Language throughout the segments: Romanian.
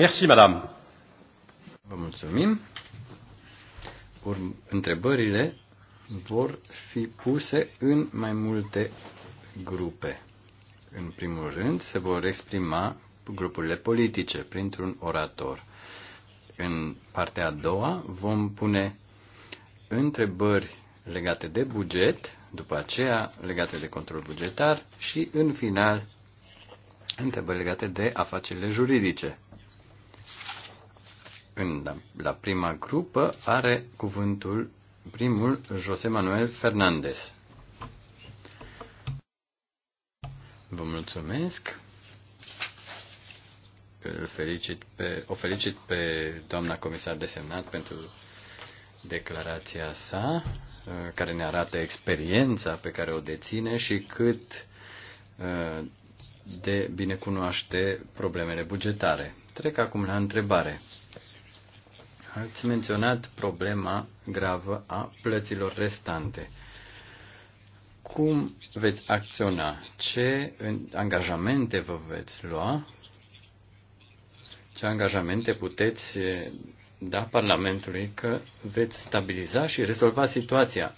Merci, madame. Vă mulțumim. Urm- întrebările vor fi puse în mai multe grupe. În primul rând, se vor exprima grupurile politice printr-un orator. În partea a doua vom pune întrebări legate de buget, după aceea legate de control bugetar și, în final, întrebări legate de afacerile juridice în, la, la prima grupă are cuvântul primul José Manuel Fernandez. Vă mulțumesc. Îl felicit pe, o felicit pe doamna comisar desemnat pentru declarația sa, care ne arată experiența pe care o deține și cât de bine cunoaște problemele bugetare. Trec acum la întrebare. Ați menționat problema gravă a plăților restante. Cum veți acționa? Ce angajamente vă veți lua? Ce angajamente puteți eh, da Parlamentului că veți stabiliza și rezolva situația?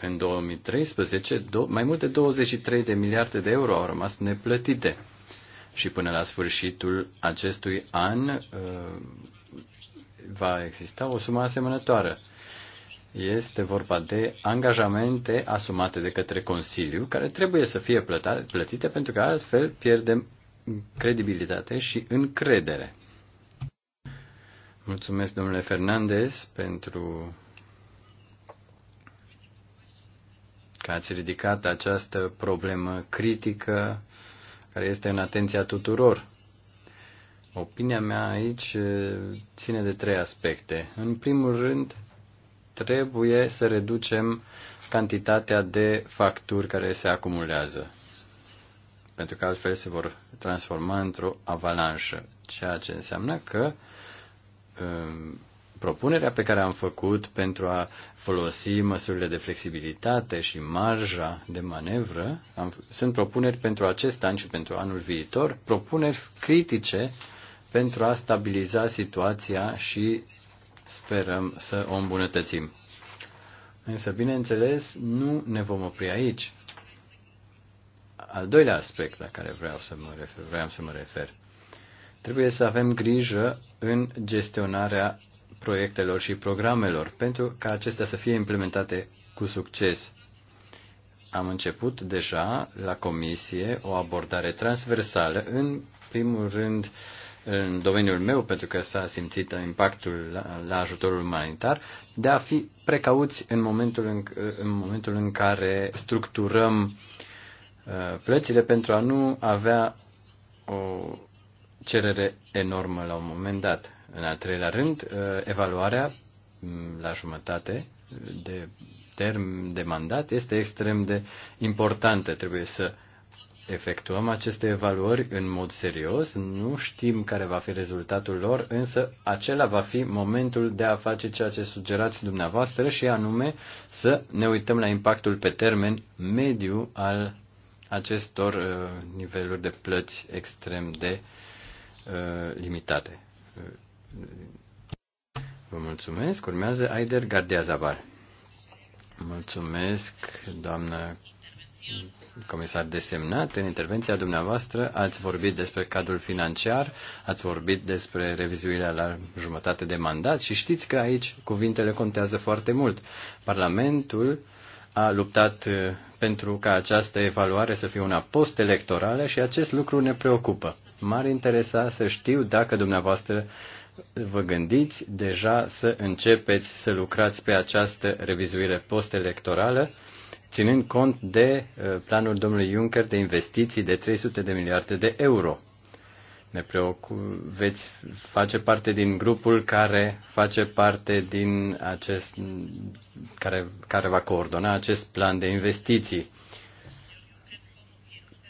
În 2013, mai mult de 23 de miliarde de euro au rămas neplătite și până la sfârșitul acestui an eh, va exista o sumă asemănătoare. Este vorba de angajamente asumate de către Consiliu, care trebuie să fie plătite pentru că altfel pierdem credibilitate și încredere. Mulțumesc, domnule Fernandez, pentru că ați ridicat această problemă critică care este în atenția tuturor. Opinia mea aici ține de trei aspecte. În primul rând, trebuie să reducem cantitatea de facturi care se acumulează, pentru că altfel se vor transforma într-o avalanșă, ceea ce înseamnă că propunerea pe care am făcut pentru a folosi măsurile de flexibilitate și marja de manevră, am, sunt propuneri pentru acest an și pentru anul viitor, propuneri critice pentru a stabiliza situația și sperăm să o îmbunătățim. Însă, bineînțeles, nu ne vom opri aici. Al doilea aspect la care vreau să mă refer, vreau să mă refer. Trebuie să avem grijă în gestionarea proiectelor și programelor pentru ca acestea să fie implementate cu succes. Am început deja la comisie o abordare transversală, în primul rând în domeniul meu, pentru că s-a simțit impactul la, la ajutorul umanitar, de a fi precauți în momentul în, în, momentul în care structurăm uh, plățile pentru a nu avea o cerere enormă la un moment dat. În al treilea rând, uh, evaluarea mm, la jumătate de term de mandat este extrem de importantă. Trebuie să efectuăm aceste evaluări în mod serios, nu știm care va fi rezultatul lor, însă acela va fi momentul de a face ceea ce sugerați dumneavoastră și anume să ne uităm la impactul pe termen mediu al acestor uh, niveluri de plăți extrem de uh, limitate. Vă mulțumesc. Urmează Aider Gardia Zabar. Mulțumesc, doamnă comisar desemnat, în intervenția dumneavoastră ați vorbit despre cadrul financiar, ați vorbit despre revizuirea la jumătate de mandat și știți că aici cuvintele contează foarte mult. Parlamentul a luptat uh, pentru ca această evaluare să fie una post-electorală și acest lucru ne preocupă. M-ar interesa să știu dacă dumneavoastră vă gândiți deja să începeți să lucrați pe această revizuire post-electorală ținând cont de uh, planul domnului Juncker de investiții de 300 de miliarde de euro. Ne preocup, veți face parte din grupul care face parte din acest, care, care va coordona acest plan de investiții.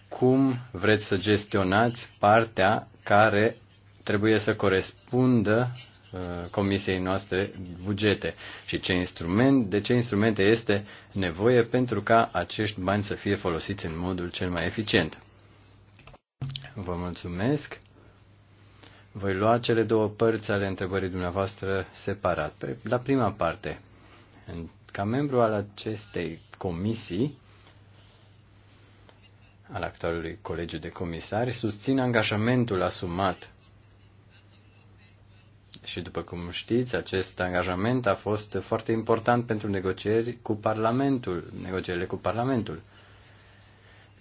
Cum vreți să gestionați partea care trebuie să corespundă Uh, comisiei noastre bugete și ce instrument, de ce instrumente este nevoie pentru ca acești bani să fie folosiți în modul cel mai eficient. Vă mulțumesc. Voi lua cele două părți ale întrebării dumneavoastră separat. La prima parte, ca membru al acestei comisii, al actualului colegiu de comisari, susțin angajamentul asumat și după cum știți, acest angajament a fost foarte important pentru negocieri cu Parlamentul, negocierile cu Parlamentul.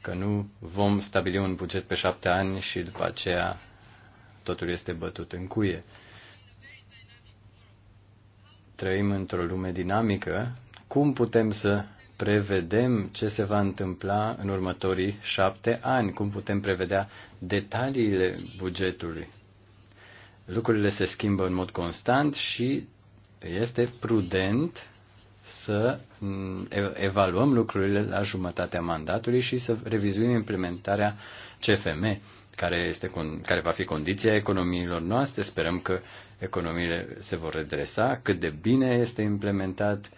Că nu vom stabili un buget pe șapte ani și după aceea totul este bătut în cuie. Trăim într-o lume dinamică. Cum putem să prevedem ce se va întâmpla în următorii șapte ani? Cum putem prevedea detaliile bugetului? lucrurile se schimbă în mod constant și este prudent să mm, evaluăm lucrurile la jumătatea mandatului și să revizuim implementarea CFM, care, este, care va fi condiția economiilor noastre. Sperăm că economiile se vor redresa, cât de bine este implementat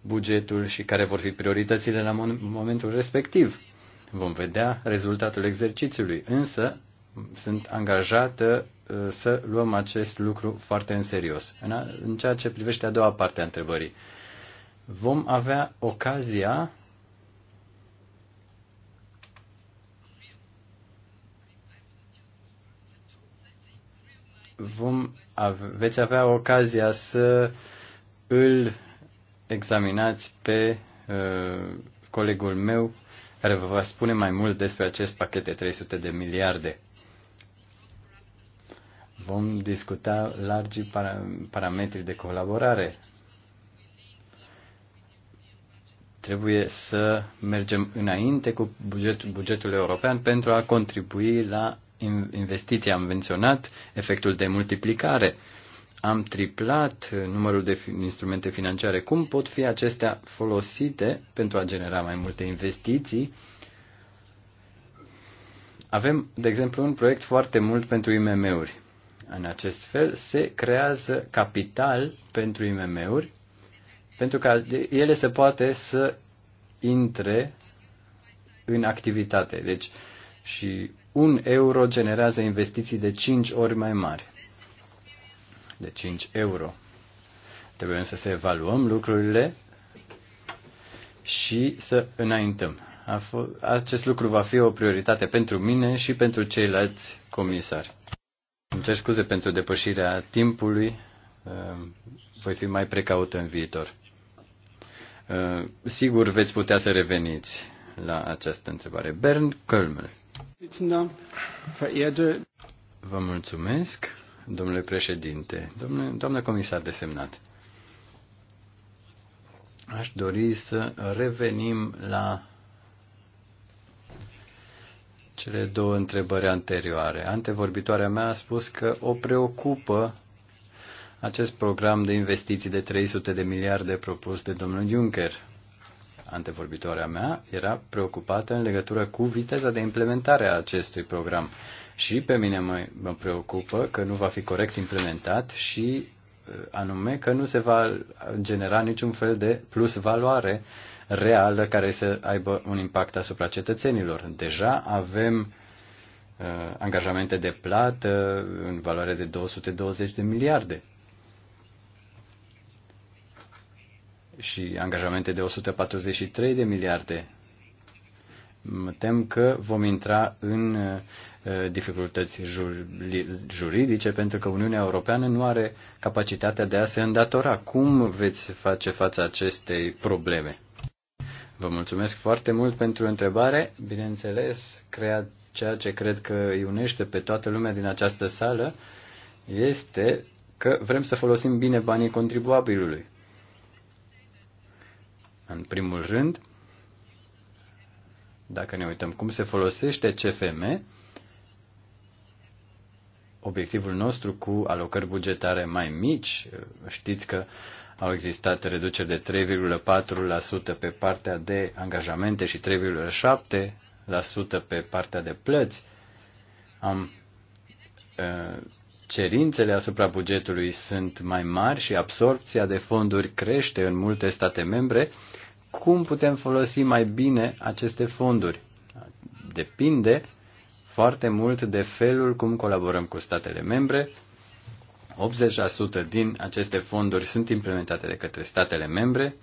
bugetul și care vor fi prioritățile la momentul respectiv. Vom vedea rezultatul exercițiului, însă sunt angajată uh, să luăm acest lucru foarte în serios. În ceea ce privește a doua parte a întrebării, vom avea ocazia vom ave, veți avea ocazia să îl examinați pe uh, colegul meu care vă va spune mai mult despre acest pachet de 300 de miliarde vom discuta largi para, parametri de colaborare. Trebuie să mergem înainte cu buget, bugetul european pentru a contribui la investiții. Am menționat efectul de multiplicare. Am triplat numărul de instrumente financiare. Cum pot fi acestea folosite pentru a genera mai multe investiții? Avem, de exemplu, un proiect foarte mult pentru IMM-uri. În acest fel se creează capital pentru IMM-uri, pentru ca ele să poate să intre în activitate. Deci, și un euro generează investiții de 5 ori mai mari. De 5 euro. Trebuie însă să evaluăm lucrurile și să înaintăm. Acest lucru va fi o prioritate pentru mine și pentru ceilalți comisari. Îmi cer scuze pentru depășirea timpului. Ehm, voi fi mai precaut în viitor. Ehm, sigur veți putea să reveniți la această întrebare. Bernd Kölmel. Vă mulțumesc, domnule președinte, domnule, doamnă comisar desemnat. Aș dori să revenim la cele două întrebări anterioare. Antevorbitoarea mea a spus că o preocupă acest program de investiții de 300 de miliarde propus de domnul Juncker. Antevorbitoarea mea era preocupată în legătură cu viteza de implementare a acestui program. Și pe mine mă, mă preocupă că nu va fi corect implementat și eh, anume că nu se va genera niciun fel de plus valoare reală care să aibă un impact asupra cetățenilor. Deja avem uh, angajamente de plată în valoare de 220 de miliarde și angajamente de 143 de miliarde. Mă tem că vom intra în uh, dificultăți juridice pentru că Uniunea Europeană nu are capacitatea de a se îndatora. Cum veți face față acestei probleme? Vă mulțumesc foarte mult pentru întrebare. Bineînțeles, crea ceea ce cred că îi unește pe toată lumea din această sală este că vrem să folosim bine banii contribuabilului. În primul rând, dacă ne uităm cum se folosește CFM, obiectivul nostru cu alocări bugetare mai mici, știți că au existat reduceri de 3,4% pe partea de angajamente și 3,7% pe partea de plăți. Am, ă, cerințele asupra bugetului sunt mai mari și absorpția de fonduri crește în multe state membre. Cum putem folosi mai bine aceste fonduri? Depinde foarte mult de felul cum colaborăm cu statele membre, 80% din aceste fonduri sunt implementate de către statele membre,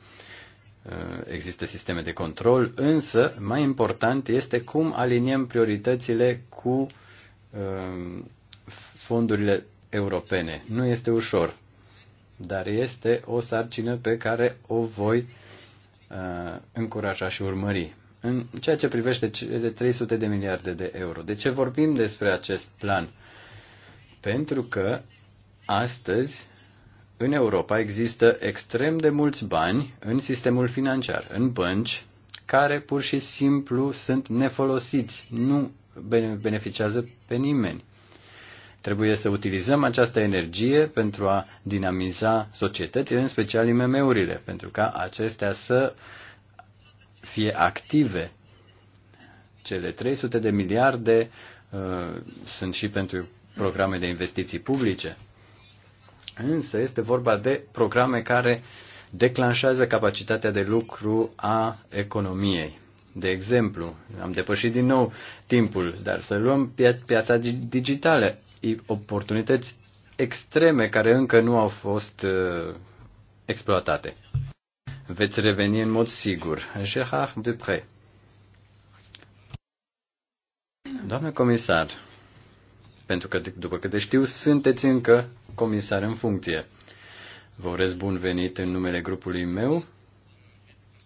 uh, există sisteme de control, însă mai important este cum aliniem prioritățile cu uh, fondurile europene. Nu este ușor, dar este o sarcină pe care o voi uh, încuraja și urmări în ceea ce privește cele 300 de miliarde de euro. De ce vorbim despre acest plan? Pentru că Astăzi, în Europa există extrem de mulți bani în sistemul financiar, în bănci, care pur și simplu sunt nefolosiți, nu beneficiază pe nimeni. Trebuie să utilizăm această energie pentru a dinamiza societățile, în special IMM-urile, pentru ca acestea să fie active. Cele 300 de miliarde uh, sunt și pentru programe de investiții publice. Însă este vorba de programe care declanșează capacitatea de lucru a economiei. De exemplu, am depășit din nou timpul, dar să luăm pia- piața digitală, oportunități extreme care încă nu au fost uh, exploatate. Veți reveni în mod sigur. Gerard Dupré. Doamne comisar, pentru că, după câte știu, sunteți încă comisar în funcție. Vă urez bun venit în numele grupului meu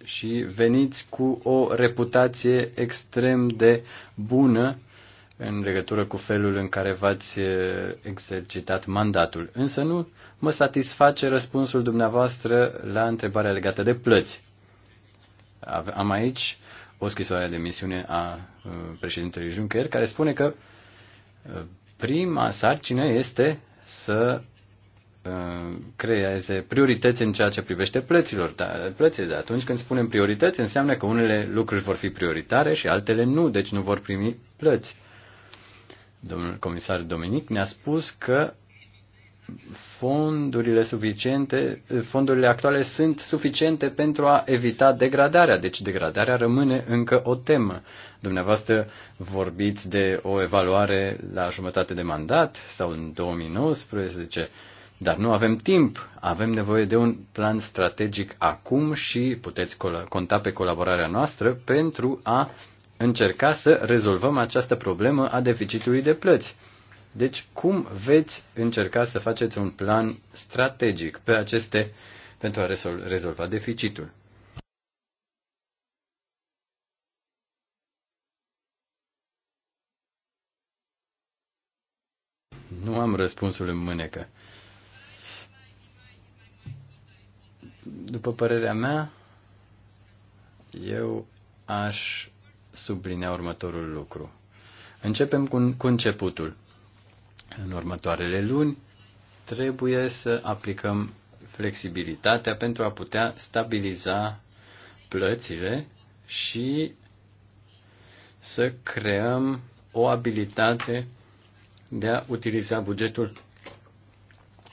și veniți cu o reputație extrem de bună în legătură cu felul în care v-ați eh, exercitat mandatul. Însă nu mă satisface răspunsul dumneavoastră la întrebarea legată de plăți. Am aici o scrisoare de misiune a eh, președintelui Juncker care spune că eh, prima sarcină este să uh, creeze priorități în ceea ce privește plăților, da, plățile. De atunci când spunem priorități, înseamnă că unele lucruri vor fi prioritare și altele nu, deci nu vor primi plăți. Domnul comisar Dominic ne-a spus că fondurile suficiente, fondurile actuale sunt suficiente pentru a evita degradarea. Deci degradarea rămâne încă o temă. Dumneavoastră vorbiți de o evaluare la jumătate de mandat sau în 2019, dar nu avem timp. Avem nevoie de un plan strategic acum și puteți conta pe colaborarea noastră pentru a încerca să rezolvăm această problemă a deficitului de plăți deci, cum veți încerca să faceți un plan strategic pe aceste pentru a rezol- rezolva deficitul? Nu am răspunsul în mânecă. După părerea mea, eu aș sublinea următorul lucru. Începem cu, cu începutul. În următoarele luni trebuie să aplicăm flexibilitatea pentru a putea stabiliza plățile și să creăm o abilitate de a utiliza bugetul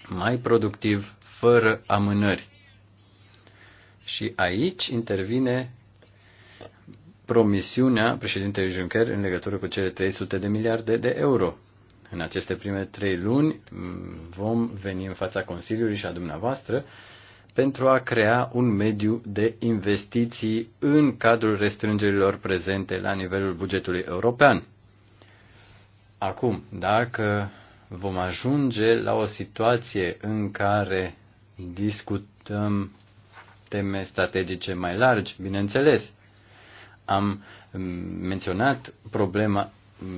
mai productiv, fără amânări. Și aici intervine promisiunea președintelui Juncker în legătură cu cele 300 de miliarde de euro. În aceste prime trei luni mm, vom veni în fața Consiliului și a dumneavoastră pentru a crea un mediu de investiții în cadrul restrângerilor prezente la nivelul bugetului european. Acum, dacă vom ajunge la o situație în care discutăm teme strategice mai largi, bineînțeles. Am mm, menționat problema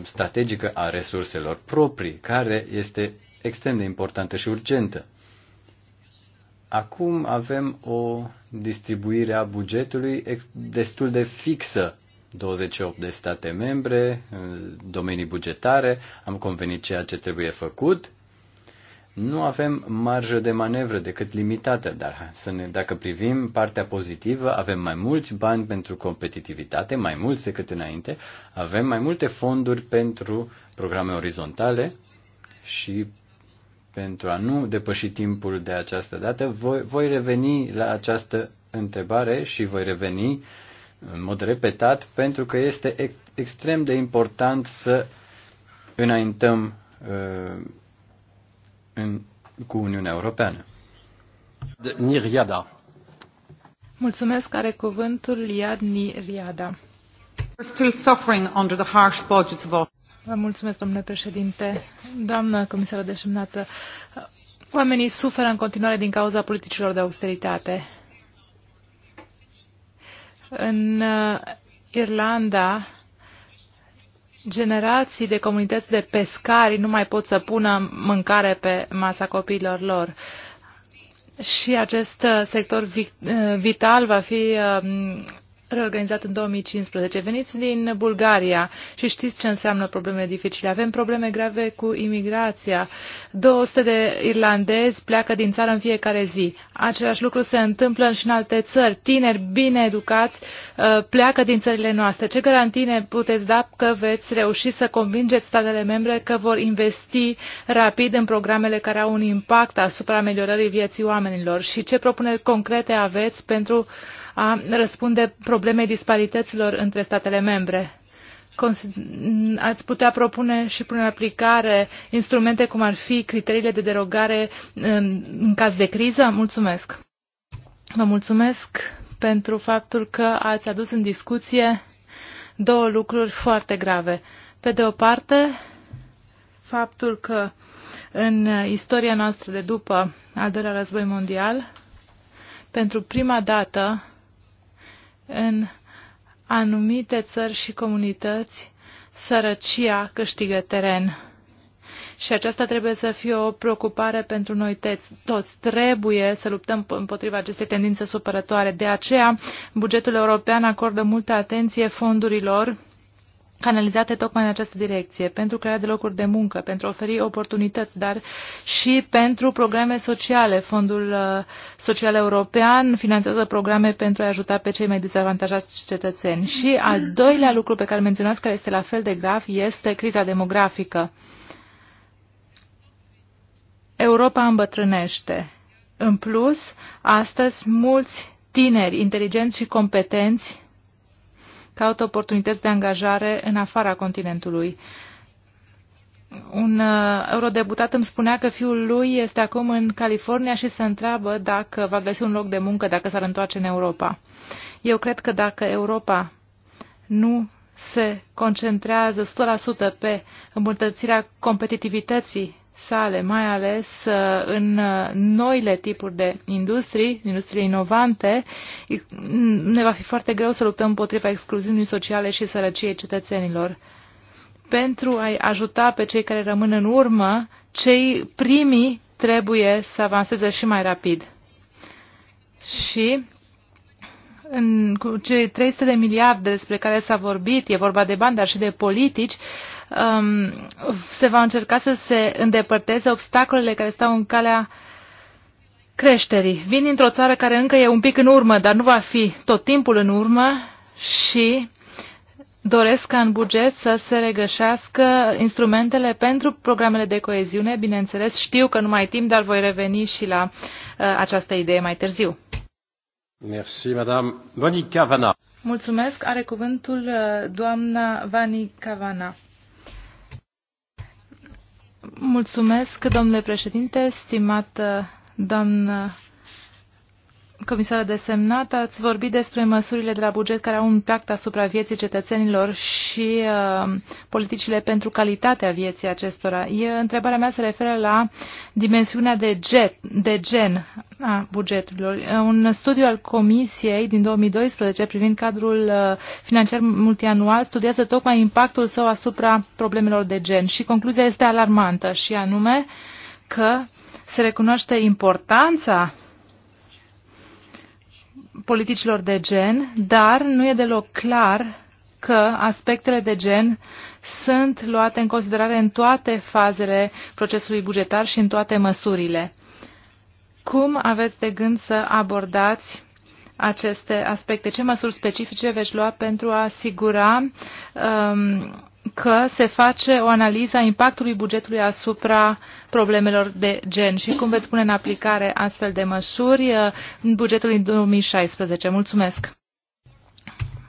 strategică a resurselor proprii, care este extrem de importantă și urgentă. Acum avem o distribuire a bugetului destul de fixă 28 de state membre, domenii bugetare, am convenit ceea ce trebuie făcut nu avem marjă de manevră decât limitată, dar să ne, dacă privim partea pozitivă, avem mai mulți bani pentru competitivitate, mai mulți decât înainte, avem mai multe fonduri pentru programe orizontale și pentru a nu depăși timpul de această dată, voi, voi reveni la această întrebare și voi reveni în mod repetat pentru că este ex, extrem de important să înaintăm uh, în, cu Uniunea Europeană. Niriada. Mulțumesc, are cuvântul Liad Niriada. Still suffering under the harsh budgets of Vă mulțumesc, domnule președinte. Doamnă comisară deșemnată, oamenii suferă în continuare din cauza politicilor de austeritate. În uh, Irlanda, generații de comunități de pescari nu mai pot să pună mâncare pe masa copiilor lor. Și acest sector vital va fi um, reorganizat în 2015. Veniți din Bulgaria și știți ce înseamnă probleme dificile. Avem probleme grave cu imigrația. 200 de irlandezi pleacă din țară în fiecare zi. Același lucru se întâmplă și în alte țări. Tineri bine educați uh, pleacă din țările noastre. Ce garantine puteți da că veți reuși să convingeți statele membre că vor investi rapid în programele care au un impact asupra ameliorării vieții oamenilor? Și ce propuneri concrete aveți pentru a răspunde problemei disparităților între statele membre. Ați putea propune și prin aplicare instrumente cum ar fi criteriile de derogare um, în caz de criză? Mulțumesc! Vă mulțumesc pentru faptul că ați adus în discuție două lucruri foarte grave. Pe de o parte, faptul că în istoria noastră de după al doilea război mondial, pentru prima dată, în anumite țări și comunități sărăcia câștigă teren. Și aceasta trebuie să fie o preocupare pentru noi toți. Trebuie să luptăm împotriva acestei tendințe supărătoare. De aceea, bugetul european acordă multă atenție fondurilor canalizate tocmai în această direcție, pentru crearea de locuri de muncă, pentru a oferi oportunități, dar și pentru programe sociale. Fondul uh, Social European finanțează programe pentru a ajuta pe cei mai dezavantajați cetățeni. Și al doilea lucru pe care menționați, care este la fel de grav, este criza demografică. Europa îmbătrânește. În plus, astăzi mulți tineri inteligenți și competenți caută oportunități de angajare în afara continentului. Un uh, eurodeputat îmi spunea că fiul lui este acum în California și se întreabă dacă va găsi un loc de muncă dacă s-ar întoarce în Europa. Eu cred că dacă Europa nu se concentrează 100% pe îmbunătățirea competitivității sale, mai ales uh, în uh, noile tipuri de industrii, industrie inovante, ne va fi foarte greu să luptăm împotriva excluziunii sociale și sărăciei cetățenilor. Pentru a-i ajuta pe cei care rămân în urmă, cei primii trebuie să avanseze și mai rapid. Și în, cu cei 300 de miliarde despre care s-a vorbit, e vorba de bani, dar și de politici, uh, um, se va încerca să se îndepărteze obstacolele care stau în calea creșterii. Vin într o țară care încă e un pic în urmă, dar nu va fi tot timpul în urmă și doresc ca în buget să se regășească instrumentele pentru programele de coeziune. Bineînțeles, știu că nu mai timp, dar voi reveni și la uh, această idee mai târziu. Merci, madame. Monica Vana. Mulțumesc. Are cuvântul uh, doamna Vani Cavana. Mulțumesc, domnule președinte, stimată doamnă comisară desemnată, ați vorbit despre măsurile de la buget care au un impact asupra vieții cetățenilor și uh, politicile pentru calitatea vieții acestora. E, întrebarea mea se referă la dimensiunea de, jet, de gen a bugetului. Uh, un studiu al Comisiei din 2012 privind cadrul uh, financiar multianual studiază tocmai impactul său asupra problemelor de gen și concluzia este alarmantă și anume că se recunoaște importanța politicilor de gen, dar nu e deloc clar că aspectele de gen sunt luate în considerare în toate fazele procesului bugetar și în toate măsurile. Cum aveți de gând să abordați aceste aspecte? Ce măsuri specifice veți lua pentru a asigura um, că se face o analiză a impactului bugetului asupra problemelor de gen și cum veți pune în aplicare astfel de măsuri uh, în bugetul din 2016. Mulțumesc!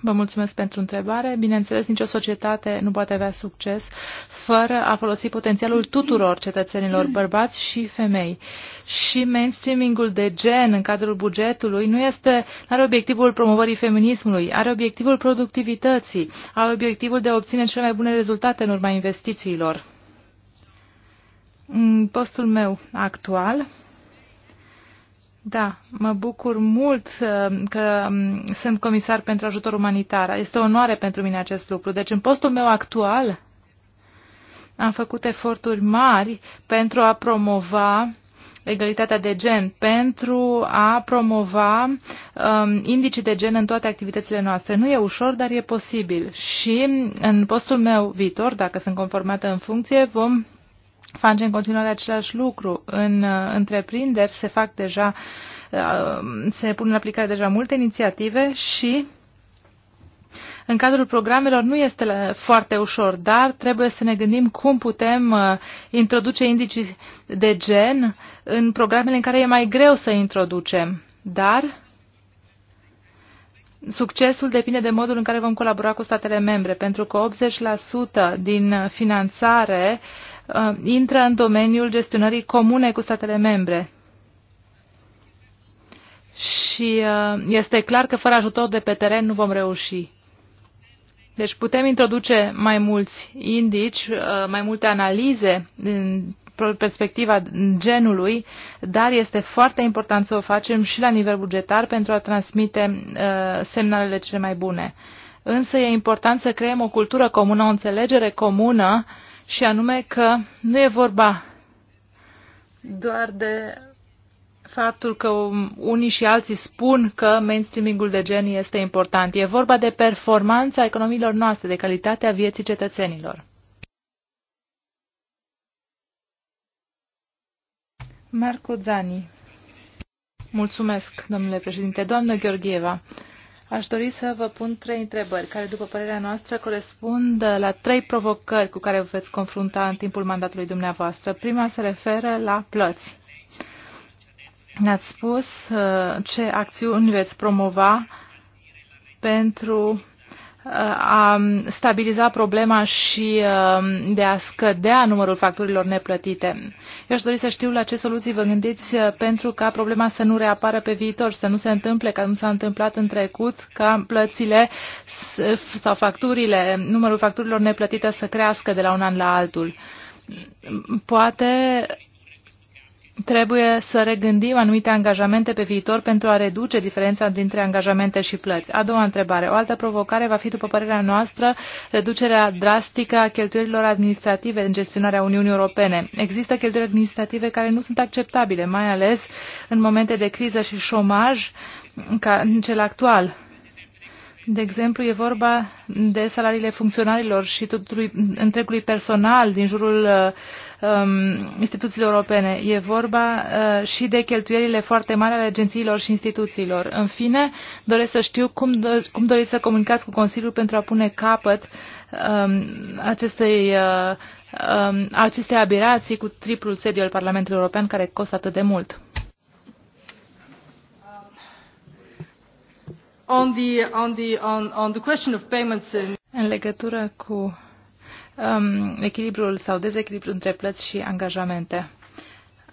Vă mulțumesc pentru întrebare. Bineînțeles, nicio societate nu poate avea succes fără a folosi potențialul tuturor cetățenilor, bărbați și femei. Și mainstreamingul de gen în cadrul bugetului nu este, are obiectivul promovării feminismului, are obiectivul productivității, are obiectivul de a obține cele mai bune rezultate în urma investițiilor. În postul meu actual da, mă bucur mult uh, că um, sunt comisar pentru ajutor umanitar. Este o onoare pentru mine acest lucru. Deci în postul meu actual am făcut eforturi mari pentru a promova egalitatea de gen, pentru a promova um, indicii de gen în toate activitățile noastre. Nu e ușor, dar e posibil. Și în postul meu viitor, dacă sunt conformată în funcție, vom face în continuare același lucru. În uh, întreprinderi se fac deja, uh, se pun în aplicare deja multe inițiative și în cadrul programelor nu este foarte ușor, dar trebuie să ne gândim cum putem uh, introduce indicii de gen în programele în care e mai greu să introducem. Dar Succesul depinde de modul în care vom colabora cu statele membre, pentru că 80% din finanțare uh, uh, intră în domeniul gestionării comune cu statele membre. Și uh, este clar că fără ajutor de pe teren nu vom reuși. Deci putem introduce mai mulți indici, uh, mai multe analize din perspectiva genului, dar este foarte important să o facem și la nivel bugetar pentru a transmite uh, semnalele cele mai bune. Însă e important să creăm o cultură comună, o înțelegere comună uh, și anume că nu e vorba doar de faptul că unii și alții spun că mainstreamingul de gen este important. E vorba de performanța economiilor noastre, de calitatea vieții cetățenilor. Marco Zani. Mulțumesc, domnule președinte. Doamnă Gheorgheva, Aș dori să vă pun trei întrebări, care, după părerea noastră, corespund la trei provocări cu care vă veți confrunta în timpul mandatului dumneavoastră. Prima se referă la plăți. Ne-ați spus uh, ce acțiuni veți promova pentru a stabiliza problema și um, de a scădea numărul facturilor neplătite. Eu aș dori să știu la ce soluții vă gândiți uh, pentru ca problema să nu reapară pe viitor, să nu se întâmple ca nu s-a întâmplat în trecut, ca plățile sau facturile, numărul facturilor neplătite să crească de la un an la altul. Poate trebuie să regândim anumite angajamente pe viitor pentru a reduce diferența dintre angajamente și plăți. A doua întrebare. O altă provocare va fi, după părerea noastră, reducerea drastică a cheltuielilor administrative în gestionarea Uniunii Europene. Există cheltuieli administrative care nu sunt acceptabile, mai ales în momente de criză și șomaj, ca în cel actual. De exemplu, e vorba de salariile funcționarilor și întregului personal din jurul uh, um, instituțiilor europene. E vorba uh, și de cheltuielile foarte mari ale agențiilor și instituțiilor. În fine, doresc să știu cum, do- cum doriți să comunicați cu Consiliul pentru a pune capăt um, acestei, uh, um, acestei aberații cu triplul sediu al Parlamentului European care costă atât de mult. On the, on the, on, on the question of payments in... Uh, În legătură cu um, echilibrul sau dezechilibrul între plăți și angajamente.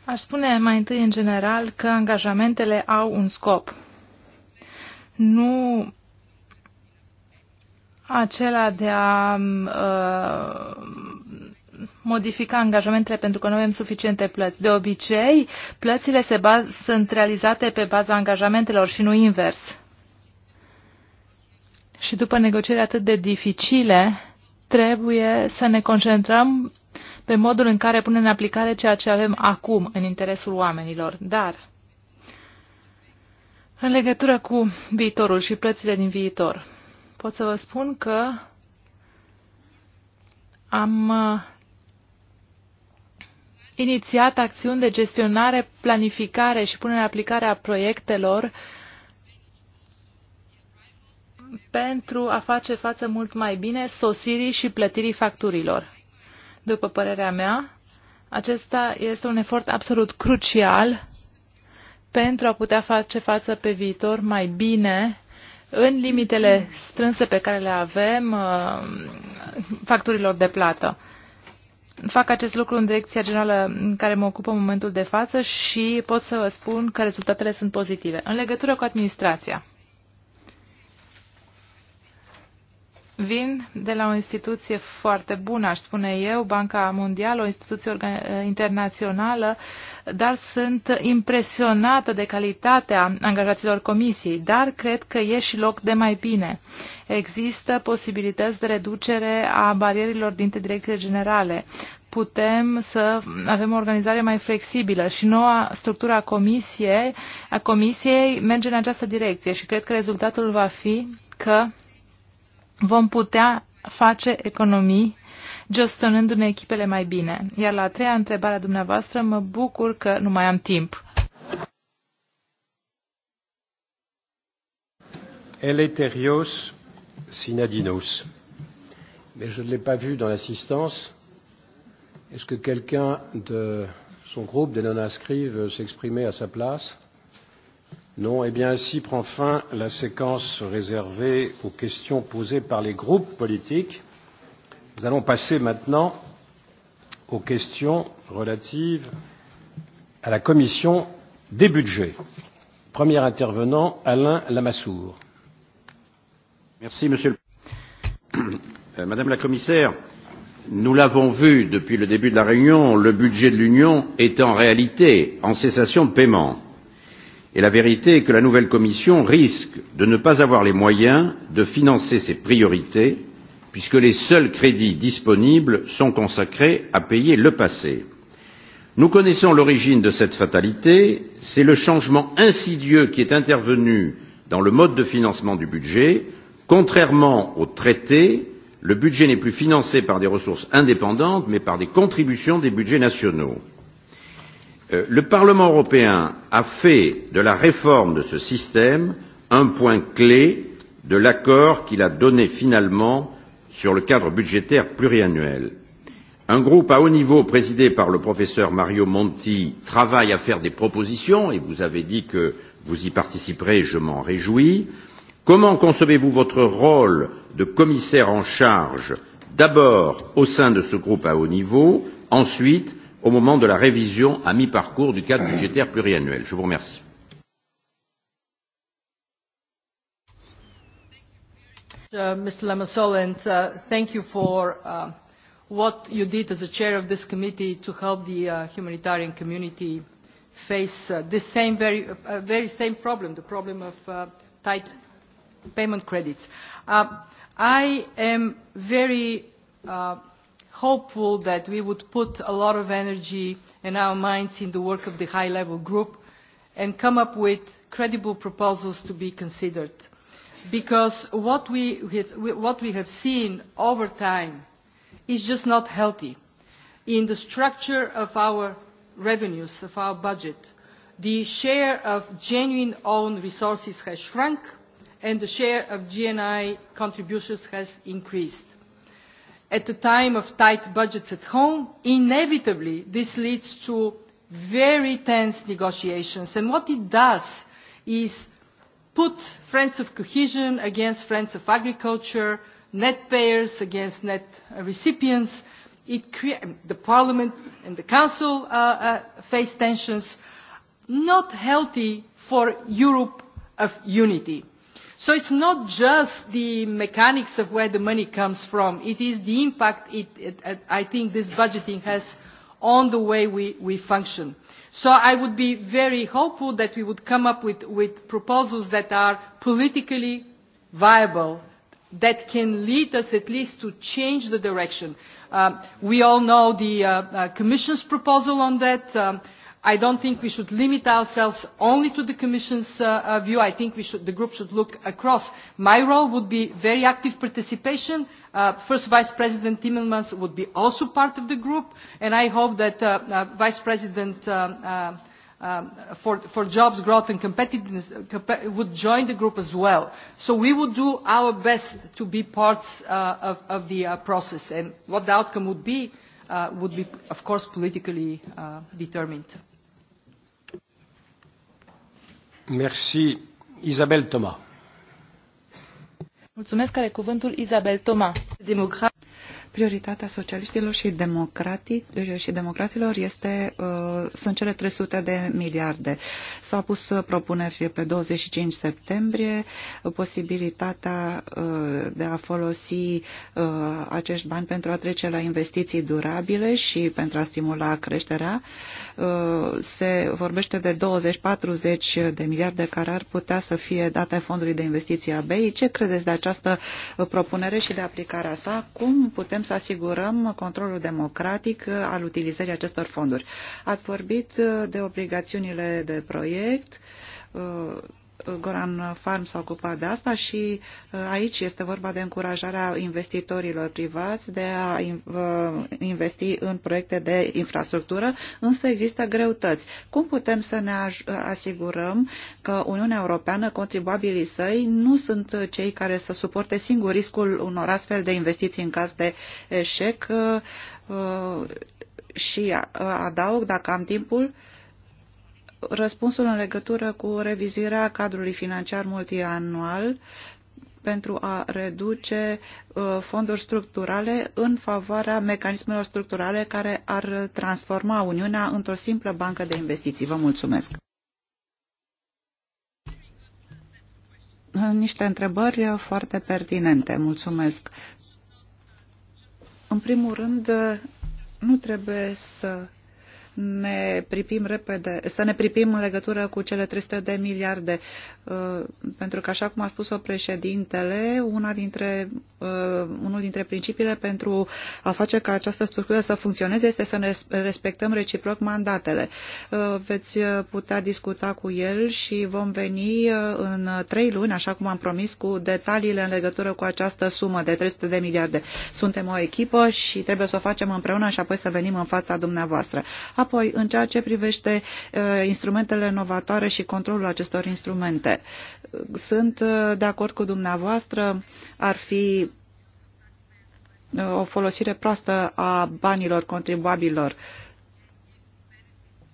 Aș spune mai întâi în general că angajamentele au un scop. Nu acela de a um, uh, modifica angajamentele pentru că nu avem suficiente plăți. De obicei, plățile se baz- sunt realizate pe baza angajamentelor și nu invers. Și după negocieri atât de dificile, trebuie să ne concentrăm pe modul în care punem în aplicare ceea ce avem acum în interesul oamenilor. Dar, în legătură cu viitorul și plățile din viitor, pot să vă spun că am uh, inițiat acțiuni de gestionare, planificare și punere în aplicare a proiectelor uh, pentru a face față mult mai bine sosirii și plătirii facturilor. După părerea mea, acesta este un efort absolut crucial pentru a putea face față pe viitor mai bine în limitele strânse pe care le avem uh, facturilor de plată. Fac acest lucru în direcția generală în care mă ocupă în momentul de față și pot să vă spun că rezultatele sunt pozitive. În legătură cu administrația. Vin de la o instituție foarte bună, aș spune eu, Banca Mondială, o instituție internațională, dar sunt impresionată de calitatea angajaților comisiei, dar cred că e și loc de mai bine. Există posibilități de reducere a barierilor dintre direcțiile generale. Putem să avem o organizare mai flexibilă și noua structură a comisiei, a comisiei merge în această direcție și cred că rezultatul va fi că vom putea face economii gestionându-ne echipele mai bine. Iar la a treia întrebare a dumneavoastră, mă bucur că nu mai am timp. Eleterios Sinadinos. Mais je ne l'ai pas vu dans l'assistance. Est-ce que quelqu'un de son groupe, des non-inscrits, veut euh, s'exprimer à sa place Non, eh bien ainsi prend fin la séquence réservée aux questions posées par les groupes politiques. Nous allons passer maintenant aux questions relatives à la commission des budgets. Premier intervenant, Alain Lamassoure. Merci, Monsieur le euh, Madame la Commissaire, nous l'avons vu depuis le début de la réunion, le budget de l'Union est en réalité en cessation de paiement et la vérité est que la nouvelle commission risque de ne pas avoir les moyens de financer ses priorités puisque les seuls crédits disponibles sont consacrés à payer le passé. Nous connaissons l'origine de cette fatalité, c'est le changement insidieux qui est intervenu dans le mode de financement du budget. Contrairement au traité, le budget n'est plus financé par des ressources indépendantes mais par des contributions des budgets nationaux. Euh, le Parlement européen a fait de la réforme de ce système un point clé de l'accord qu'il a donné finalement sur le cadre budgétaire pluriannuel. Un groupe à haut niveau présidé par le professeur Mario Monti travaille à faire des propositions et vous avez dit que vous y participerez, je m'en réjouis. Comment concevez-vous votre rôle de commissaire en charge d'abord au sein de ce groupe à haut niveau, ensuite au moment de la révision à mi-parcours du cadre budgétaire pluriannuel. Je vous remercie. Uh, Mr. Lamassoure, and uh, thank you for uh, what you did as a chair of this committee to help the uh, humanitarian community face uh, this same very, uh, very same problem, the problem of uh, tight payment credits. Uh, I am very uh, hopeful that we would put a lot of energy in our minds in the work of the high level group and come up with credible proposals to be considered. Because what we, what we have seen over time is just not healthy. In the structure of our revenues, of our budget, the share of genuine own resources has shrunk and the share of GNI contributions has increased at a time of tight budgets at home, inevitably this leads to very tense negotiations. And what it does is put friends of cohesion against friends of agriculture, net payers against net recipients. It the Parliament and the Council uh, uh, face tensions not healthy for Europe of unity. So it's not just the mechanics of where the money comes from. It is the impact it, it, it, I think this budgeting has on the way we, we function. So I would be very hopeful that we would come up with, with proposals that are politically viable, that can lead us at least to change the direction. Uh, we all know the uh, uh, Commission's proposal on that. Um, i do not think we should limit ourselves only to the commission's uh, uh, view i think the group should look across. my role would be very active participation uh, first vice president timmermans would be also part of the group and i hope that the vice president um, um, for, jobs growth and competitiveness would join the group as well. so we would do our best to be part of, of the process and what the outcome would be would be of course politically determined. Merci. Mulțumesc, care cuvântul Isabel Thomas, Democrat. Prioritatea socialiștilor și, și democraților este, uh, sunt cele 300 de miliarde. S-au pus uh, propuneri pe 25 septembrie, uh, posibilitatea uh, de a folosi uh, acești bani pentru a trece la investiții durabile și pentru a stimula creșterea. Uh, se vorbește de 20-40 de miliarde care ar putea să fie date fondului de investiții a BEI. Ce credeți de această uh, propunere și de aplicarea sa? Cum putem să asigurăm controlul democratic al utilizării acestor fonduri. Ați vorbit uh, de obligațiunile de proiect, uh, Goran Farm s-a ocupat de asta și uh, aici este vorba de încurajarea investitorilor privați de a uh, investi în proiecte de infrastructură, însă există greutăți. Cum putem să ne asigurăm că Uniunea Europeană, contribuabilii săi, nu sunt cei care să suporte singur riscul unor astfel de investiții în caz de eșec? Uh, și adaug, dacă am timpul, răspunsul în legătură cu revizuirea cadrului financiar multianual pentru a reduce uh, fonduri structurale în favoarea mecanismelor structurale care ar transforma Uniunea într-o simplă bancă de investiții. Vă mulțumesc! Niște întrebări foarte pertinente. Mulțumesc! În primul rând, nu trebuie să ne pripim repede, să ne pripim în legătură cu cele 300 de miliarde. Uh, pentru că, așa cum a spus-o președintele, una dintre, uh, unul dintre principiile pentru a face ca această structură să funcționeze este să ne respectăm reciproc mandatele. Uh, veți putea discuta cu el și vom veni în trei luni, așa cum am promis, cu detaliile în legătură cu această sumă de 300 de miliarde. Suntem o echipă și trebuie să o facem împreună și apoi să venim în fața dumneavoastră. Apoi, în ceea ce privește uh, instrumentele novatoare și controlul acestor instrumente, sunt uh, de acord cu dumneavoastră, ar fi uh, o folosire proastă a banilor contribuabilor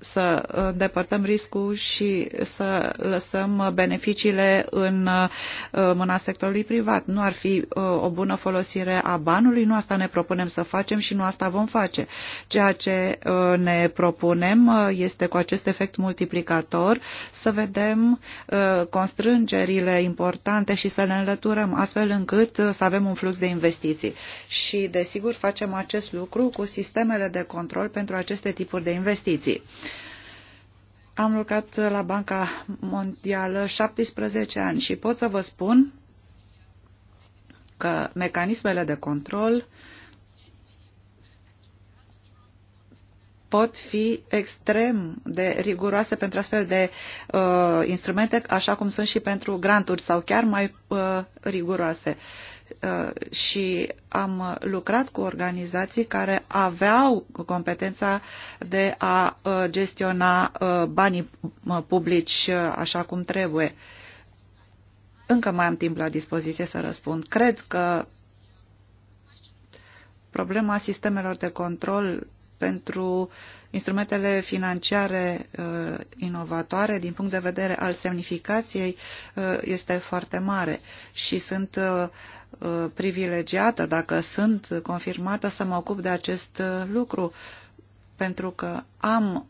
să îndepărtăm uh, riscul și să lăsăm uh, beneficiile în uh, mâna sectorului privat. Nu ar fi o bună folosire a banului, nu asta ne propunem să facem și nu asta vom face. Ceea ce ne propunem este cu acest efect multiplicator să vedem constrângerile importante și să le înlăturăm astfel încât să avem un flux de investiții. Și desigur facem acest lucru cu sistemele de control pentru aceste tipuri de investiții. Am lucrat la Banca Mondială 17 ani și pot să vă spun că mecanismele de control pot fi extrem de riguroase pentru astfel de uh, instrumente, așa cum sunt și pentru granturi, sau chiar mai uh, riguroase. Uh, Uh, și am lucrat cu organizații care aveau competența de a uh, gestiona uh, banii publici așa cum trebuie. Încă mai am timp la dispoziție să răspund. Cred că problema sistemelor de control pentru Instrumentele financiare uh, inovatoare, din punct de vedere al semnificației, uh, este foarte mare și sunt uh, privilegiată, dacă sunt confirmată, să mă ocup de acest lucru, pentru că am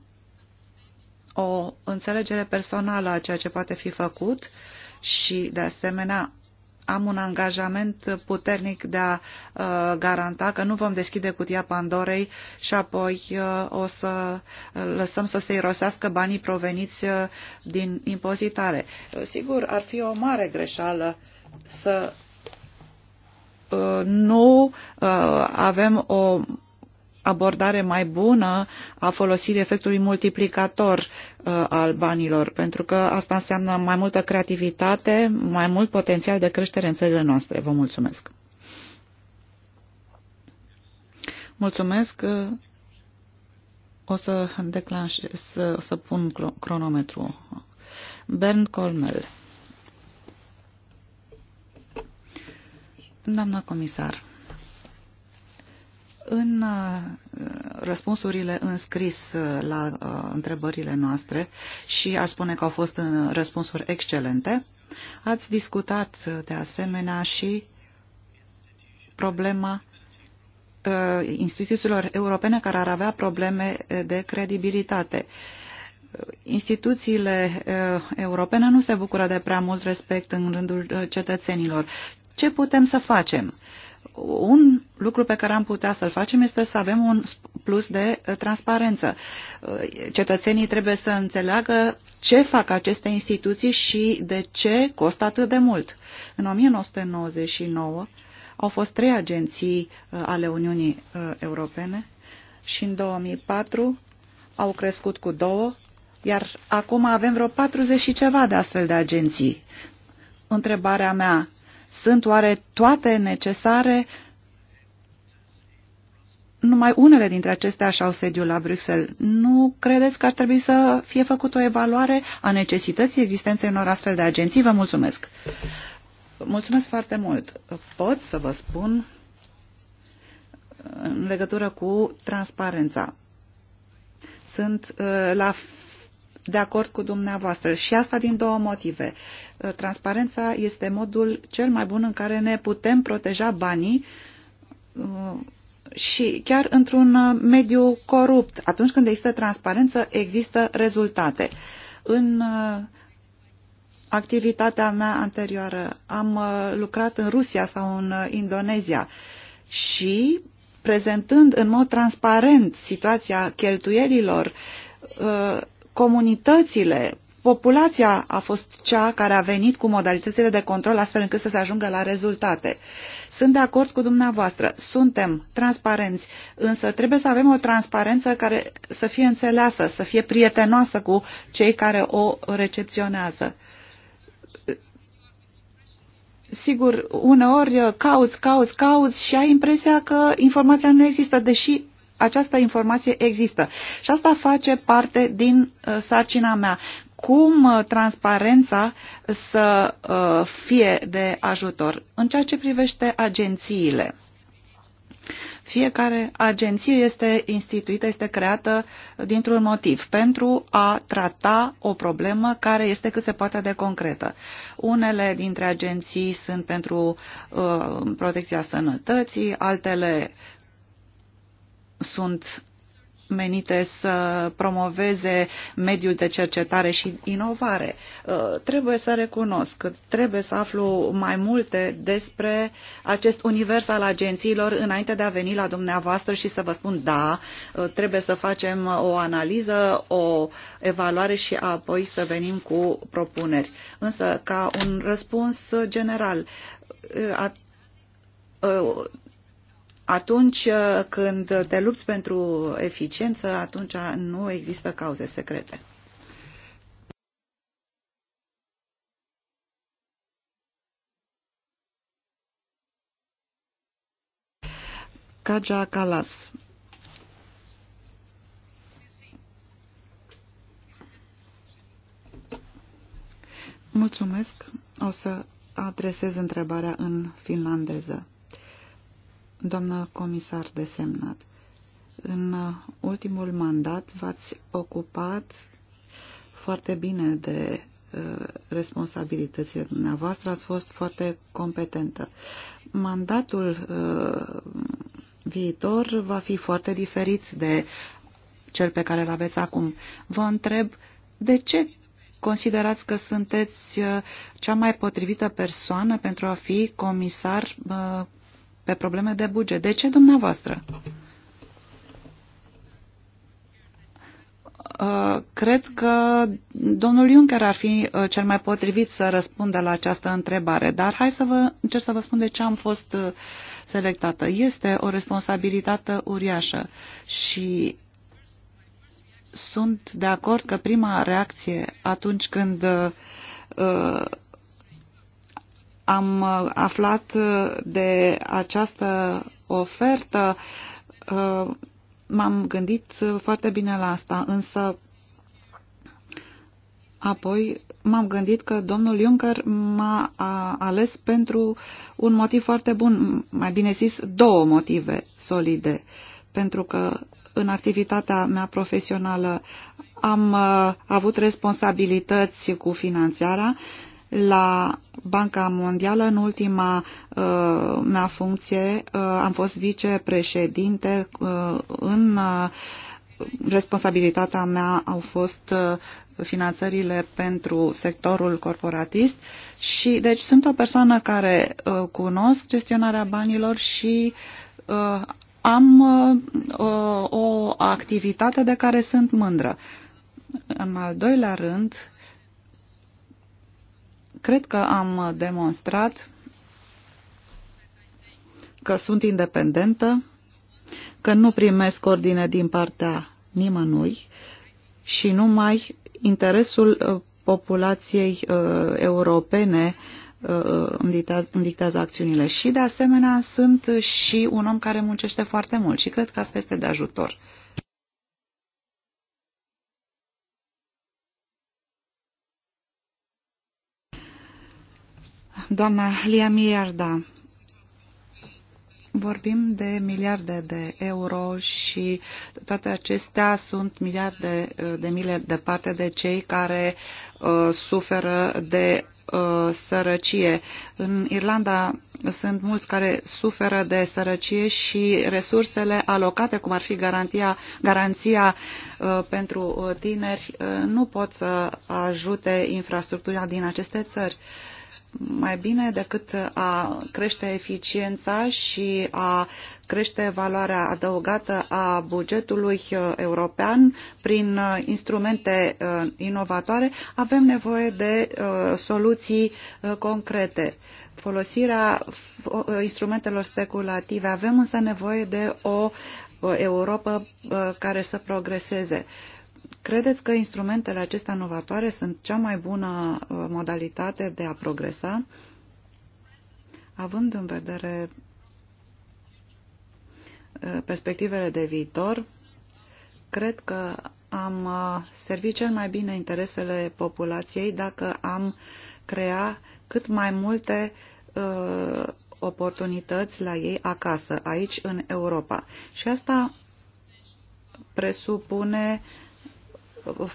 o înțelegere personală a ceea ce poate fi făcut și, de asemenea, am un angajament puternic de a uh, garanta că nu vom deschide cutia Pandorei și apoi uh, o să uh, lăsăm să se irosească banii proveniți uh, din impozitare. Uh, sigur, ar fi o mare greșeală să uh, nu avem o abordare mai bună a folosirii efectului multiplicator uh, al banilor, pentru că asta înseamnă mai multă creativitate, mai mult potențial de creștere în țările noastre. Vă mulțumesc! Mulțumesc! O să declanșez, o să pun cronometru. Bernd Colmel. Doamna comisar, în uh, răspunsurile înscris uh, la uh, întrebările noastre și aș spune că au fost răspunsuri excelente, ați discutat de asemenea și problema instituțiilor europene care ar avea probleme de credibilitate. Instituțiile europene nu se bucură de prea mult respect în rândul cetățenilor. Ce putem să facem? un lucru pe care am putea să-l facem este să avem un plus de uh, transparență. Uh, cetățenii trebuie să înțeleagă ce fac aceste instituții și de ce costă atât de mult. În 1999 au fost trei agenții uh, ale Uniunii Europene și în 2004 au crescut cu două, iar acum avem vreo 40 și ceva de astfel de agenții. Întrebarea mea sunt oare toate necesare? Numai unele dintre acestea și-au sediul la Bruxelles. Nu credeți că ar trebui să fie făcută o evaluare a necesității existenței unor astfel de agenții? Vă mulțumesc! Mulțumesc foarte mult! Pot să vă spun în legătură cu transparența. Sunt uh, la de acord cu dumneavoastră și asta din două motive. Uh, transparența este modul cel mai bun în care ne putem proteja banii uh, și chiar într-un uh, mediu corupt. Atunci când există transparență, există rezultate. În activitatea mea anterioară am lucrat în Rusia sau în Indonezia și prezentând în mod transparent situația cheltuielilor comunitățile, populația a fost cea care a venit cu modalitățile de control astfel încât să se ajungă la rezultate. Sunt de acord cu dumneavoastră, suntem transparenți, însă trebuie să avem o transparență care să fie înțeleasă, să fie prietenoasă cu cei care o recepționează sigur, uneori cauți, cauți, cauți și ai impresia că informația nu există, deși această informație există. Și asta face parte din uh, sarcina mea. Cum uh, transparența să uh, fie de ajutor în ceea ce privește agențiile? Fiecare agenție este instituită, este creată dintr-un motiv, pentru a trata o problemă care este cât se poate de concretă. Unele dintre agenții sunt pentru uh, protecția sănătății, altele sunt menite să promoveze mediul de cercetare și inovare. Uh, trebuie să recunosc, că trebuie să aflu mai multe despre acest univers al agențiilor înainte de a veni la dumneavoastră și să vă spun da, uh, trebuie să facem o analiză, o evaluare și apoi să venim cu propuneri. Însă, ca un răspuns general, uh, atunci uh, când te lupți pentru eficiență, atunci nu există cauze secrete. Kaja Kalas Mulțumesc. O să adresez întrebarea în finlandeză doamnă comisar desemnat. În ultimul mandat v-ați ocupat foarte bine de uh, responsabilitățile dumneavoastră, ați fost foarte competentă. Mandatul uh, viitor va fi foarte diferit de cel pe care îl aveți acum. Vă întreb de ce considerați că sunteți uh, cea mai potrivită persoană pentru a fi comisar pe probleme de buget. De ce dumneavoastră? Uh, cred că domnul Juncker ar fi uh, cel mai potrivit să răspundă la această întrebare, dar hai să vă încerc să vă spun de ce am fost uh, selectată. Este o responsabilitate uriașă și sunt de acord că prima reacție atunci când uh, am uh, aflat uh, de această ofertă, uh, m-am gândit foarte bine la asta, însă apoi m-am gândit că domnul Juncker m-a ales pentru un motiv foarte bun, mai bine zis două motive solide, pentru că în activitatea mea profesională am avut responsabilități cu finanțarea, la Banca Mondială. În ultima uh, mea funcție uh, am fost vicepreședinte uh, în uh, responsabilitatea mea au fost uh, finanțările pentru sectorul corporatist și deci sunt o persoană care uh, cunosc gestionarea banilor și uh, am o activitate de care sunt mândră. În al doilea rând, Cred că am demonstrat că sunt independentă, că nu primesc ordine din partea nimănui și numai interesul uh, populației uh, europene uh, îmi, dictează, acțiunile. Și, de asemenea, sunt și un om care muncește foarte mult și cred că asta este de ajutor. Uh, doamna Lia Mierda. Vorbim de miliarde de euro și toate acestea sunt miliarde uh, de mile departe de cei care uh, suferă de uh, sărăcie. În Irlanda sunt mulți care suferă de sărăcie și resursele alocate, cum ar fi garantia, garanția uh, pentru uh, tineri, uh, nu pot să ajute infrastructura din aceste țări. Uh, mai bine decât a crește eficiența și a crește valoarea adăugată a bugetului uh, european prin uh, instrumente uh, inovatoare, avem nevoie de soluții concrete. Folosirea instrumentelor speculative. Avem însă nevoie de o Europa care să progreseze. Credeți că instrumentele acestea novatoare sunt cea mai bună uh, modalitate de a progresa, având în vedere uh, perspectivele de viitor, cred că am uh, servit cel mai bine interesele populației dacă am crea cât mai multe uh, oportunități la ei acasă, aici în Europa. Și asta presupune uh,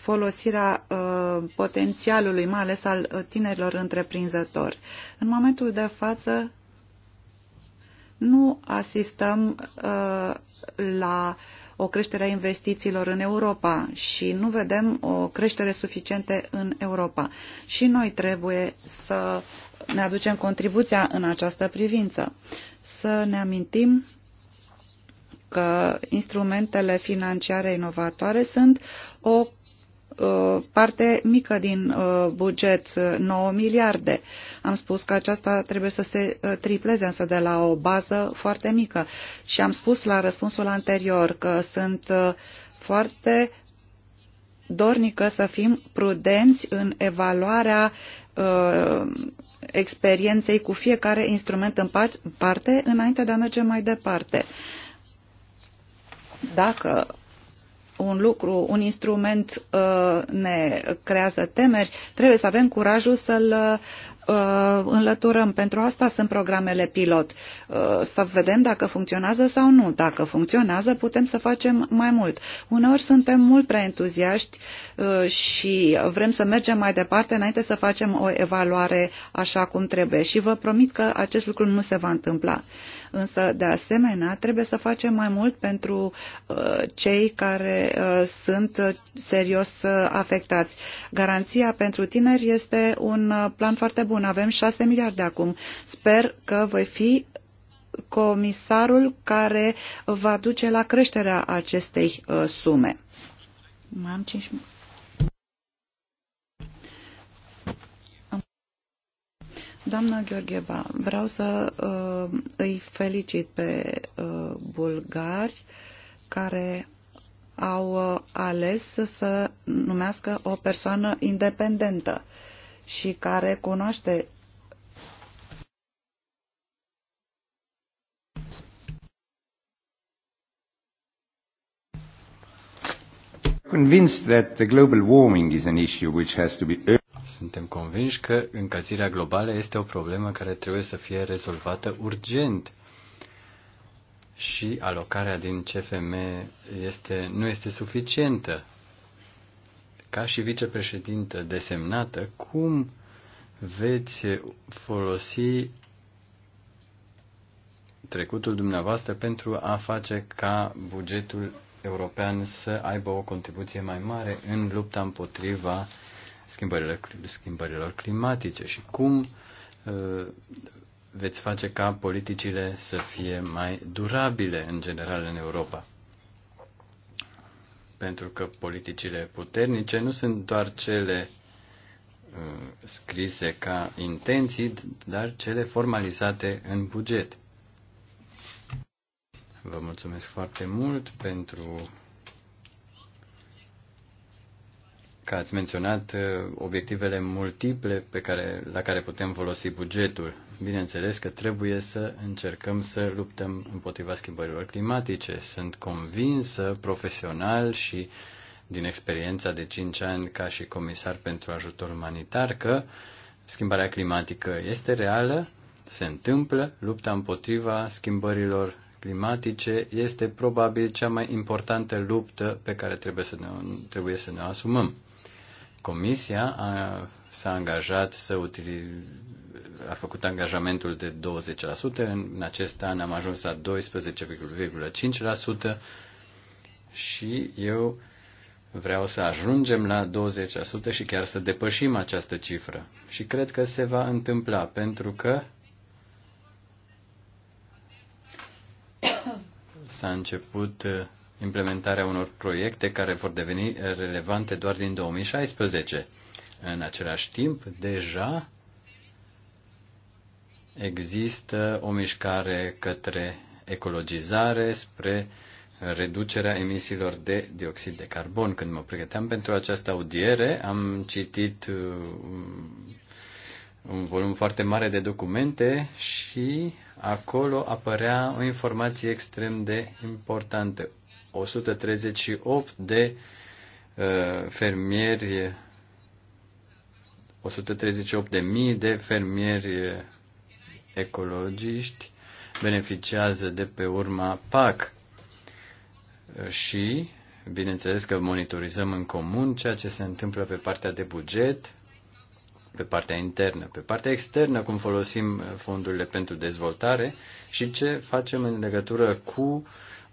folosirea uh, potențialului, mai ales al uh, tinerilor întreprinzători. În momentul de față nu asistăm uh, la o creștere a investițiilor în Europa și nu vedem o creștere suficientă în Europa. Și noi trebuie să ne aducem contribuția în această privință. Să ne amintim că instrumentele financiare inovatoare sunt o Uh, parte mică din uh, buget, 9 uh, miliarde. Am spus că aceasta trebuie să se tripleze, însă de la o bază foarte mică. Și am spus la răspunsul anterior că sunt foarte dornică să fim prudenți în evaluarea experienței cu fiecare instrument în parte înainte de a merge mai departe. Dacă un lucru, un instrument uh, ne creează temeri, trebuie să avem curajul să-l Uh, înlăturăm. Pentru asta sunt programele pilot. Uh, să vedem dacă funcționează sau nu. Dacă funcționează, putem să facem mai mult. Uneori suntem mult prea entuziaști uh, și vrem să mergem mai departe înainte să facem o evaluare așa cum trebuie. Și vă promit că acest lucru nu se va întâmpla. Însă, de asemenea, trebuie să facem mai mult pentru uh, cei care uh, sunt serios uh, afectați. Garanția pentru tineri este un uh, plan foarte bun bun, avem 6 miliarde acum. Sper că voi fi comisarul care va duce la creșterea acestei uh, sume. Mai am 5 Doamna Gheorgheva, vreau să uh, îi felicit pe uh, bulgari care au uh, ales să numească o persoană independentă. Uh, și care cunoaște convinced that the global warming is an issue which has to be suntem convinși că încălzirea globală este o problemă care trebuie să fie rezolvată urgent și alocarea din CFM este, nu este suficientă ca și vicepreședintă desemnată, cum veți folosi trecutul dumneavoastră pentru a face ca bugetul european să aibă o contribuție mai mare în lupta împotriva schimbărilor, schimbărilor climatice și cum uh, veți face ca politicile să fie mai durabile în general în Europa. Pentru că politicile puternice nu sunt doar cele uh, scrise ca intenții, dar cele formalizate în buget. Vă mulțumesc foarte mult pentru că ați menționat uh, obiectivele multiple pe care, la care putem folosi bugetul bineînțeles că trebuie să încercăm să luptăm împotriva schimbărilor climatice. Sunt convinsă profesional și din experiența de 5 ani ca și comisar pentru ajutor umanitar că schimbarea climatică este reală, se întâmplă, lupta împotriva schimbărilor climatice este probabil cea mai importantă luptă pe care trebuie să ne, trebuie să ne asumăm. Comisia a, s-a angajat să utilize a făcut angajamentul de 20%, în acest an am ajuns la 12,5% și eu vreau să ajungem la 20% și chiar să depășim această cifră. Și cred că se va întâmpla, pentru că s-a început uh, implementarea unor proiecte care vor deveni relevante doar din 2016. În același timp, deja există o mișcare către ecologizare, spre reducerea emisiilor de dioxid de carbon. Când mă pregăteam pentru această audiere, am citit uh, un volum foarte mare de documente și acolo apărea o informație extrem de importantă. 138 de uh, fermieri 138.000 de fermieri ecologiști beneficiază de pe urma PAC și, bineînțeles că monitorizăm în comun ceea ce se întâmplă pe partea de buget, pe partea internă, pe partea externă, cum folosim fondurile pentru dezvoltare și ce facem în legătură cu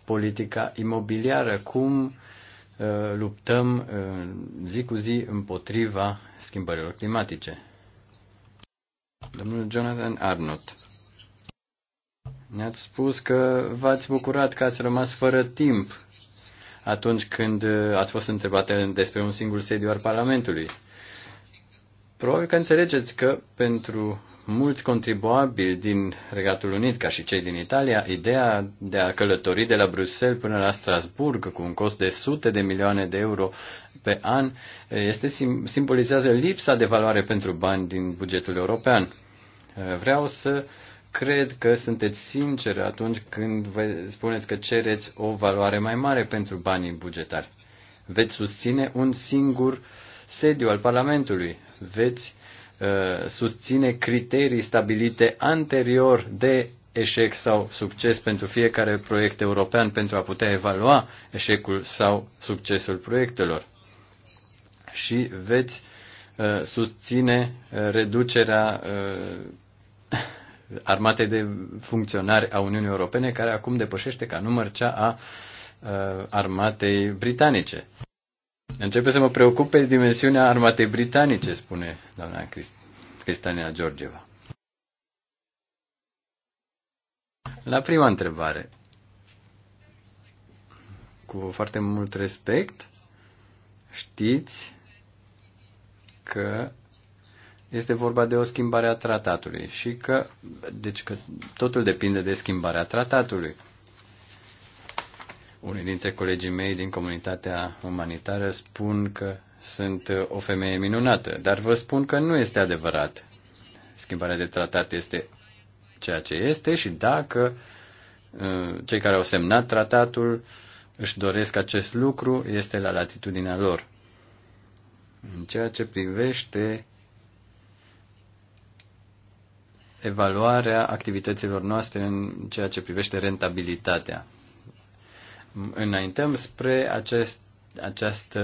politica imobiliară, cum uh, luptăm uh, zi cu zi împotriva schimbărilor climatice. Domnul Jonathan Arnott. Ne-ați spus că v-ați bucurat că ați rămas fără timp atunci când uh, ați fost întrebate despre un singur sediu al Parlamentului. Probabil că înțelegeți că pentru mulți contribuabili din Regatul Unit, ca și cei din Italia, ideea de a călători de la Bruxelles până la Strasburg cu un cost de sute de milioane de euro pe an este, simbolizează lipsa de valoare pentru bani din bugetul european. Vreau să cred că sunteți sinceri atunci când vă spuneți că cereți o valoare mai mare pentru banii bugetari. Veți susține un singur sediu al Parlamentului. Veți Uh, susține criterii stabilite anterior de eșec sau succes pentru fiecare proiect european pentru a putea evalua eșecul sau succesul proiectelor. Și veți uh, susține uh, reducerea armatei de funcționari a Uniunii Europene, care acum depășește ca număr cea a armatei britanice. Începe să mă preocupe dimensiunea armatei britanice, spune doamna Cristania Georgeva. La prima întrebare, cu foarte mult respect, știți că este vorba de o schimbare a tratatului și că, deci că totul depinde de schimbarea tratatului. Unii dintre colegii mei din comunitatea umanitară spun că sunt o femeie minunată, dar vă spun că nu este adevărat. Schimbarea de tratat este ceea ce este și dacă uh, cei care au semnat tratatul își doresc acest lucru, este la latitudinea lor. În ceea ce privește evaluarea activităților noastre în ceea ce privește rentabilitatea înaintăm spre acest, această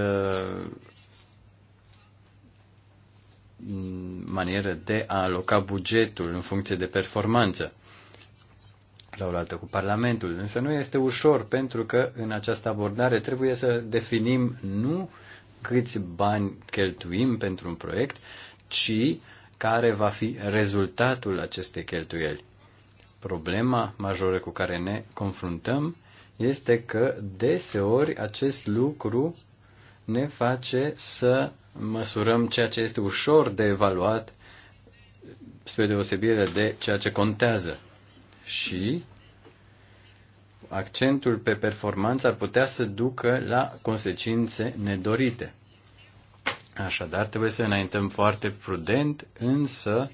mm, manieră de a aloca bugetul în funcție de performanță la altă cu Parlamentul. Însă nu este ușor pentru că în această abordare trebuie să definim nu câți bani cheltuim pentru un proiect, ci care va fi rezultatul acestei cheltuieli. Problema majoră cu care ne confruntăm este că deseori acest lucru ne face să măsurăm ceea ce este ușor de evaluat spre deosebire de ceea ce contează. Și accentul pe performanță ar putea să ducă la consecințe nedorite. Așadar, trebuie să înaintăm foarte prudent, însă,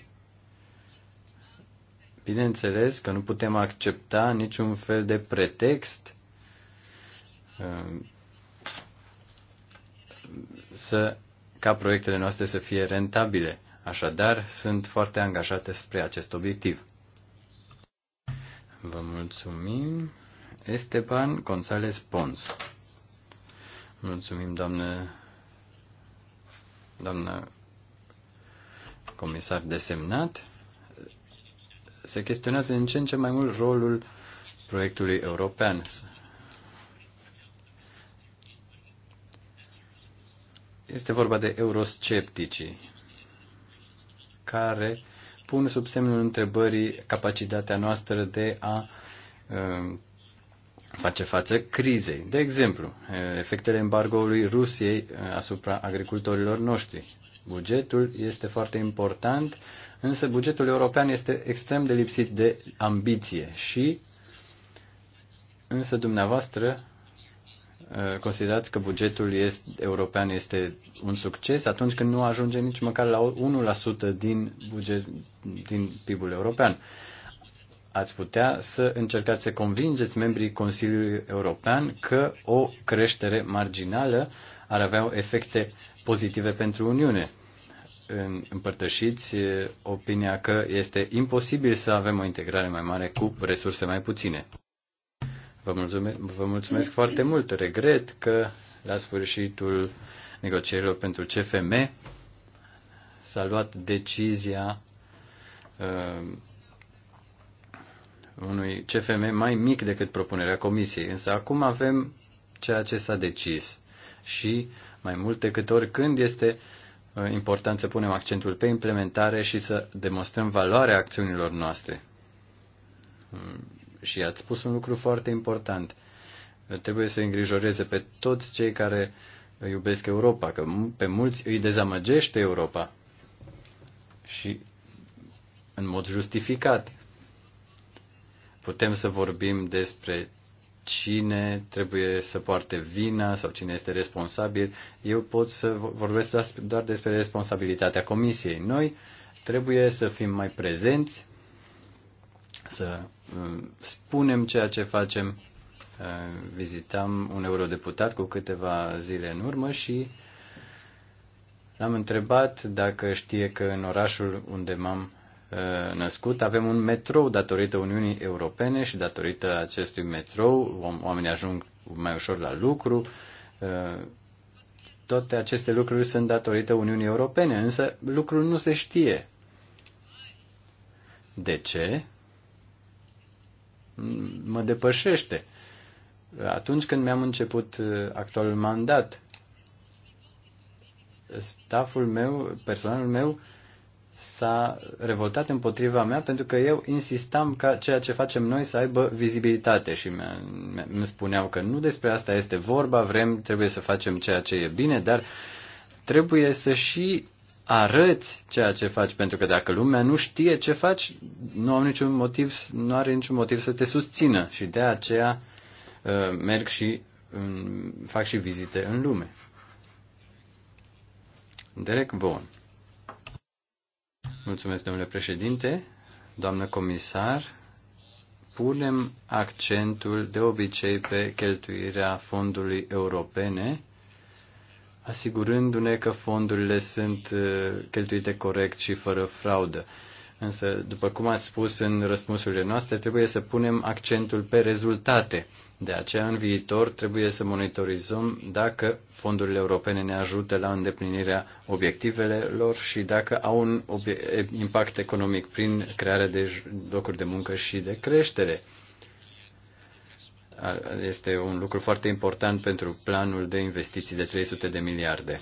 bineînțeles că nu putem accepta niciun fel de pretext Um, să, ca proiectele noastre să fie rentabile. Așadar, sunt foarte angajate spre acest obiectiv. Vă mulțumim. Esteban González Pons. Mulțumim, doamnă, doamnă comisar desemnat. Se chestionează în ce în ce mai mult rolul proiectului european. Este vorba de euroscepticii care pun sub semnul întrebării capacitatea noastră de a um, face față crizei. De exemplu, efectele embargoului Rusiei uh, asupra agricultorilor noștri. Bugetul este foarte important, însă bugetul european este extrem de lipsit de ambiție și însă dumneavoastră Uh, considerați că bugetul este, european este un succes atunci când nu ajunge nici măcar la 1% din, buget, din PIB-ul european. Ați putea să încercați să convingeți membrii Consiliului European că o creștere marginală ar avea efecte pozitive pentru Uniune. Împărtășiți uh, opinia că este imposibil să avem o integrare mai mare cu resurse mai puține. Vă mulțumesc, vă mulțumesc foarte mult. Regret că la sfârșitul negocierilor pentru CFM s-a luat decizia uh, unui CFM mai mic decât propunerea comisiei. Însă acum avem ceea ce s-a decis și mai mult decât oricând este uh, important să punem accentul pe implementare și să demonstrăm valoarea acțiunilor noastre. Hmm și ați spus un lucru foarte important. Trebuie să îngrijoreze pe toți cei care iubesc Europa, că pe mulți îi dezamăgește Europa. Și în mod justificat. Putem să vorbim despre cine trebuie să poarte vina sau cine este responsabil. Eu pot să vorbesc doar despre responsabilitatea comisiei. Noi trebuie să fim mai prezenți să uh, spunem ceea ce facem. Uh, Vizitam un eurodeputat cu câteva zile în urmă și l-am întrebat dacă știe că în orașul unde m-am uh, născut avem un metrou datorită Uniunii Europene și datorită acestui metrou oamenii ajung mai ușor la lucru. Toate aceste lucruri sunt datorită Uniunii Europene, însă lucrul nu se știe. De ce? mă depășește. Atunci când mi-am început uh, actualul mandat, staful meu, personalul meu, s-a revoltat împotriva mea pentru că eu insistam ca ceea ce facem noi să aibă vizibilitate și îmi spuneau că nu despre asta este vorba, vrem, trebuie să facem ceea ce e bine, dar trebuie să și arăți ceea ce faci, pentru că dacă lumea nu știe ce faci, nu, au niciun motiv, nu are niciun motiv să te susțină și de aceea uh, merg și um, fac și vizite în lume. Derek Vaughan. Mulțumesc, domnule președinte, doamnă comisar. Punem accentul de obicei pe cheltuirea fondului europene asigurându-ne că fondurile sunt uh, cheltuite corect și fără fraudă. Însă, după cum ați spus în răspunsurile noastre, trebuie să punem accentul pe rezultate. De aceea, în viitor, trebuie să monitorizăm dacă fondurile europene ne ajută la îndeplinirea obiectivelor și dacă au un impact economic prin crearea de locuri de muncă și de creștere este un lucru foarte important pentru planul de investiții de 300 de miliarde.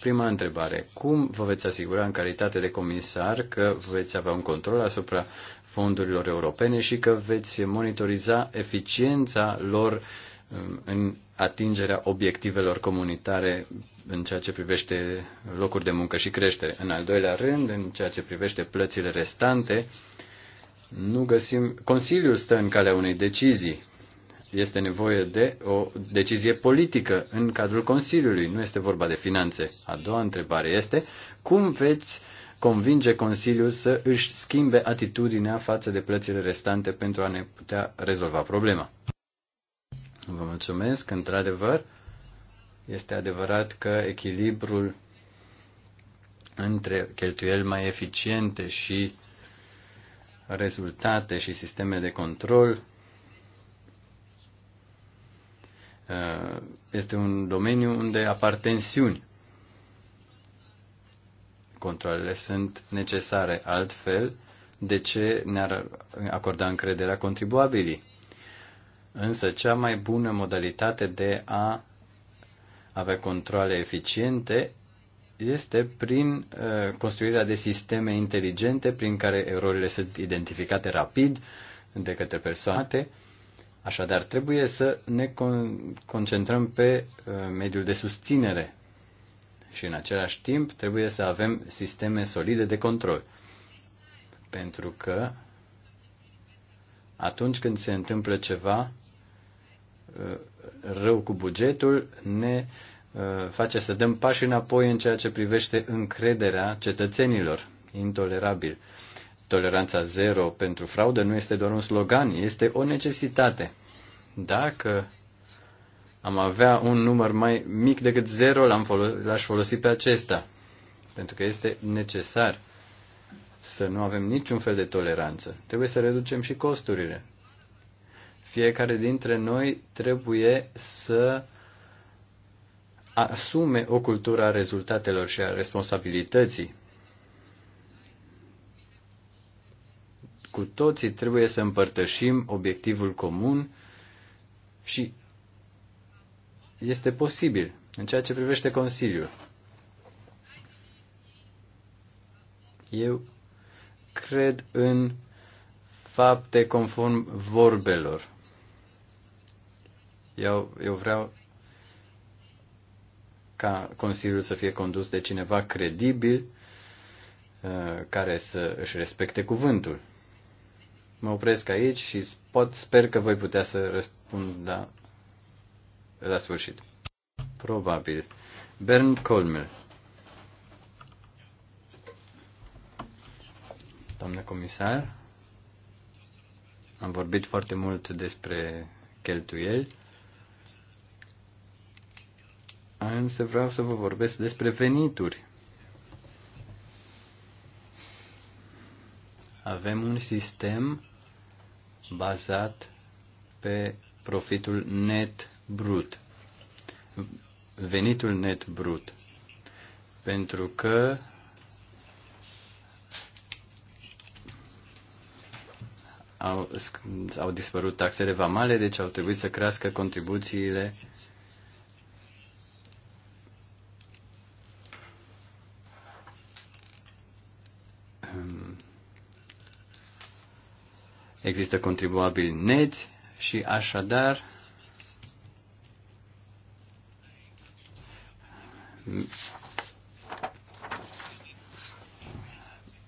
Prima întrebare. Cum vă veți asigura în calitate de comisar că veți avea un control asupra fondurilor europene și că veți monitoriza eficiența lor um, în atingerea obiectivelor comunitare în ceea ce privește locuri de muncă și creștere. În al doilea rând, în ceea ce privește plățile restante, nu găsim. Consiliul stă în calea unei decizii este nevoie de o decizie politică în cadrul Consiliului, nu este vorba de finanțe. A doua întrebare este cum veți convinge Consiliul să își schimbe atitudinea față de plățile restante pentru a ne putea rezolva problema. Vă mulțumesc, într-adevăr, este adevărat că echilibrul între cheltuieli mai eficiente și rezultate și sisteme de control Eh, este un domeniu unde apar tensiuni. Controlele sunt necesare, altfel de ce ne-ar acorda încrederea contribuabilii? Însă cea mai bună modalitate de a avea controle eficiente este prin uh, construirea de sisteme inteligente prin care erorile sunt identificate rapid de către persoane Așadar, trebuie să ne concentrăm pe uh, mediul de susținere și în același timp trebuie să avem sisteme solide de control. Pentru că atunci când se întâmplă ceva uh, rău cu bugetul, ne uh, face să dăm pași înapoi în ceea ce privește încrederea cetățenilor. Intolerabil. Toleranța zero pentru fraudă nu este doar un slogan, este o necesitate. Dacă am avea un număr mai mic decât zero, l-am folo- folosi pe acesta. Pentru că este necesar să nu avem niciun fel de toleranță. Trebuie să reducem și costurile. Fiecare dintre noi trebuie să asume o cultură a rezultatelor și a responsabilității. Cu toții trebuie să împărtășim obiectivul comun și este posibil în ceea ce privește Consiliul. Eu cred în fapte conform vorbelor. Eu, eu vreau ca Consiliul să fie condus de cineva credibil uh, care să își respecte cuvântul. Mă opresc aici și pot, sper că voi putea să răspund la, la sfârșit. Probabil. Bern Colmel. Doamne comisar, am vorbit foarte mult despre cheltuieli, însă vreau să vă vorbesc despre venituri. Avem un sistem bazat pe profitul net brut, venitul net brut, pentru că au, au dispărut taxele vamale, deci au trebuit să crească contribuțiile uh, există contribuabili neți și așadar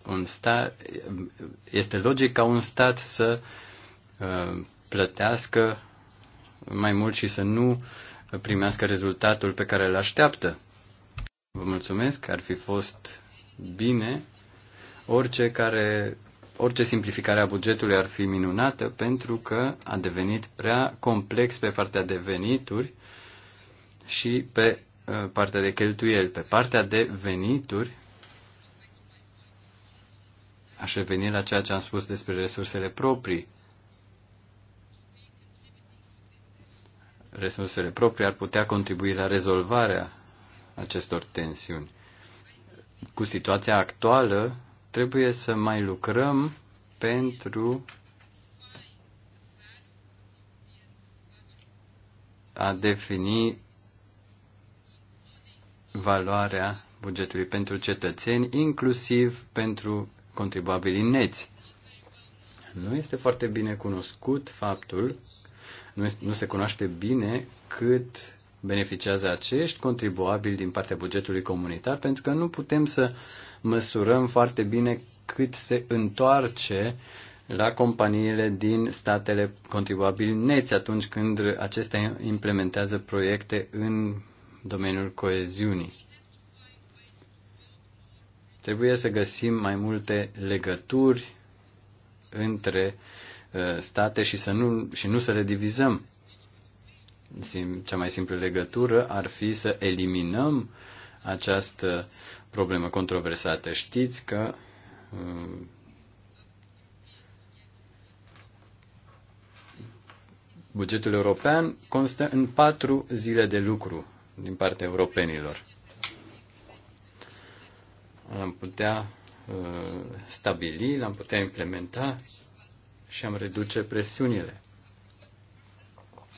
un stat, este logic ca un stat să uh, plătească mai mult și să nu primească rezultatul pe care îl așteaptă. Vă mulțumesc, ar fi fost bine orice care orice simplificare a bugetului ar fi minunată pentru că a devenit prea complex pe partea de venituri și pe uh, partea de cheltuieli. Pe partea de venituri aș reveni la ceea ce am spus despre resursele proprii. Resursele proprii ar putea contribui la rezolvarea acestor tensiuni. Cu situația actuală, Trebuie să mai lucrăm pentru a defini valoarea bugetului pentru cetățeni, inclusiv pentru contribuabilii neți. Nu este foarte bine cunoscut faptul, nu, este, nu se cunoaște bine cât beneficiază acești contribuabili din partea bugetului comunitar, pentru că nu putem să măsurăm foarte bine cât se întoarce la companiile din statele contribuabili neți atunci când acestea implementează proiecte în domeniul coeziunii. Trebuie să găsim mai multe legături între uh, state și, să nu, și nu să le divizăm. Cea mai simplă legătură ar fi să eliminăm această problemă controversată. Știți că uh, bugetul european constă în patru zile de lucru din partea europenilor. L-am putea uh, stabili, l-am putea implementa și am reduce presiunile.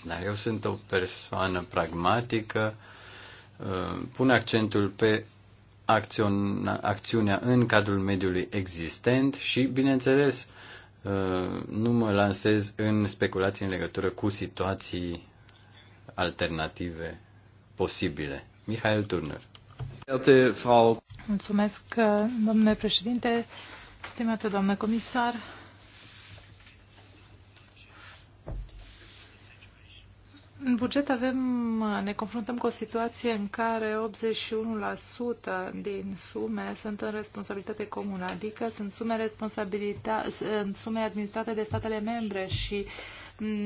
Dar eu sunt o persoană pragmatică, uh, pun accentul pe acțiunea în cadrul mediului existent și, bineînțeles, uh, nu mă lansez în speculații în legătură cu situații alternative posibile. Mihail Turner. Mulțumesc, domnule președinte, stimată doamnă comisar. În buget avem, ne confruntăm cu o situație în care 81% din sume sunt în responsabilitate comună, adică sunt sume, sunt sume administrate de statele membre și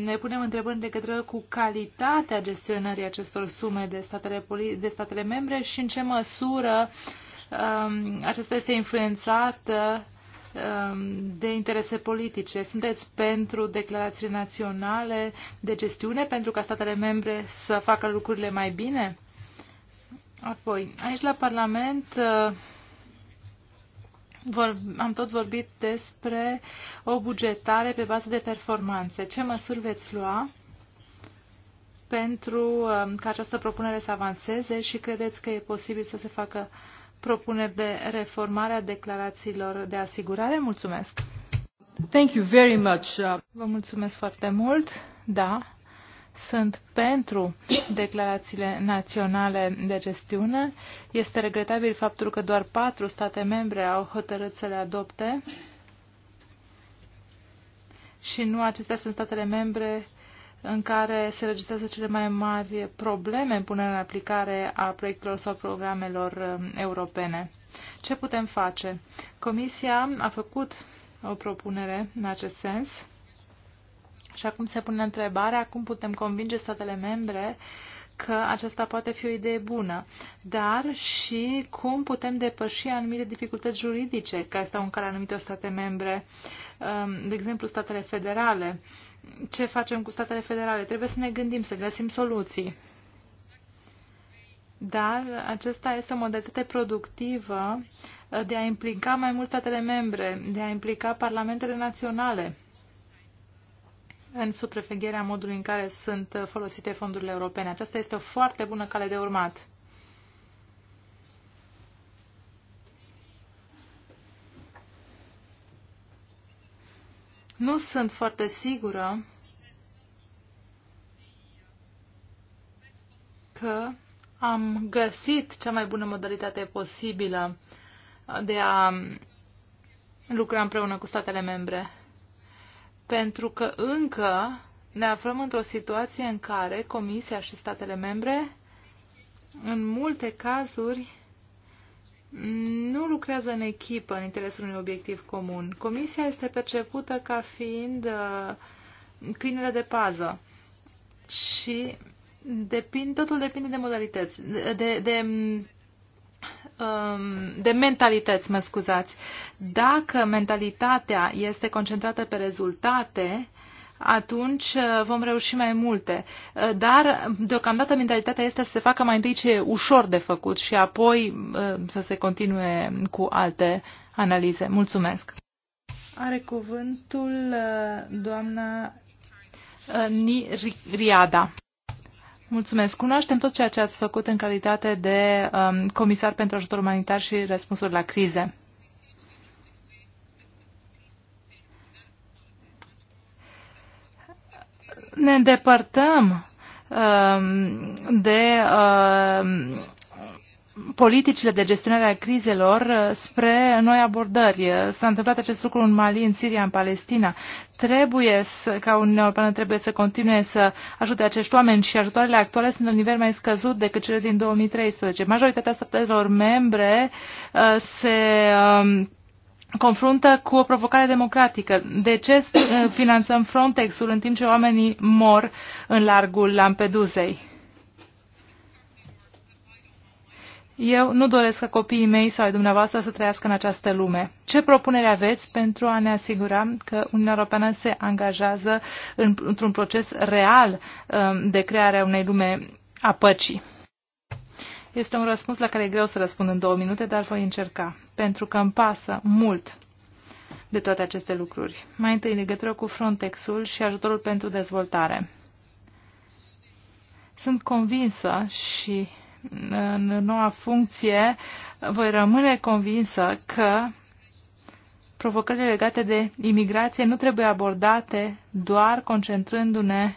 ne punem întrebări de către cu calitatea gestionării acestor sume de statele, de statele membre și în ce măsură um, aceasta este influențată uh, Um, de interese politice. Sunteți pentru declarații naționale de gestiune pentru ca statele membre să facă lucrurile mai bine? Apoi, aici la Parlament uh, vor, am tot vorbit despre o bugetare pe bază de performanțe. Ce măsuri veți lua pentru um, ca această propunere să avanseze și credeți că e posibil să se facă uh, propuneri de reformare a declarațiilor de asigurare? Mulțumesc! Thank you very much. Uh, Vă mulțumesc foarte mult. Da, sunt pentru declarațiile naționale de gestiune. Este regretabil faptul că doar patru state membre au hotărât să le adopte și nu acestea sunt statele membre în care se registrează cele mai mari probleme în punerea în aplicare a proiectelor sau programelor um, europene. Ce putem face? Comisia a făcut o propunere în acest sens și acum se pune întrebarea cum putem convinge statele membre că aceasta poate fi o idee bună, dar și cum putem depăși anumite dificultăți juridice care stau în care anumite state membre, um, de exemplu statele federale, ce facem cu statele federale. Trebuie să ne gândim, să găsim soluții. Dar acesta este o modalitate productivă uh, de a implica mai mult statele membre, de a implica parlamentele naționale în supravegherea modului în care sunt uh, folosite fondurile europene. Aceasta este o foarte bună cale de urmat. Nu sunt foarte sigură că am găsit cea mai bună modalitate posibilă de a lucra împreună cu statele membre. Pentru că încă ne aflăm într-o situație în care Comisia și statele membre, în multe cazuri, nu lucrează în echipă în interesul unui obiectiv comun. Comisia este percepută ca fiind uh, câinele de pază și depind, totul depinde de modalități, de, de, de um, um, de mentalități, mă scuzați. Dacă mentalitatea este concentrată pe rezultate, uh, atunci uh, vom reuși mai multe. Uh, dar, deocamdată, mentalitatea este să se facă mai întâi ce e ușor de făcut și apoi uh, să se continue cu alte analize. Mulțumesc! Are cuvântul doamna Riada. Mulțumesc. Cunoaștem tot ceea ce ați făcut în calitate de um, comisar pentru ajutor umanitar și răspunsuri la crize. ne îndepărtăm um, de um, politicile de gestionare a crizelor uh, spre noi abordări. S-a întâmplat acest lucru în Mali, în Siria, în Palestina. Trebuie să, ca Uniunea Europeană trebuie să continue să ajute acești oameni și ajutoarele actuale sunt la nivel mai scăzut decât cele din 2013. Majoritatea statelor membre uh, se um, confruntă cu o provocare democratică. De ce eh, finanțăm Frontex-ul în timp ce oamenii mor în largul lampeduzei? Eu nu doresc ca copiii mei sau ai dumneavoastră să trăiască în această lume. Ce propunere aveți pentru a ne asigura că Uniunea Europeană se angajează într-un proces real eh, de creare a unei lume a păcii? Este un răspuns la care e greu să răspund în două minute, dar voi încerca, pentru că îmi pasă mult de toate aceste lucruri. Mai întâi, legătură cu Frontex-ul și ajutorul pentru dezvoltare. Sunt convinsă și în noua funcție voi rămâne convinsă că provocările legate de imigrație nu trebuie abordate doar concentrându-ne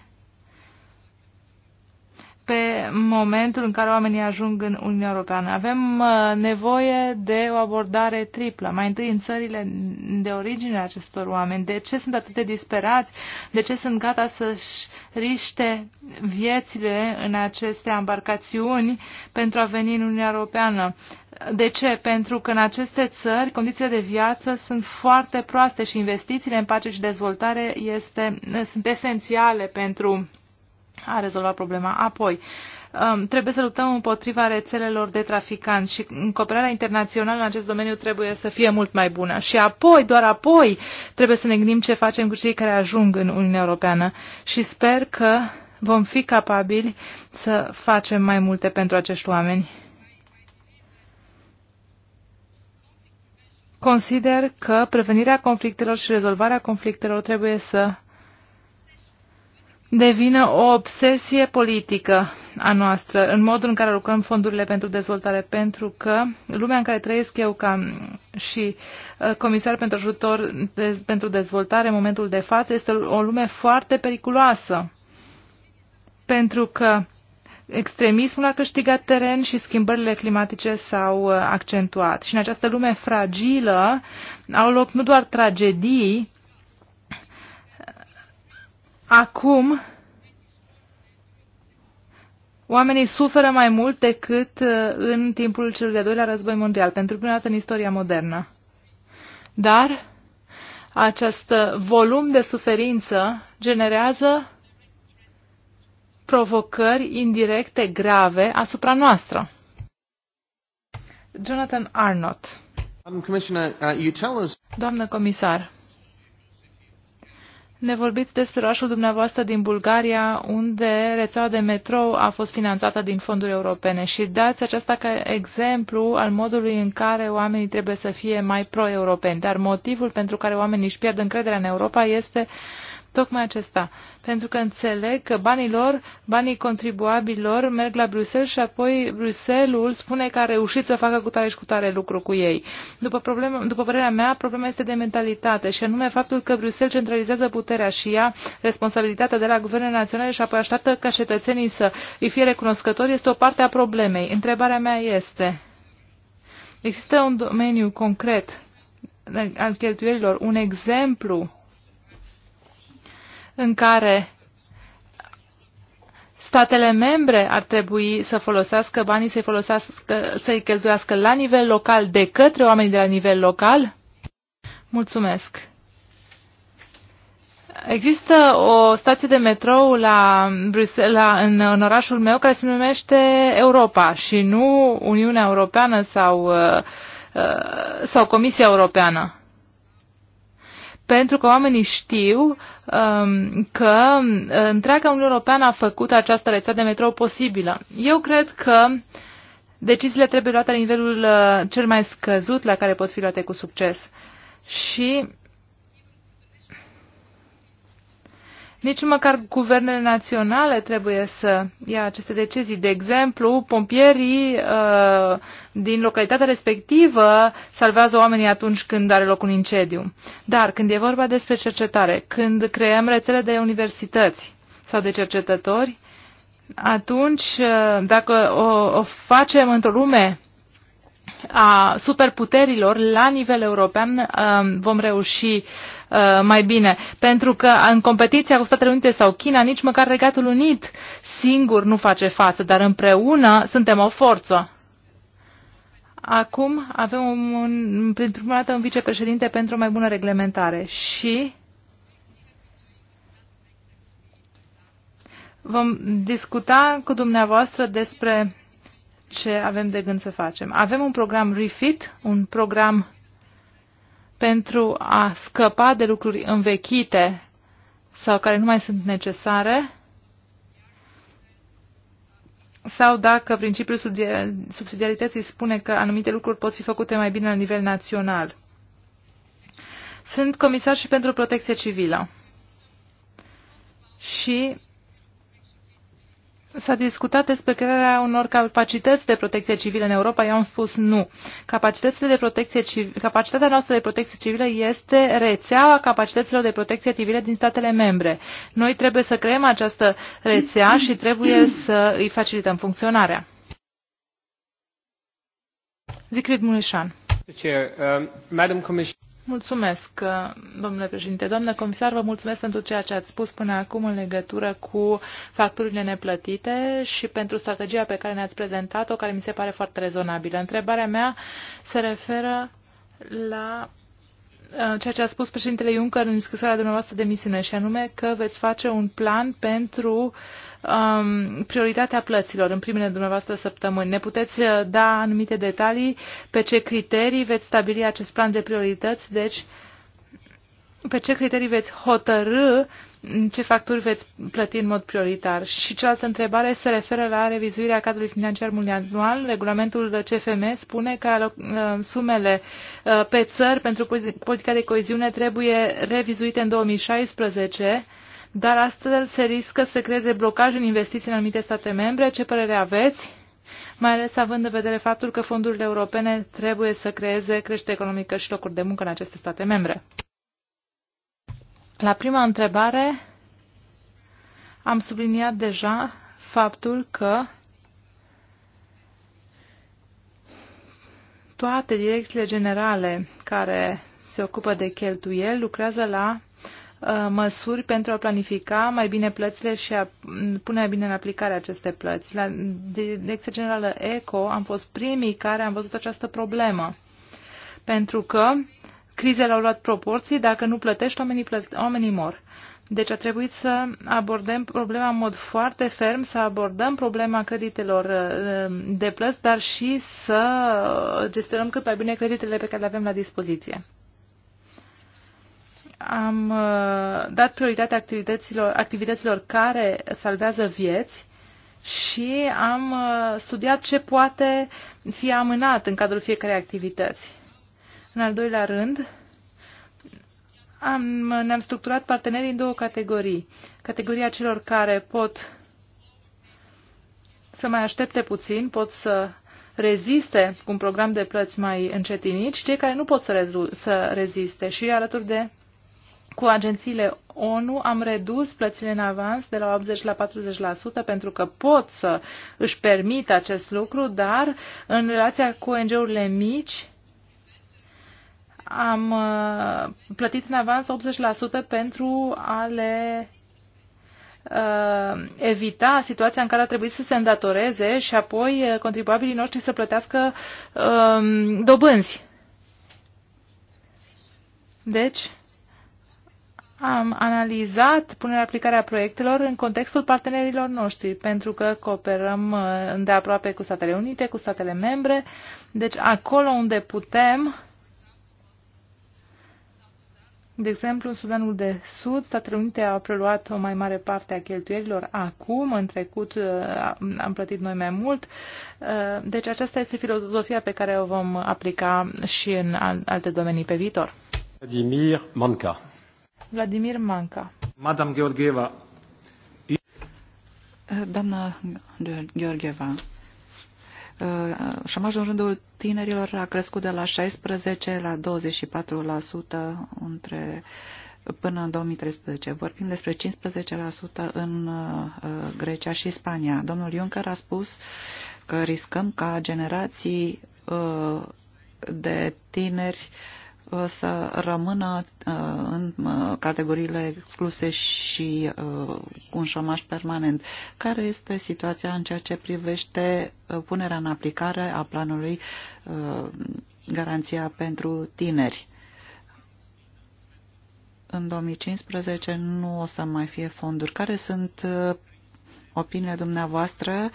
pe momentul în care oamenii ajung în Uniunea Europeană. Avem uh, nevoie de o abordare triplă. Mai întâi în țările de origine acestor oameni. De ce sunt atât de disperați? De ce sunt gata să-și riște viețile în aceste embarcațiuni pentru a veni în Uniunea Europeană? De ce? Pentru că în aceste țări condițiile de viață sunt foarte proaste și investițiile în pace și dezvoltare este, sunt esențiale pentru a rezolvat problema. Apoi, um, trebuie să luptăm împotriva rețelelor de traficanți și cooperarea internațională în acest domeniu trebuie să fie mult mai bună. Și apoi, doar apoi, trebuie să ne gândim ce facem cu cei care ajung în Uniunea Europeană și sper că vom fi capabili să facem mai multe pentru acești oameni. Consider că prevenirea conflictelor și rezolvarea conflictelor trebuie să devină o obsesie politică a noastră în modul în care lucrăm fondurile pentru dezvoltare, pentru că lumea în care trăiesc eu ca mm, și uh, comisar pentru ajutor de, pentru dezvoltare în momentul de față este o lume foarte periculoasă, pentru că extremismul a câștigat teren și schimbările climatice s-au uh, accentuat. Și în această lume fragilă au loc nu doar tragedii, Acum, oamenii suferă mai mult decât uh, în timpul celui de-al doilea război mondial, pentru prima dată în istoria modernă. Dar acest volum de suferință generează provocări indirecte grave asupra noastră. Jonathan Arnott. Um, uh, Doamnă comisar, ne vorbiți despre orașul dumneavoastră din Bulgaria, unde rețeaua de metrou a fost finanțată din fonduri europene și dați aceasta ca exemplu al modului în care oamenii trebuie să fie mai pro-europeni. Dar motivul pentru care oamenii își pierd încrederea în Europa este uh, tocmai acesta. Pentru că înțeleg că banii lor, banii contribuabililor merg la Bruxelles și apoi Bruxelles spune că a reușit să facă cu tare și cu tare lucru cu ei. După, probleme, după părerea mea, problema este de mentalitate și anume faptul că Bruxelles centralizează puterea și ia responsabilitatea de la guvernele naționale și apoi așteaptă ca cetățenii să îi fie recunoscători este o parte a problemei. Întrebarea mea este... Există un domeniu concret al cheltuielilor, un exemplu în care statele membre ar trebui să folosească banii, să-i, folosească, să-i cheltuiască la nivel local de către oamenii de la nivel local? Mulțumesc! Există o stație de metrou la la, în, în orașul meu care se numește Europa și nu Uniunea Europeană sau, uh, uh, sau Comisia Europeană pentru că oamenii știu um, că um, întreaga Uniune Europeană a făcut această rețea de metrou posibilă. Eu cred că deciziile trebuie luate la nivelul uh, cel mai scăzut la care pot fi luate cu succes. Și Nici măcar guvernele naționale trebuie să ia aceste decizii. De exemplu, pompierii uh, din localitatea respectivă salvează oamenii atunci când are loc un incendiu. Dar când e vorba despre cercetare, când creăm rețele de universități sau de cercetători, atunci, uh, dacă o, o facem într-o lume a superputerilor la nivel european, uh, vom reuși Uh, mai bine. Pentru că în competiția cu Statele Unite sau China, nici măcar Regatul Unit singur nu face față, dar împreună suntem o forță. Acum avem un, un, prin prima dată un vicepreședinte pentru o mai bună reglementare și vom discuta cu dumneavoastră despre ce avem de gând să facem. Avem un program REFIT, un program pentru a scăpa de lucruri învechite sau care nu mai sunt necesare, sau dacă principiul subsidiarității spune că anumite lucruri pot fi făcute mai bine la nivel național. Sunt comisar și pentru protecție civilă. Și S-a discutat despre crearea unor capacități de protecție civilă în Europa. Eu am spus nu. Capacitățile de protecție civilă, capacitatea noastră de protecție civilă este rețeaua capacităților de protecție civilă din statele membre. Noi trebuie să creăm această rețea și trebuie să îi facilităm funcționarea. Zicrit Mulișan. Um, Mulțumesc, domnule președinte. Doamnă comisar, vă mulțumesc pentru ceea ce ați spus până acum în legătură cu facturile neplătite și pentru strategia pe care ne-ați prezentat-o, care mi se pare foarte rezonabilă. Întrebarea mea se referă la Uh, ceea ce a spus președintele Juncker în scrisoarea dumneavoastră de misiune, și anume că veți face un plan pentru um, prioritatea plăților în primele dumneavoastră săptămâni. Ne puteți uh, da anumite detalii pe ce criterii veți stabili acest plan de priorități, deci pe ce criterii veți hotărâ uh, ce facturi veți plăti în mod prioritar? Și cealaltă întrebare se referă la revizuirea cadrului financiar multianual. Regulamentul CFM spune că uh, sumele uh, pe țări pentru politica de coeziune trebuie revizuite în 2016, dar astfel se riscă să creeze blocaj în investiții în anumite state membre. Ce părere aveți? mai ales având în vedere faptul că fondurile europene trebuie să creeze creștere economică și locuri de muncă în aceste state membre. La prima întrebare am subliniat deja faptul că toate direcțiile generale care se ocupă de cheltuieli lucrează la uh, măsuri pentru a planifica mai bine plățile și a pune mai bine în aplicare aceste plăți. La Direcția Generală ECO am fost primii care am văzut această problemă, pentru că crizele au luat proporții, dacă nu plătești, oamenii, plă- oamenii mor. Deci a trebuit să abordăm problema în mod foarte ferm, să abordăm problema creditelor uh, de plăți, dar și să uh, gestionăm cât mai bine creditele pe care le avem la dispoziție. Am uh, dat prioritate activităților, activităților care salvează vieți și am studiat ce poate fi amânat în cadrul fiecarei activități în al doilea rând, am, ne-am structurat partenerii în două categorii. Categoria celor care pot să mai aștepte puțin, pot să reziste cu un program de plăți mai încetinit și cei care nu pot să, să reziste. Și alături de cu agențiile ONU am redus plățile în avans de la 80 la 40% pentru că pot să își permit acest lucru, dar în relația cu ONG-urile mici am uh, plătit în avans 80% pentru a le uh, evita situația în care a trebuit să se îndatoreze și apoi uh, contribuabilii noștri să plătească um, dobânzi. Deci, am analizat punerea aplicarea proiectelor în contextul partenerilor noștri, pentru că cooperăm îndeaproape cu Statele Unite, cu statele membre, deci acolo unde putem de exemplu, în Sudanul de Sud, Statele Unite au preluat o mai mare parte a cheltuielilor acum, în trecut uh, am plătit noi mai mult. Uh, deci aceasta este filozofia pe care o vom aplica și în alte domenii pe viitor. Vladimir Manca. Vladimir Manca. Madame Georgieva. Doamna Georgieva, Uh, șomajul în rândul tinerilor a crescut de la 16 la 24% între până în 2013. Vorbim despre 15% în uh, uh, Grecia și Spania. Domnul Juncker a spus că riscăm ca generații de tineri uh, să rămână uh, în uh, categoriile excluse și uh, cu un șomaș permanent. Care este situația în ceea ce privește punerea în aplicare a planului Garanția pentru tineri? În 2015 nu o să mai fie fonduri. Care sunt opiniile dumneavoastră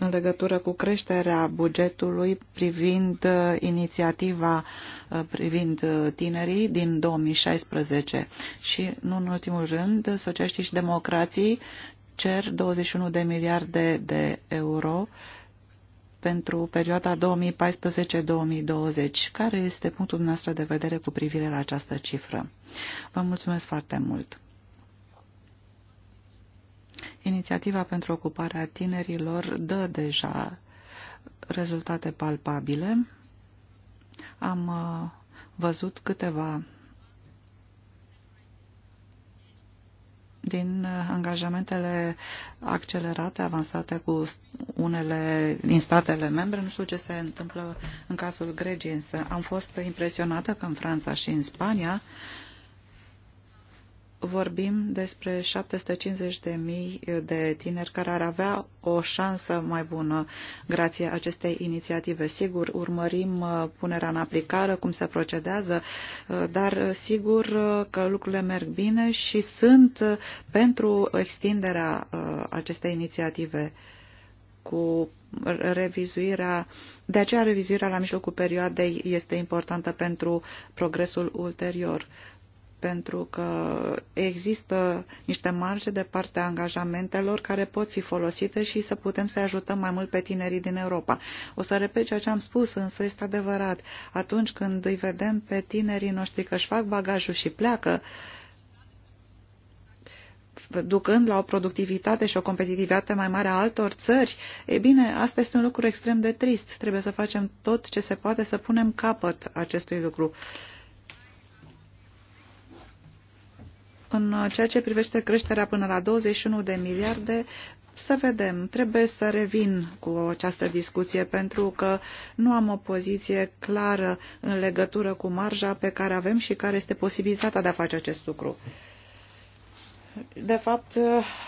în legătură cu creșterea bugetului privind uh, inițiativa uh, privind uh, tinerii din 2016. Și, nu în ultimul rând, socialiștii și democrații cer 21 de miliarde de euro pentru perioada 2014-2020. Care este punctul dumneavoastră de vedere cu privire la această cifră? Vă mulțumesc foarte mult! Inițiativa pentru ocuparea tinerilor dă deja rezultate palpabile. Am uh, văzut câteva din angajamentele accelerate, avansate cu unele din statele membre. Nu știu ce se întâmplă în cazul Greciei, însă am fost impresionată că în Franța și în Spania uh, vorbim despre 750.000 de tineri care ar avea o șansă mai bună grație acestei inițiative. Sigur, urmărim uh, punerea în aplicare, cum se procedează, uh, dar uh, sigur că lucrurile merg bine și sunt pentru extinderea acestei inițiative cu revizuirea, de aceea revizuirea la mijlocul perioadei este importantă pentru progresul ulterior pentru că există niște marge de partea angajamentelor care pot fi folosite și să putem să ajutăm mai mult pe tinerii din Europa. O să repet ceea ce am spus, însă este adevărat. Atunci când îi vedem pe tinerii noștri că își fac bagajul și pleacă, ducând la o productivitate și o competitivitate mai mare a altor țări, e bine, asta este un lucru extrem de trist. Trebuie să facem tot ce se poate să punem capăt acestui lucru. Uh, În ceea ce privește creșterea până la 21 de miliarde, să vedem, trebuie să revin cu această discuție pentru că nu am o poziție clară în legătură cu marja pe care avem și care este posibilitatea de a face acest lucru. De fapt,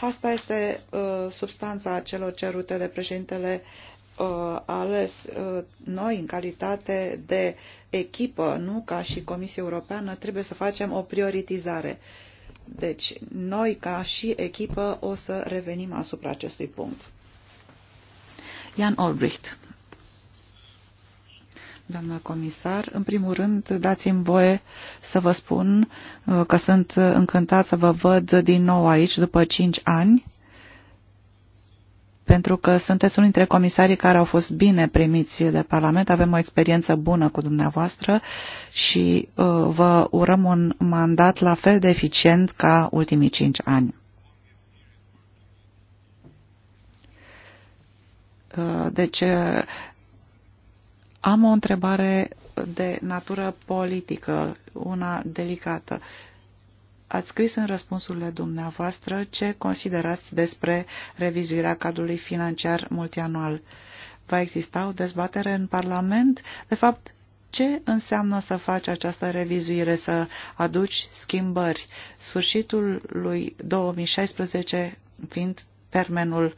asta este uh, substanța celor cerute de președintele uh, ales uh, noi în calitate de echipă, nu ca și Comisia Europeană, trebuie să facem o prioritizare. Uh, deci, noi ca și echipă o să revenim asupra acestui punct. Jan Olbricht. Doamna comisar, în primul rând dați-mi voie să vă spun uh, că sunt încântat să vă văd din nou aici după 5 ani pentru că sunteți unul dintre comisarii care au fost bine primiți de Parlament, avem o experiență bună cu dumneavoastră și uh, vă urăm un mandat la fel de eficient ca ultimii cinci ani. Uh, deci, uh, am o întrebare de natură politică, una delicată. Uh, Ați scris în răspunsurile dumneavoastră ce considerați despre revizuirea cadrului financiar multianual. Va exista o dezbatere în Parlament? De fapt, ce înseamnă să faci această revizuire, să aduci schimbări, sfârșitul lui 2016 fiind termenul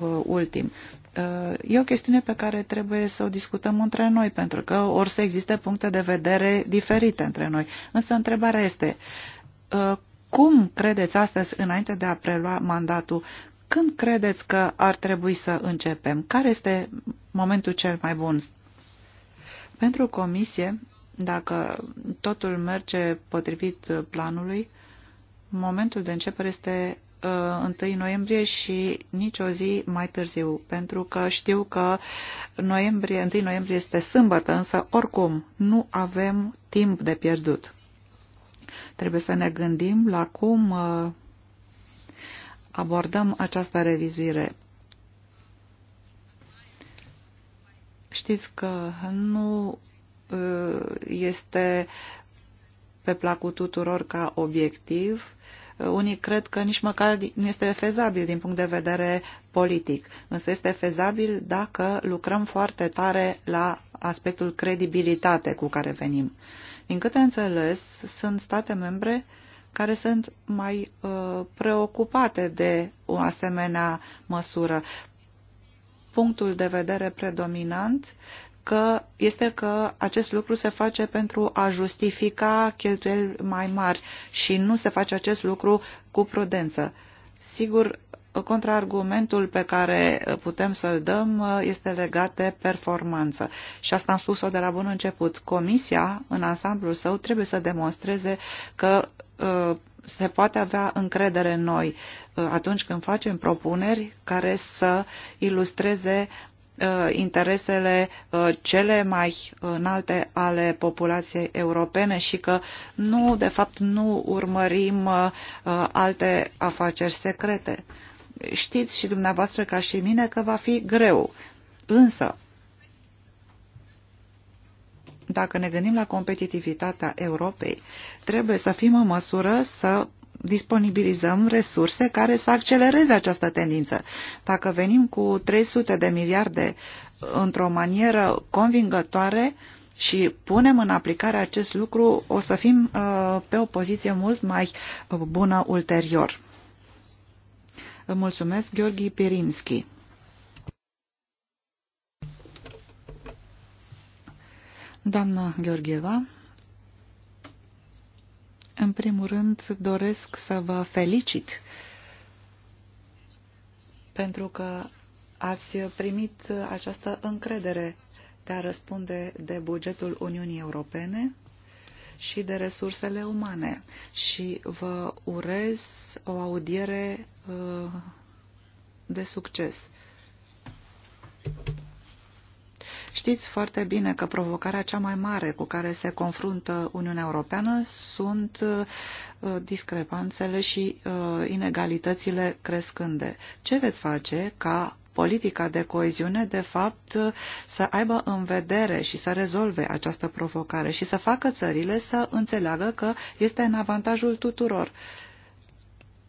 uh, ultim e o chestiune pe care trebuie să o discutăm între noi, pentru că or să existe puncte de vedere diferite între noi. Însă întrebarea este, cum credeți astăzi, înainte de a prelua mandatul, când credeți că ar trebui să începem? Care este momentul cel mai bun? Pentru comisie, dacă totul merge potrivit planului, momentul de începere este 1 uh, noiembrie și nici o zi mai târziu, pentru că știu că noiembrie, 1 noiembrie este sâmbătă, însă oricum nu avem timp de pierdut. Trebuie să ne gândim la cum uh, abordăm această revizuire. Știți că nu uh, este pe placul tuturor ca obiectiv uh, unii cred că nici măcar nu este fezabil din punct de vedere politic, însă este fezabil dacă lucrăm foarte tare la aspectul credibilitate cu care venim. Din câte înțeles, sunt state membre care sunt mai uh, preocupate de o asemenea măsură. Punctul de vedere predominant că este că acest lucru se face pentru a justifica cheltuieli mai mari și nu se face acest lucru cu prudență. Sigur, contraargumentul pe care putem să-l dăm uh, este legat de performanță. Și asta am spus-o de la bun început. Comisia, în ansamblul său, trebuie să demonstreze că uh, se poate avea încredere în noi uh, atunci când facem propuneri care să ilustreze Uh, interesele uh, cele mai înalte ale populației europene și că nu, de fapt, nu urmărim uh, alte afaceri secrete. Știți și dumneavoastră ca și mine că va fi greu, însă dacă ne gândim la competitivitatea Europei, trebuie să fim în măsură să disponibilizăm resurse care să accelereze această tendință. Dacă venim cu 300 de miliarde într-o manieră convingătoare și punem în aplicare acest lucru, o să fim uh, pe o poziție mult mai uh, bună ulterior. Îl mulțumesc, Gheorghi Pirinski. Doamna Gheorgheva. În primul rând, doresc să vă felicit pentru că ați primit această încredere de a răspunde de bugetul Uniunii Europene și de resursele umane și vă urez o audiere uh, de succes. Știți foarte bine că provocarea cea mai mare cu care se confruntă Uniunea Europeană sunt uh, discrepanțele și uh, inegalitățile crescânde. Ce veți face ca politica de coeziune, de fapt, uh, să aibă în vedere și să rezolve această provocare și să facă țările să înțeleagă că este în avantajul tuturor.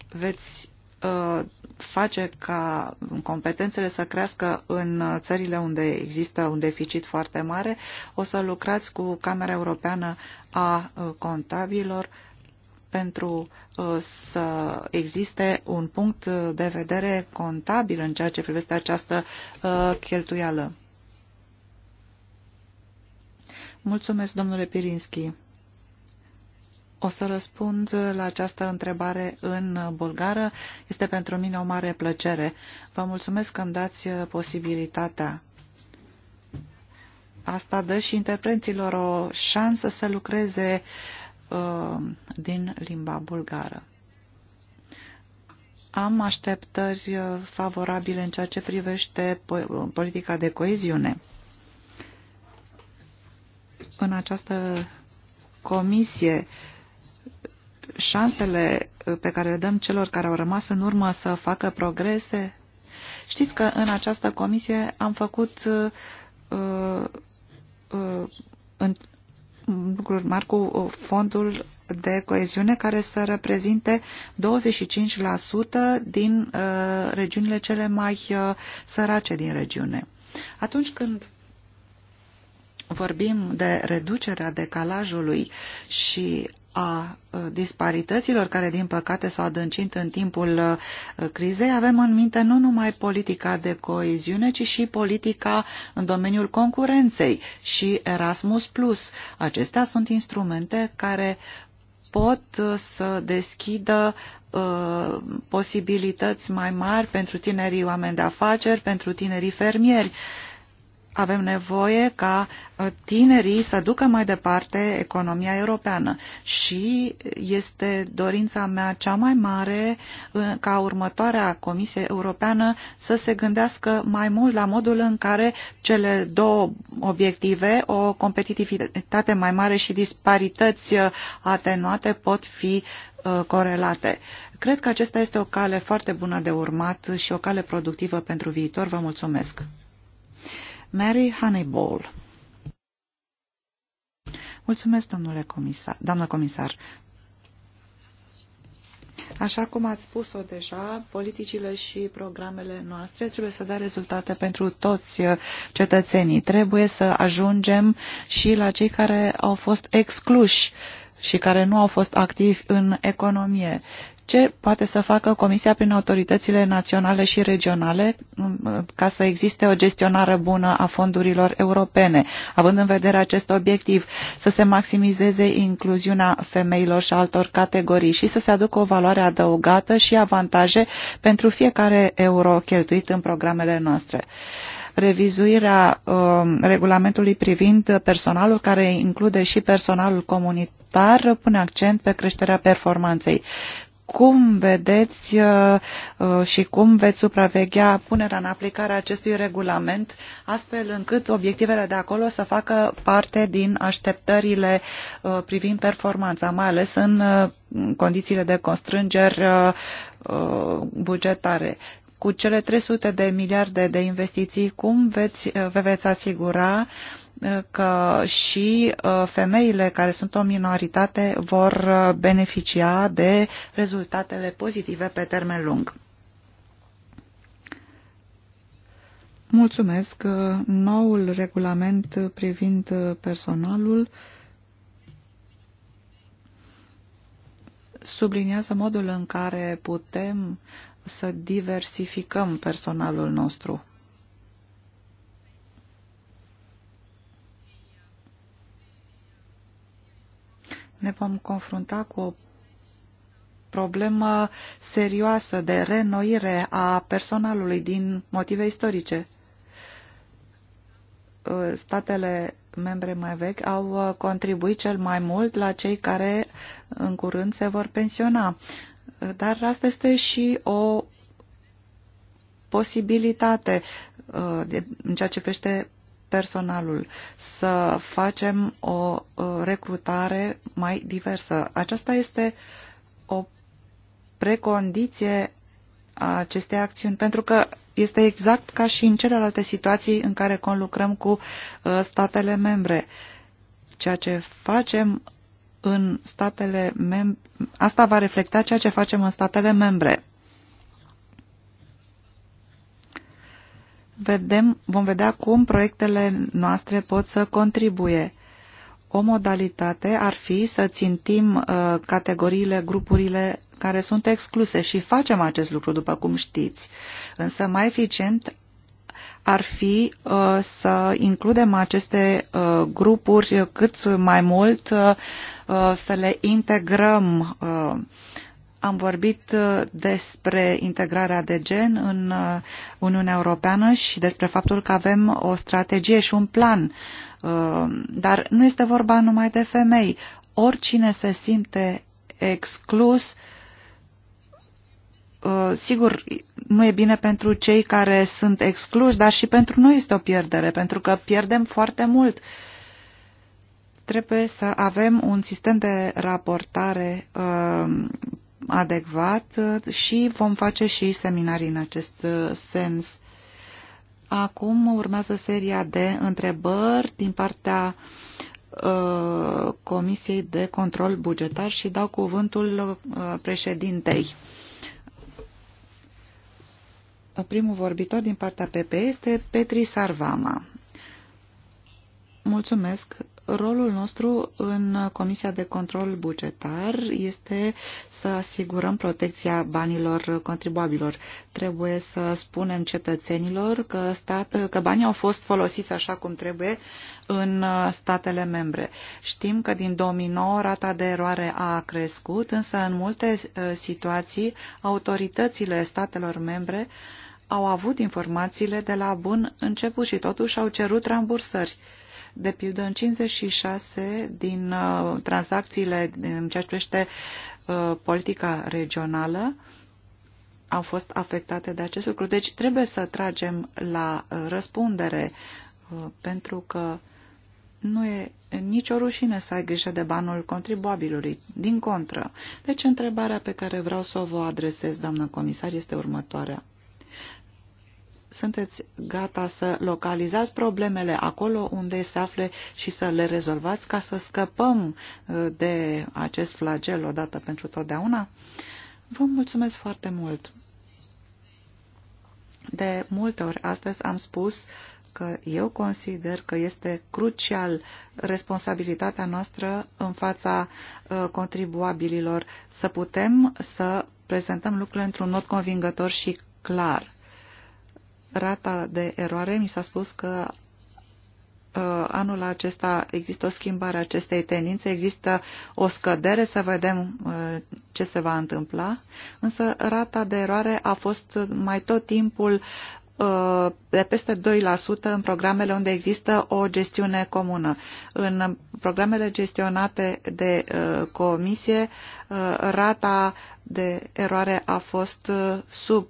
Veți Uh, face ca competențele să crească în țările unde există un deficit foarte mare, o să lucrați cu Camera Europeană a uh, Contabilor pentru uh, să existe un punct de vedere contabil în ceea ce privește această cheltuială. Mulțumesc, domnule Pirinski. O să răspund la această întrebare în bulgară. Este pentru mine o mare plăcere. Vă mulțumesc că îmi dați uh, posibilitatea. Asta dă și interpreților o șansă să lucreze uh, din limba bulgară. Am așteptări uh, favorabile în ceea ce privește politica de coeziune. În această comisie uh, șansele uh, pe care le dăm celor care au rămas în urmă să facă progrese? Știți că în această comisie am făcut uh, uh, uh în lucruri mari cu uh, fondul de coeziune care să reprezinte 25% din uh, regiunile cele mai uh, sărace din regiune. Atunci când vorbim de reducerea decalajului și a disparităților care, din păcate, s-au adâncit în timpul crizei, avem în minte nu numai politica de coeziune, ci și politica în domeniul concurenței și Erasmus+. Acestea sunt instrumente care pot să deschidă posibilități mai mari pentru tinerii oameni de afaceri, pentru tinerii fermieri. Uh, avem nevoie ca ă, tinerii să ducă mai departe economia europeană și este dorința mea cea mai mare ă, ca următoarea Comisie Europeană să se gândească mai mult la modul în care cele două obiective, o competitivitate mai mare și disparități ă, atenuate pot fi corelate. Cred că acesta este o cale foarte bună de urmat și o cale productivă pentru viitor. Vă mulțumesc! Mary Honeyball. Mulțumesc, domnule comisar, doamnă comisar. Așa cum ați spus-o deja, politicile și programele noastre trebuie să dea rezultate pentru toți uh, cetățenii. Trebuie să ajungem și la cei care au fost excluși și care nu au fost activi în economie. Ce poate să facă Comisia prin autoritățile naționale și regionale um, ca să existe o gestionare bună a fondurilor europene, având în vedere acest obiectiv, să se maximizeze incluziunea femeilor și altor categorii și să se aducă o valoare adăugată și avantaje pentru fiecare euro cheltuit în programele noastre revizuirea uh, regulamentului privind personalul, care include și personalul comunitar, pune accent pe creșterea performanței cum vedeți uh, uh, și cum veți supraveghea punerea în aplicare a acestui regulament, astfel încât obiectivele de acolo să facă parte din așteptările uh, privind performanța, mai ales în condițiile de constrângeri bugetare. Cu cele 300 de miliarde de investiții, cum veți, vă veți asigura că și ă, femeile care sunt o minoritate vor ă, beneficia de rezultatele pozitive pe termen lung. Mulțumesc. Ă, noul regulament privind personalul subliniază modul în care putem să diversificăm personalul nostru. ne vom confrunta cu o problemă serioasă de renoire a personalului din motive istorice. Uh, statele membre mai vechi au uh, contribuit cel mai mult la cei care în curând se vor pensiona. Uh, dar asta este și o posibilitate în ceea ce privește personalul, să facem o recrutare mai diversă. Aceasta este o precondiție a acestei acțiuni, pentru că este exact ca și în celelalte situații în care conlucrăm cu uh, statele membre. Ceea ce facem în statele membre, asta va reflecta ceea ce facem în statele membre. vedem, vom vedea cum proiectele noastre pot să contribuie. O modalitate ar fi să țintim uh, categoriile, grupurile care sunt excluse și facem acest lucru, după cum știți. Însă mai eficient ar fi uh, să includem aceste uh, grupuri cât mai mult, uh, să le integrăm uh, am vorbit uh, despre integrarea de gen în uh, Uniunea Europeană și despre faptul că avem o strategie și un plan. Uh, dar nu este vorba numai de femei. Oricine se simte exclus, sigur, nu e bine pentru cei care sunt excluși, dar și pentru noi este o pierdere, pentru că pierdem foarte mult trebuie să avem un sistem de raportare adecvat uh, și vom face și seminarii în acest uh, sens. Acum urmează seria de întrebări din partea uh, Comisiei de Control Bugetar și dau cuvântul președintei. Primul vorbitor din partea PP este Petri Sarvama. Mulțumesc, rolul nostru în Comisia de Control Bugetar este să asigurăm protecția banilor contribuabilor. Trebuie să spunem cetățenilor că, stat, că banii au fost folosiți așa cum trebuie în statele membre. Știm că din 2009 rata de eroare a crescut, însă în multe uh, situații autoritățile statelor membre au avut informațiile de la bun început și totuși au cerut rambursări de pildă, în 56 din uh, tranzacțiile în ceea ce privește uh, politica regională au fost afectate de acest lucru. Deci trebuie să tragem la uh, răspundere uh, pentru că nu e nicio rușine să ai grijă de banul contribuabilului, din contră. Deci întrebarea pe care vreau să o vă adresez, doamnă comisar, este următoarea sunteți gata să localizați problemele acolo unde se afle și să le rezolvați ca să scăpăm uh, de acest flagel odată pentru totdeauna? Vă mulțumesc foarte mult! De multe ori astăzi am spus că eu consider că este crucial responsabilitatea noastră în fața uh, contribuabililor să putem să prezentăm lucrurile într-un mod convingător și clar rata de eroare, mi s-a spus că uh, anul acesta există o schimbare a acestei tendințe, există o scădere, să vedem uh, ce se va întâmpla, însă rata de eroare a fost mai tot timpul Uh, de peste 2% în programele unde există o gestiune comună. În programele gestionate de uh, comisie, uh, rata de eroare a fost sub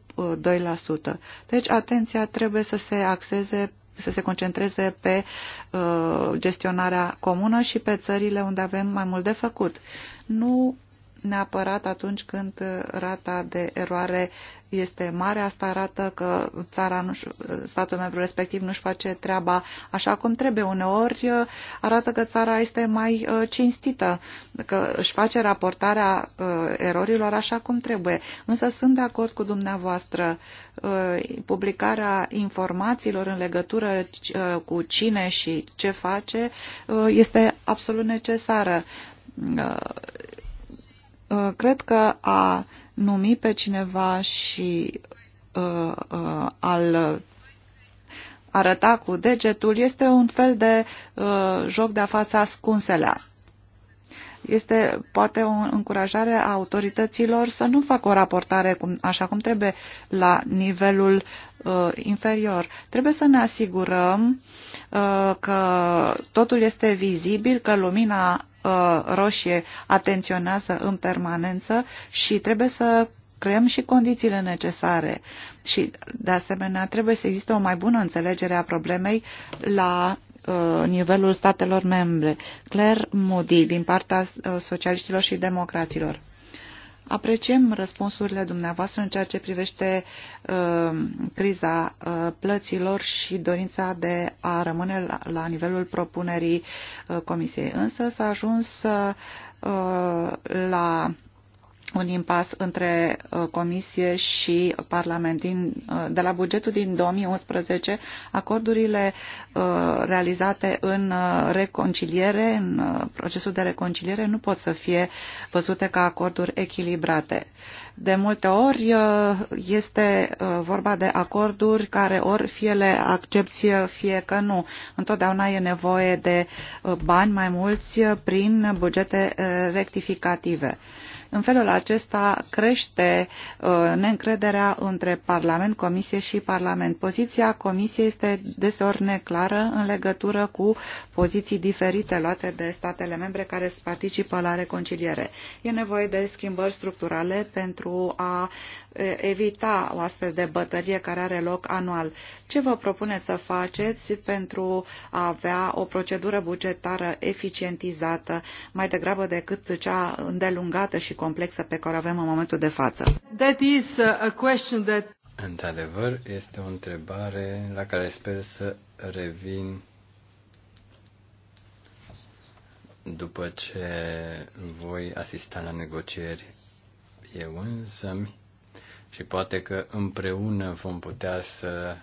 2%. Deci atenția trebuie să se axeze să se concentreze pe uh, gestionarea comună și pe țările unde avem mai mult de făcut. Nu neapărat atunci când uh, rata de eroare este mare. Asta arată că țara nu uh, statul membru respectiv nu-și face treaba așa cum trebuie. Uneori uh, arată că țara este mai cinstită, că își face raportarea erorilor așa cum trebuie. Însă sunt de acord cu dumneavoastră. Publicarea informațiilor în legătură cu cine și ce face este absolut necesară Uh, cred că a numi pe cineva și uh, uh, al arăta cu degetul este un fel de joc de-a fața ascunselea este poate o încurajare a autorităților să nu facă o raportare cum, așa cum trebuie la nivelul uh, inferior. Trebuie să ne asigurăm uh, că totul este vizibil, că lumina Uh, roșie atenționează în permanență și trebuie să creăm și condițiile necesare și, de asemenea, trebuie să existe o mai bună înțelegere a problemei la uh, nivelul statelor membre. Claire Moody, din partea uh, socialiștilor și democraților. Apreciem răspunsurile dumneavoastră în ceea ce privește uh, criza uh, plăților și dorința de a rămâne la, la nivelul propunerii uh, Comisiei. Însă s-a ajuns uh, la un impas între uh, Comisie și Parlament. Din, uh, de la bugetul din 2011, acordurile uh, realizate în reconciliere, în procesul de reconciliere, nu pot să fie văzute ca acorduri echilibrate. De multe ori este vorba de acorduri care ori fie le accepți, fie că nu. Întotdeauna e nevoie de bani mai mulți prin bugete rectificative. În felul acesta crește uh, neîncrederea între Parlament, Comisie și Parlament. Poziția Comisiei este deseori neclară în legătură cu poziții diferite luate de statele membre care participă la reconciliere. E nevoie de schimbări structurale pentru a evita o astfel de bătălie care are loc anual. Ce vă propuneți să faceți pentru a avea o procedură bugetară eficientizată mai degrabă decât cea îndelungată și complexă pe care o avem în momentul de față? That is a question that... Într-adevăr, este o întrebare la care sper să revin după ce voi asista la negocieri eu însămi și poate că împreună vom putea să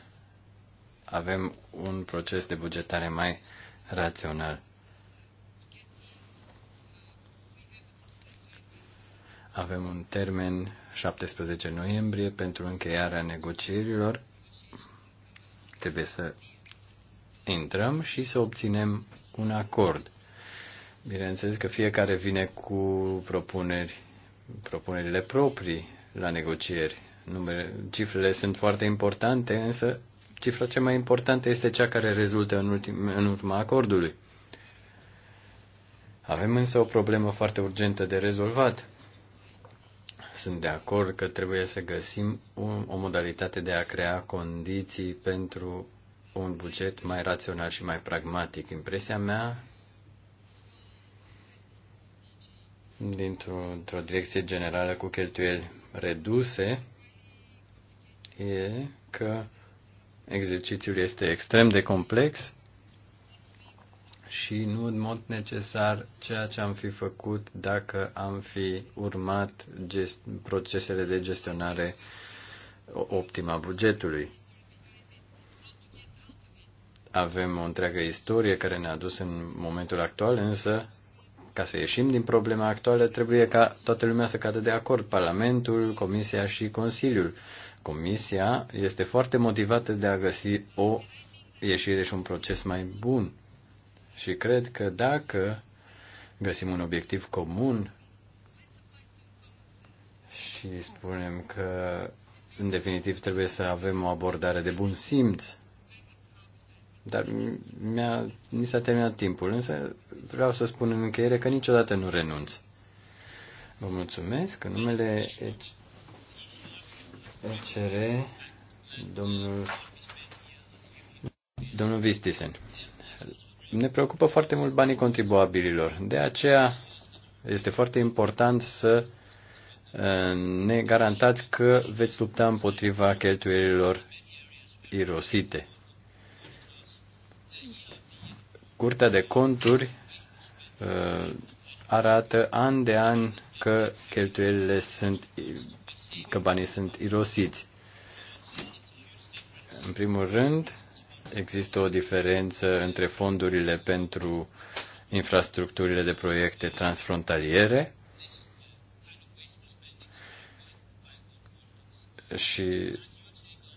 avem un proces de bugetare mai rațional. Avem un termen 17 noiembrie pentru încheierea negocierilor. Trebuie să intrăm și să obținem un acord. Bineînțeles că fiecare vine cu propuneri, propunerile proprii la negocieri numere, cifrele sunt foarte importante, însă cifra cea mai importantă este cea care rezultă în, ultim, în urma acordului. Avem însă o problemă foarte urgentă de rezolvat. Sunt de acord că trebuie să găsim un, o modalitate de a crea condiții pentru un buget mai rațional și mai pragmatic. Impresia mea dintr-o, direcție generală cu cheltuieli reduse e că exercițiul este extrem de complex și nu în mod necesar ceea ce am fi făcut dacă am fi urmat gest- procesele de gestionare optimă a bugetului. Avem o întreagă istorie care ne-a dus în momentul actual, însă ca să ieșim din problema actuală, trebuie ca toată lumea să cadă de acord, Parlamentul, Comisia și Consiliul. Comisia este foarte motivată de a găsi o ieșire și un proces mai bun. Și cred că dacă găsim un obiectiv comun și spunem că, în definitiv, trebuie să avem o abordare de bun simț, dar mi-a, mi s-a terminat timpul, însă vreau să spun în încheiere că niciodată nu renunț. Vă mulțumesc. În numele cere domnul, domnul Vistisen. Ne preocupă foarte mult banii contribuabililor. De aceea este foarte important să uh, ne garantați că veți lupta împotriva cheltuielilor irosite. Curtea de conturi uh, arată an de an că cheltuielile sunt că banii sunt irosiți. În primul rând, există o diferență între fondurile pentru infrastructurile de proiecte transfrontaliere și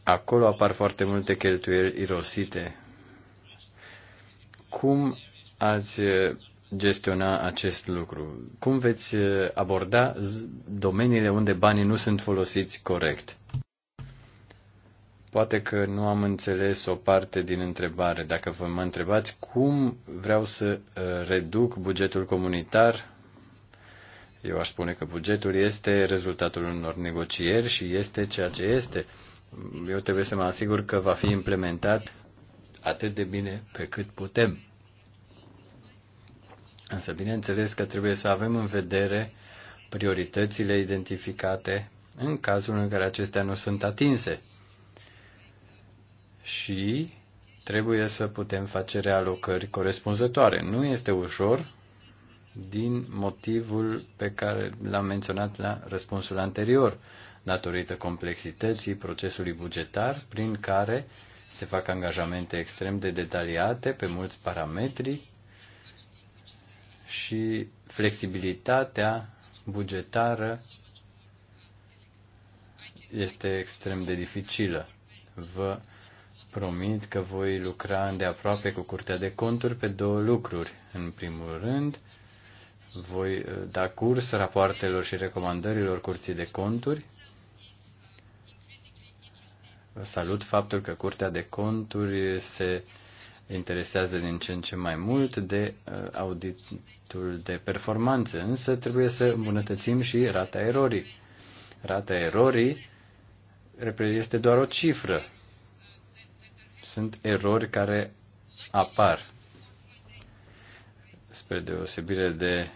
acolo apar foarte multe cheltuieli irosite. Cum ați gestiona acest lucru? Cum veți uh, aborda domeniile unde banii nu sunt folosiți corect? Poate că nu am înțeles o parte din întrebare. Dacă vă mă întrebați cum vreau să uh, reduc bugetul comunitar, eu aș spune că bugetul este rezultatul unor negocieri și este ceea ce este. Eu trebuie să mă asigur că va fi implementat atât de bine pe cât putem. Însă, bineînțeles că trebuie să avem în vedere prioritățile identificate în cazul în care acestea nu sunt atinse. Și trebuie să putem face realocări corespunzătoare. Nu este ușor din motivul pe care l-am menționat la răspunsul anterior, datorită complexității procesului bugetar prin care se fac angajamente extrem de detaliate pe mulți parametri și flexibilitatea bugetară este extrem de dificilă. Vă promit că voi lucra îndeaproape cu Curtea de Conturi pe două lucruri. În primul rând, voi uh, da curs rapoartelor și recomandărilor Curții de Conturi. Salut faptul că Curtea de Conturi se uh, interesează din ce în ce mai mult de uh, auditul de performanță, însă trebuie să îmbunătățim și rata erorii. Rata erorii este doar o cifră. Sunt erori care apar. Spre deosebire de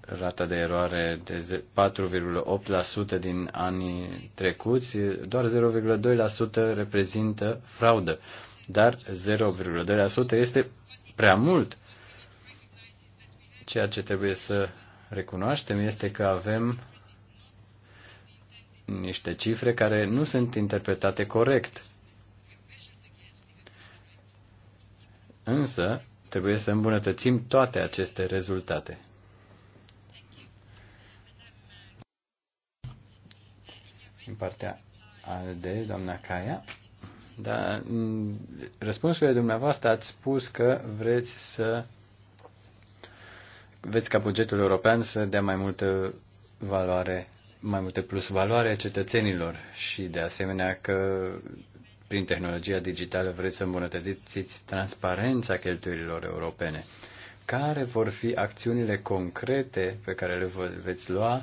rata de eroare de 4,8% din anii trecuți, doar 0,2% reprezintă fraudă dar 0,2% este prea mult. Ceea ce trebuie să recunoaștem este că avem niște cifre care nu sunt interpretate corect. Însă, trebuie să îmbunătățim toate aceste rezultate. În partea de doamna Caia. Da, răspunsurile dumneavoastră ați spus că vreți să veți ca bugetul european să dea mai multă valoare, mai multe plus valoare cetățenilor și de asemenea că prin tehnologia digitală vreți să îmbunătățiți transparența cheltuielilor europene. Care vor fi acțiunile concrete pe care le veți lua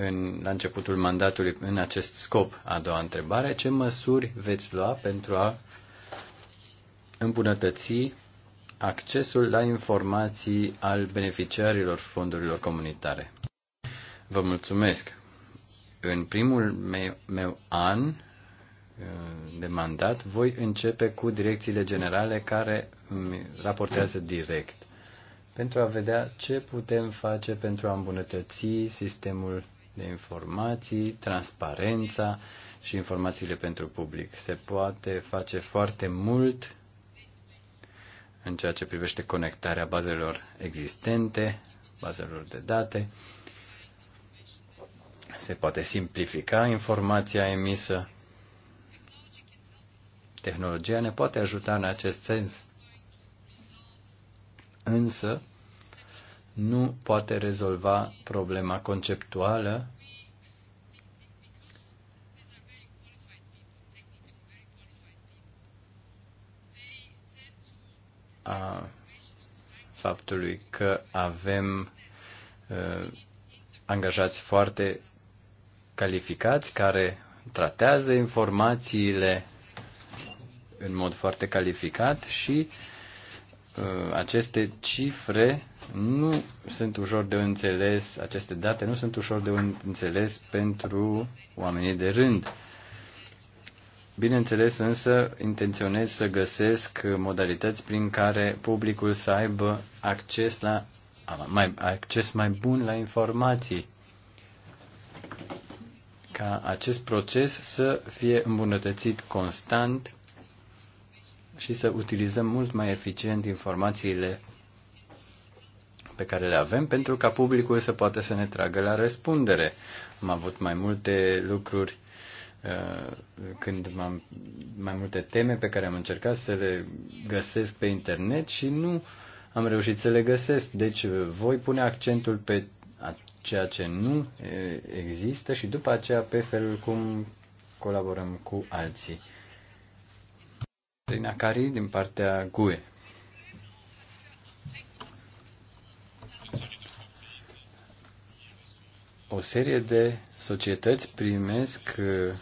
în, la începutul mandatului în acest scop. A doua întrebare, ce măsuri veți lua pentru a îmbunătăți accesul la informații al beneficiarilor fondurilor comunitare? Vă mulțumesc. În primul meu, meu an uh, de mandat voi începe cu direcțiile generale care îmi raportează direct pentru a vedea ce putem face pentru a îmbunătăți sistemul de informații, transparența și informațiile pentru public. Se poate face foarte mult în ceea ce privește conectarea bazelor existente, bazelor de date. Se poate simplifica informația emisă. Tehnologia ne poate ajuta în acest sens. Însă, nu poate rezolva problema conceptuală a faptului că avem uh, angajați foarte calificați care tratează informațiile în mod foarte calificat și uh, aceste cifre nu sunt ușor de înțeles, aceste date nu sunt ușor de înțeles pentru oamenii de rând. Bineînțeles, însă, intenționez să găsesc modalități prin care publicul să aibă acces, la, mai, acces mai bun la informații, ca acest proces să fie îmbunătățit constant și să utilizăm mult mai eficient informațiile pe care le avem pentru ca publicul să poată să ne tragă la răspundere. Am avut mai multe lucruri uh, când am mai multe teme pe care am încercat să le găsesc pe internet și nu am reușit să le găsesc. Deci uh, voi pune accentul pe ceea ce nu uh, există și după aceea pe felul cum colaborăm cu alții. Rina Cari din partea GUE. o serie de societăți primesc uh,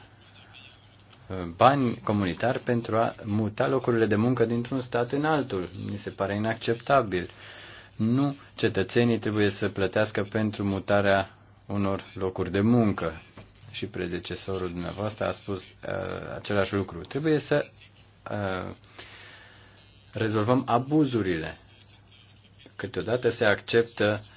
bani comunitari pentru a muta locurile de muncă dintr-un stat în altul. Mi se pare inacceptabil. Nu cetățenii trebuie să plătească pentru mutarea unor locuri de muncă. Și predecesorul dumneavoastră a spus uh, același lucru. Trebuie să uh, rezolvăm abuzurile. Câteodată se acceptă uh,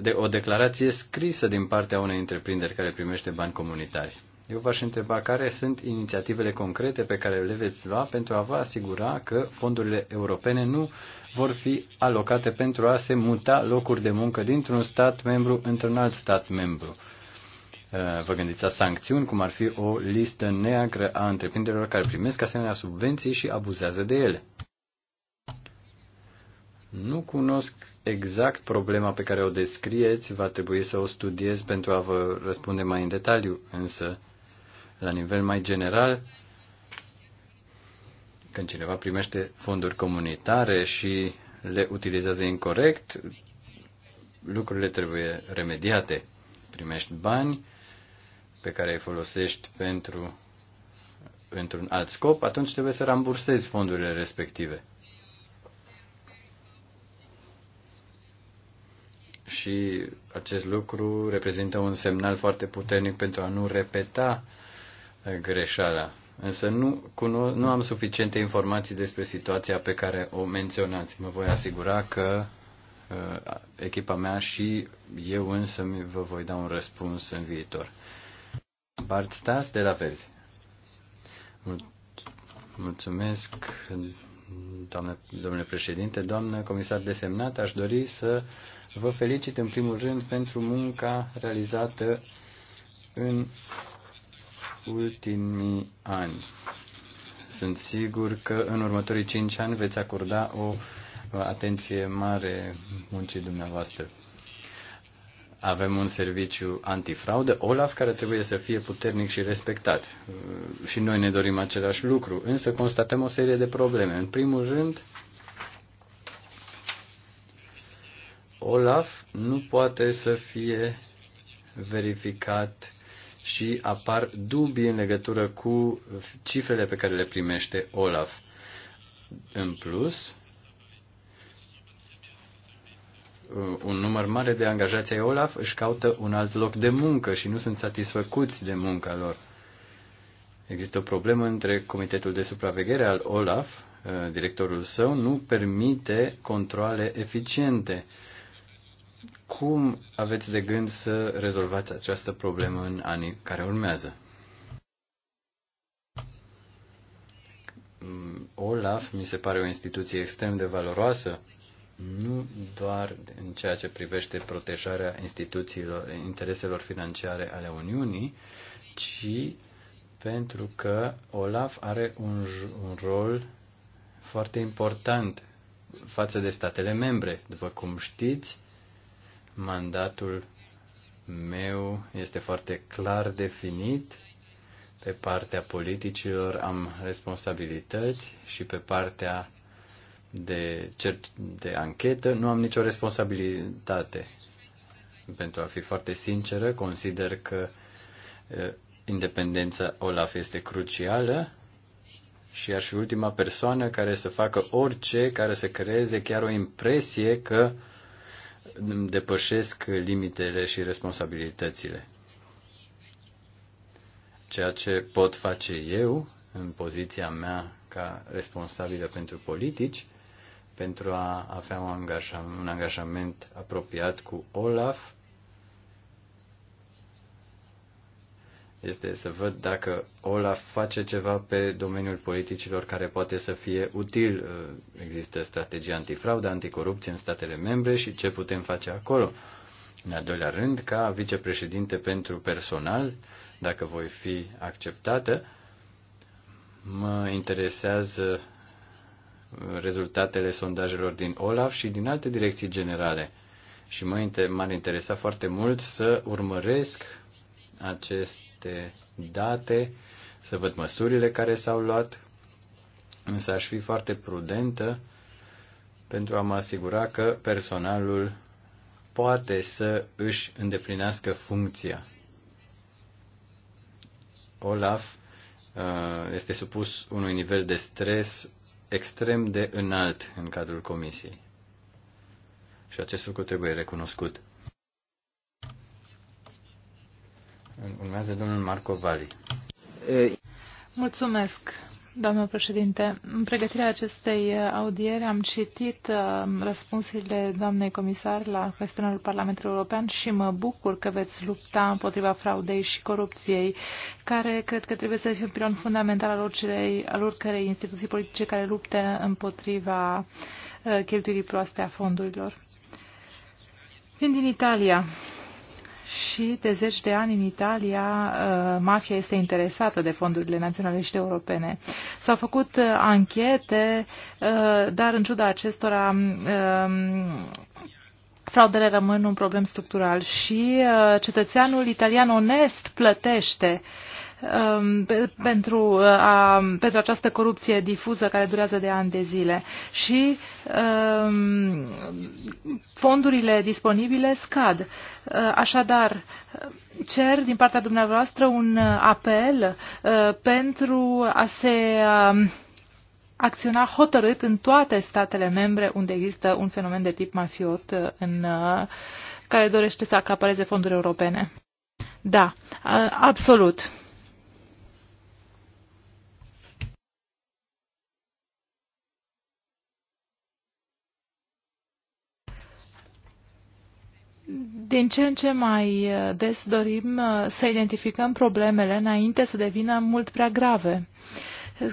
de o declarație scrisă din partea unei întreprinderi care primește bani comunitari. Eu v-aș întreba care sunt inițiativele concrete pe care le veți lua pentru a vă asigura că fondurile europene nu vor fi alocate pentru a se muta locuri de muncă dintr-un stat membru într-un alt stat membru. Uh, vă gândiți la sancțiuni, cum ar fi o listă neagră a întreprinderilor care primesc asemenea subvenții și abuzează de ele. Nu cunosc exact problema pe care o descrieți, va trebui să o studiez pentru a vă răspunde mai în detaliu, însă, la nivel mai general, când cineva primește fonduri comunitare și le utilizează incorrect, lucrurile trebuie remediate. Primești bani pe care îi folosești pentru într-un alt scop, atunci trebuie să rambursezi fondurile respective. și acest lucru reprezintă un semnal foarte puternic pentru a nu repeta uh, greșeala. Însă nu, cuno- nu am suficiente informații despre situația pe care o menționați. Mă voi asigura că uh, echipa mea și eu însă vă voi da un răspuns în viitor. Bart Stas de la Verzi. Mul- mulțumesc, doamne, domnule președinte, doamnă comisar desemnat. Aș dori să Vă felicit în primul rând pentru munca realizată în ultimii ani. Sunt sigur că în următorii cinci ani veți acorda o atenție mare muncii dumneavoastră. Avem un serviciu antifraudă, OLAF, care trebuie să fie puternic și respectat. Și noi ne dorim același lucru, însă constatăm o serie de probleme. În primul rând, Olaf nu poate să fie verificat și apar dubii în legătură cu cifrele pe care le primește Olaf. În plus, uh, un număr mare de angajați ai Olaf își caută un alt loc de muncă și nu sunt satisfăcuți de munca lor. Există o problemă între Comitetul de Supraveghere al Olaf, uh, directorul său, nu permite controle eficiente cum aveți de gând să rezolvați această problemă în anii care urmează? Mm, OLAF mi se pare o instituție extrem de valoroasă, nu doar în ceea ce privește protejarea instituțiilor, intereselor financiare ale Uniunii, ci pentru că OLAF are un, un rol foarte important față de statele membre. După cum știți, mandatul meu este foarte clar definit. Pe partea politicilor am responsabilități și pe partea de, de anchetă nu am nicio responsabilitate. Pentru a fi foarte sinceră, consider că independența Olaf este crucială și aș fi ultima persoană care să facă orice, care să creeze chiar o impresie că uh, depășesc limitele și responsabilitățile. Ceea ce pot face eu, în poziția mea ca responsabilă pentru politici, pentru a avea un angajament, un angajament apropiat cu Olaf, este să văd dacă Olaf face ceva pe domeniul politicilor care poate să fie util. Uh, există strategia antifraudă, anticorupție în statele membre și ce putem face acolo. În al doilea rând, ca vicepreședinte pentru personal, dacă voi fi acceptată, mă interesează rezultatele sondajelor din Olaf și din alte direcții generale. Și m-ar interesa foarte mult să urmăresc acest aceste date, să văd măsurile care s-au luat, însă aș fi foarte prudentă pentru a mă asigura că personalul poate să își îndeplinească funcția. Olaf uh, este supus unui nivel de stres extrem de înalt în cadrul comisiei. Și acest lucru trebuie recunoscut. Urmează domnul Marco Vali. Mulțumesc, doamnă președinte. În pregătirea acestei audiere am citit răspunsurile doamnei comisar la chestiunea Parlamentului European și mă bucur că veți lupta împotriva fraudei și corupției, care cred că trebuie să fie un pilon fundamental al oricărei, al oricărei instituții politice care lupte împotriva cheltuirii proaste a fondurilor. Vin din Italia, și de zeci de ani în Italia uh, mafia este interesată de fondurile naționale și de europene. S-au făcut uh, anchete, uh, dar în ciuda acestora um, fraudele rămân un problem structural și cetățeanul italian onest plătește Um, pentru, uh, a, pentru această corupție difuză care durează de ani de zile și um, fondurile disponibile scad. Uh, așadar, cer din partea dumneavoastră un apel uh, pentru a se uh, acționa hotărât în toate statele membre unde există un fenomen de tip mafiot uh, în, uh, care dorește să acapareze fonduri europene. Da, uh, absolut. Din ce în ce mai uh, des dorim uh, să identificăm problemele înainte să devină mult prea grave.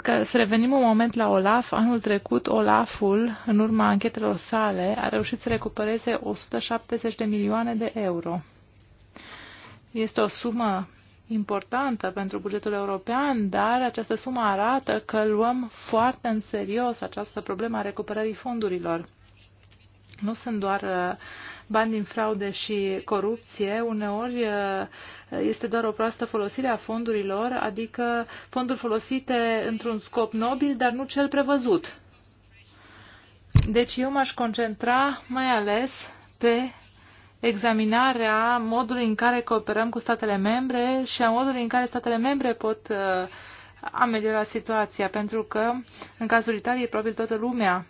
Să revenim un moment la Olaf. Anul trecut, Olaful, în urma anchetelor sale, a reușit să recupereze 170 de milioane de euro. Este o sumă importantă pentru bugetul european, dar această sumă arată că luăm foarte în serios această problemă a recuperării fondurilor. Nu sunt doar uh, bani din fraude și corupție, uneori uh, este doar o proastă folosire a fondurilor, adică fonduri folosite într-un scop nobil, dar nu cel prevăzut. Deci eu m-aș concentra mai ales pe examinarea modului în care cooperăm cu statele membre și a modului în care statele membre pot uh, ameliora situația, pentru că în cazul Italiei probabil toată lumea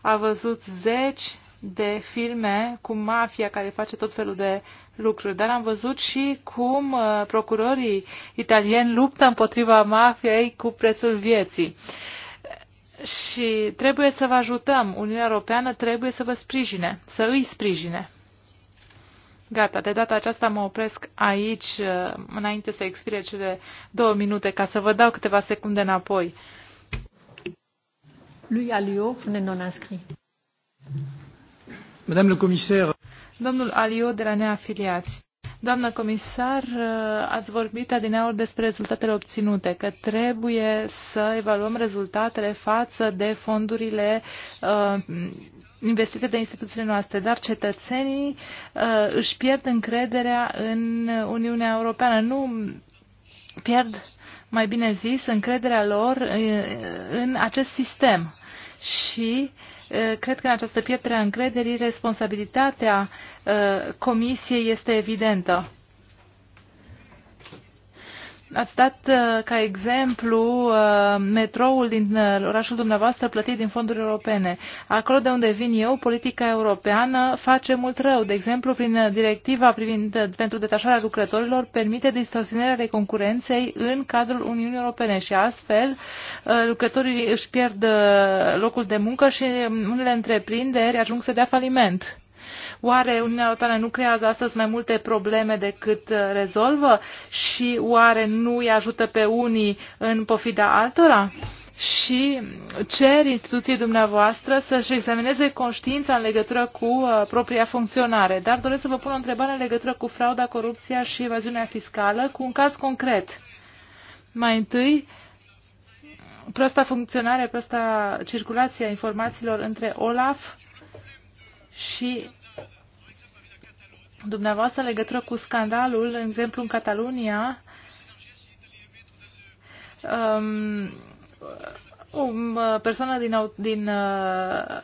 a văzut zeci de filme cu mafia care face tot felul de lucruri, dar am văzut și cum uh, procurorii italieni luptă împotriva mafiei cu prețul vieții. Și trebuie să vă ajutăm. Uniunea Europeană trebuie să vă sprijine, să îi sprijine. Gata, de data aceasta mă opresc aici, uh, înainte să expire cele două minute, ca să vă dau câteva secunde înapoi. Lui ne non inscris. Madame le commissaire. Domnul Alio de la Neafiliați. Doamnă comisar, uh, ați vorbit adineauri despre rezultatele obținute, că trebuie să evaluăm rezultatele față de fondurile uh, investite de instituțiile noastre, dar cetățenii uh, își pierd încrederea în Uniunea Europeană. Nu pierd, mai bine zis, încrederea lor în, uh, în acest sistem și cred că în această pierdere a încrederii responsabilitatea Comisiei este evidentă. Ați dat uh, ca exemplu uh, metroul din uh, orașul dumneavoastră plătit din fonduri europene. Acolo de unde vin eu, politica europeană face mult rău. De exemplu, prin directiva privind pentru detașarea lucrătorilor, permite distorsionarea concurenței în cadrul Uniunii Europene și astfel lucrătorii își pierd locul de muncă și um, unele întreprinderi ajung să dea faliment. Oare Uniunea Europeană nu creează astăzi mai multe probleme decât uh, rezolvă și oare nu îi ajută pe unii în pofida altora? și cer instituției dumneavoastră să-și examineze conștiința în legătură cu uh, propria funcționare. Dar doresc să vă pun o întrebare în legătură cu frauda, corupția și evaziunea fiscală, cu un caz concret. Mai întâi, prosta funcționare, prosta circulație a informațiilor între OLAF și dumneavoastră legătură cu scandalul, de exemplu, în Catalunia, um, o uh, persoană din, din uh,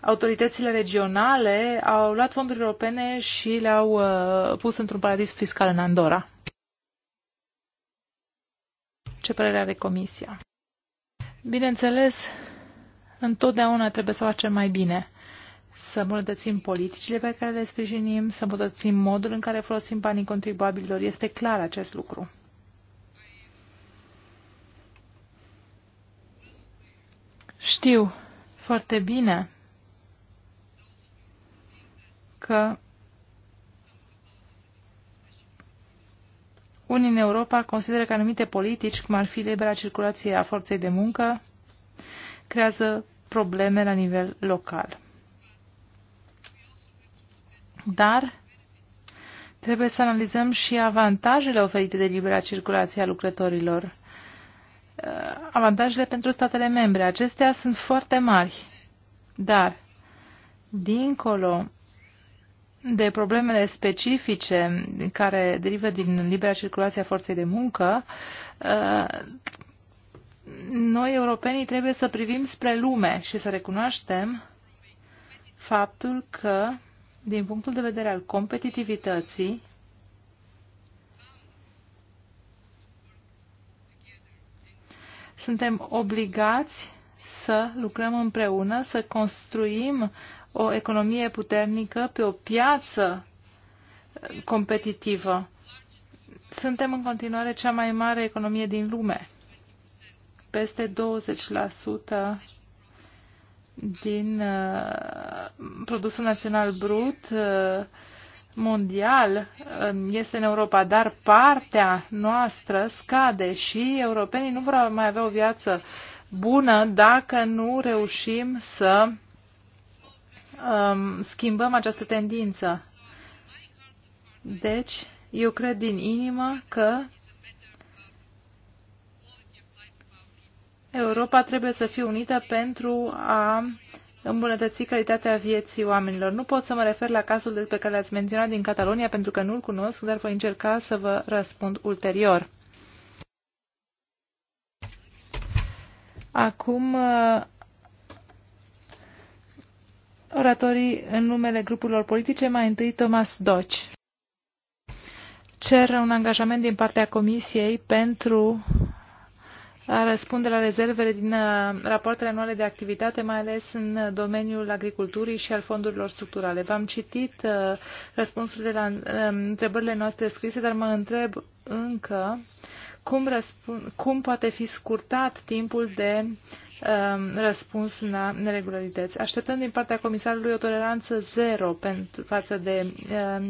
autoritățile regionale au luat fonduri europene și le-au uh, pus într-un paradis fiscal în Andorra. Ce părere are Comisia? Bineînțeles, întotdeauna trebuie să facem mai bine să îmbunătățim politicile pe care le sprijinim, să îmbunătățim modul în care folosim banii contribuabililor. Este clar acest lucru. Știu foarte bine că unii în Europa consideră că anumite politici, cum ar fi libera circulație a forței de muncă, creează probleme la nivel local dar trebuie să analizăm și avantajele oferite de libera circulație a lucrătorilor. Uh, avantajele pentru statele membre, acestea sunt foarte mari, dar dincolo de problemele specifice care derivă din libera circulație a forței de muncă, uh, noi, europenii, trebuie să privim spre lume și să recunoaștem faptul că din punctul de vedere al competitivității, suntem obligați să lucrăm împreună, să construim o economie puternică pe o piață competitivă. Suntem în continuare cea mai mare economie din lume. Peste din uh, produsul național brut uh, mondial este în Europa, dar partea noastră scade și europenii nu vor mai avea o viață bună dacă nu reușim să um, schimbăm această tendință. Deci, eu cred din inimă că Europa trebuie să fie unită pentru a îmbunătăți calitatea vieții oamenilor. Nu pot să mă refer la cazul de pe care l-ați menționat din Catalonia, pentru că nu-l cunosc, dar voi încerca să vă răspund ulterior. Acum, uh, oratorii în numele grupurilor politice, mai întâi Thomas Doci. Cer un angajament din partea Comisiei pentru a răspunde la rezervele din uh, rapoartele anuale de activitate, mai ales în uh, domeniul agriculturii și al fondurilor structurale. V-am citit uh, răspunsurile la întrebările noastre scrise, dar mă întreb încă cum, răspund, cum poate fi scurtat timpul de um, răspuns la neregularități. Așteptăm din partea comisarului o toleranță zero pentru, față de um,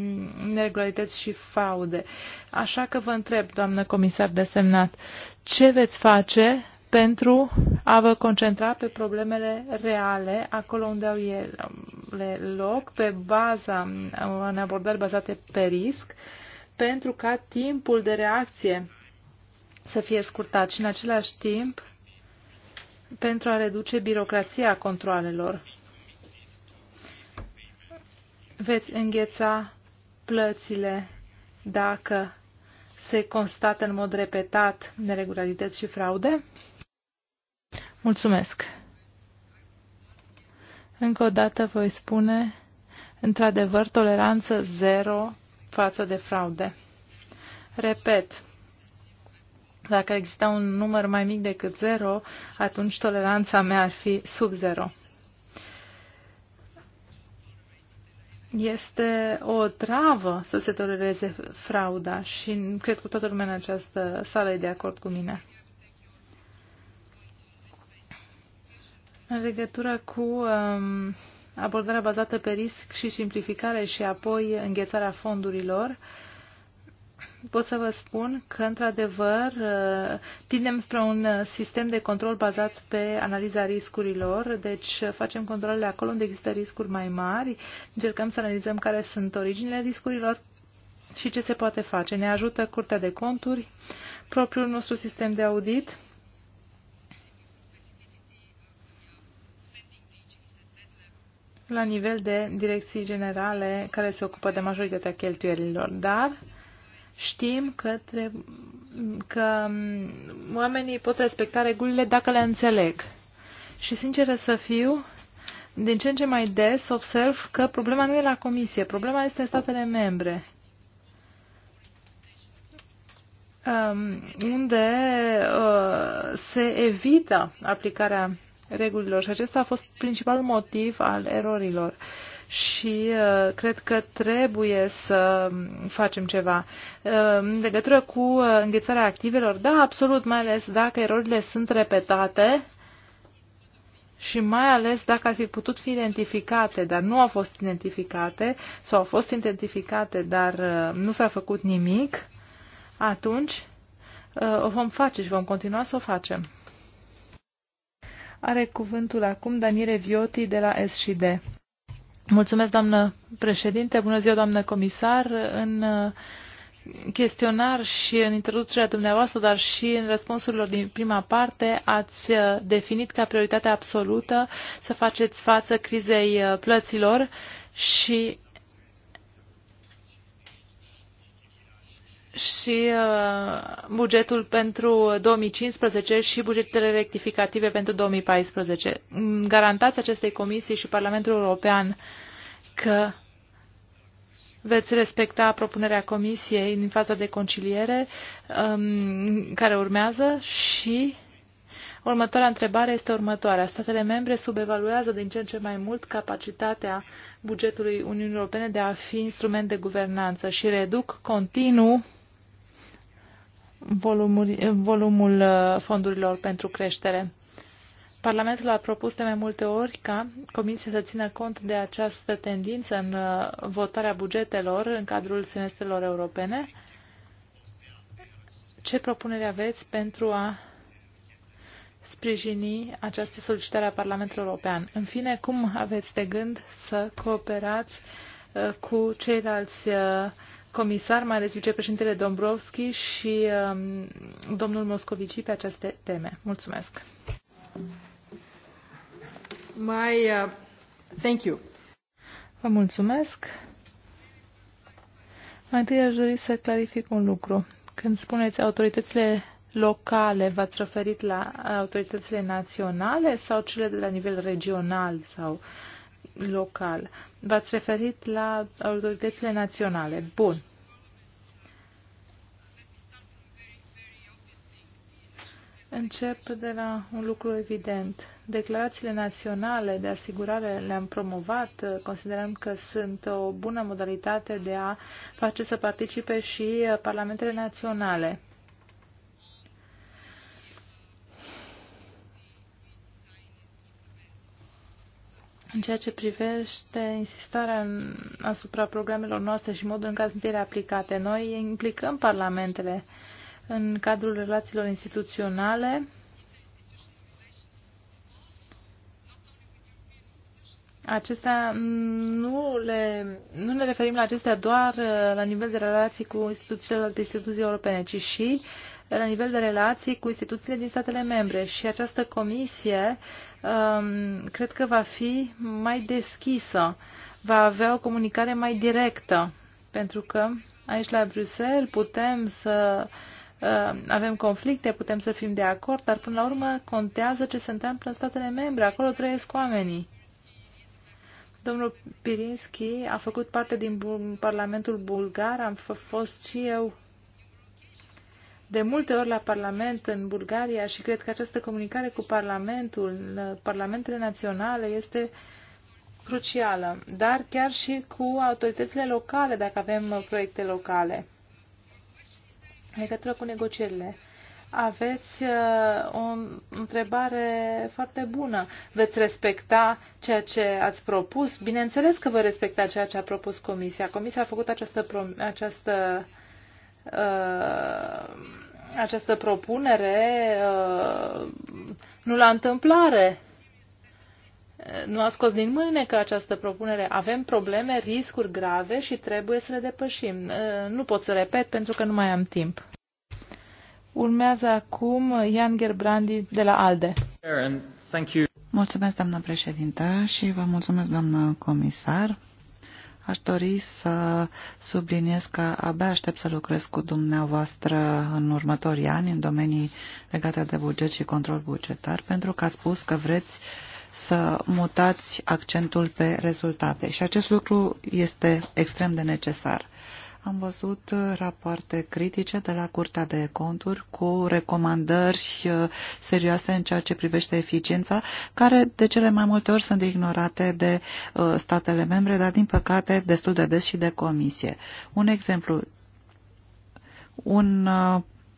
neregularități și faude. Așa că vă întreb, doamnă comisar desemnat, ce veți face pentru a vă concentra pe problemele reale, acolo unde au ele loc, pe baza unei abordări bazate pe risc, pentru ca timpul de reacție să fie scurtat și în același timp pentru a reduce birocrația controalelor. Veți îngheța plățile dacă se constată în mod repetat neregularități și fraude? Mulțumesc! Încă o dată voi spune, într-adevăr, toleranță zero față de fraude. Repet, dacă exista un număr mai mic decât 0, atunci toleranța mea ar fi sub 0. Este o travă să se tolereze frauda și cred că toată lumea în această sală e de acord cu mine. În legătură cu um, abordarea bazată pe risc și simplificare și apoi înghețarea fondurilor, uh, pot să vă spun că, într-adevăr, uh, tindem spre un uh, sistem de control bazat pe analiza riscurilor, deci uh, facem controlele acolo unde există riscuri mai mari, încercăm să analizăm care sunt originile riscurilor și ce se poate face. Ne ajută Curtea de Conturi, propriul nostru sistem de audit, la nivel de direcții generale care se ocupă de majoritatea cheltuielilor, dar știm că, trebuie, că oamenii pot respecta regulile dacă le înțeleg. Și sinceră să fiu, din ce în ce mai des observ că problema nu e la comisie, problema este în statele membre. Um, unde uh, se evită aplicarea regulilor și acesta a fost principalul motiv al erorilor. Uh, și uh, cred că trebuie să facem ceva. Uh, în legătură cu uh, înghețarea activelor, da, absolut, mai ales dacă erorile sunt repetate și mai ales dacă ar fi putut fi identificate, dar nu au fost identificate sau au fost identificate, dar uh, nu s-a făcut nimic, atunci uh, o vom face și vom continua să o facem. Are cuvântul acum Daniele Vioti de la S&D. Mulțumesc, doamnă președinte. Bună ziua, doamnă comisar. În uh, chestionar și în introducerea dumneavoastră, dar și în răspunsurilor din prima parte, ați uh, definit ca prioritate absolută să faceți față crizei uh, plăților și și uh, bugetul pentru 2015 și bugetele rectificative pentru 2014. Mm, garantați acestei comisii și Parlamentul European că veți respecta propunerea comisiei în faza de conciliere um, care urmează și următoarea întrebare este următoarea. Statele membre subevaluează din ce în ce mai mult capacitatea bugetului Uniunii Europene de a fi instrument de guvernanță și reduc continuu volumul, volumul uh, fondurilor pentru creștere. Parlamentul a propus de mai multe ori ca Comisia să țină cont de această tendință în uh, votarea bugetelor în cadrul semestrelor europene. Ce propunere aveți pentru a sprijini această solicitare a Parlamentului European? În fine, cum aveți de gând să cooperați uh, cu ceilalți comisar, mai ales vicepreședintele Dombrovski și um, domnul Moscovici pe aceste teme. Mulțumesc! My, uh, thank you. Vă mulțumesc! Mai întâi aș dori să clarific un lucru. Când spuneți autoritățile locale, v-ați referit la autoritățile naționale sau cele de la nivel regional sau uh, local. V-ați referit la autoritățile naționale. Bun. Încep de la un lucru evident. Declarațiile naționale de asigurare le-am promovat, considerăm că sunt o bună modalitate de a face să participe și parlamentele naționale. În ceea ce privește insistarea asupra programelor noastre și modul în care sunt ele aplicate, noi implicăm parlamentele în cadrul relațiilor instituționale, acestea nu, le, nu ne referim la acestea doar uh, la nivel de relații cu instituțiile de instituții europene, ci și la nivel de relații cu instituțiile din statele membre. Și această comisie Um, cred că va fi mai deschisă, va avea o comunicare mai directă, pentru că aici la Bruxelles putem să um, avem conflicte, putem să fim de acord, dar până la urmă contează ce se întâmplă în statele membre, acolo trăiesc oamenii. Domnul Pirinski a făcut parte din Parlamentul Bulgar, am fost și eu de multe ori la Parlament în Bulgaria și cred că această comunicare cu Parlamentul, Parlamentele Naționale este crucială, dar chiar și cu autoritățile locale, dacă avem proiecte locale. În legătură cu negocierile. Aveți uh, o întrebare foarte bună. Veți respecta ceea ce ați propus? Bineînțeles că vă respecta ceea ce a propus Comisia. Comisia a făcut această, această uh, această propunere uh, nu la întâmplare. Nu a scos din mâine că această propunere. Avem probleme, riscuri grave și trebuie să le depășim. Uh, nu pot să repet pentru că nu mai am timp. Urmează acum Ian Gerbrandi de la ALDE. Mulțumesc, doamnă președintă, și vă mulțumesc, doamnă comisar. Aș dori să subliniez că abia aștept să lucrez cu dumneavoastră în următorii ani în domenii legate de buget și control bugetar, pentru că a spus că vreți să mutați accentul pe rezultate și acest lucru este extrem de necesar. Am văzut uh, rapoarte critice de la Curtea de Conturi cu recomandări uh, serioase în ceea ce privește eficiența, care de cele mai multe ori sunt ignorate de uh, statele membre, dar din păcate destul de des și de comisie. Un exemplu, un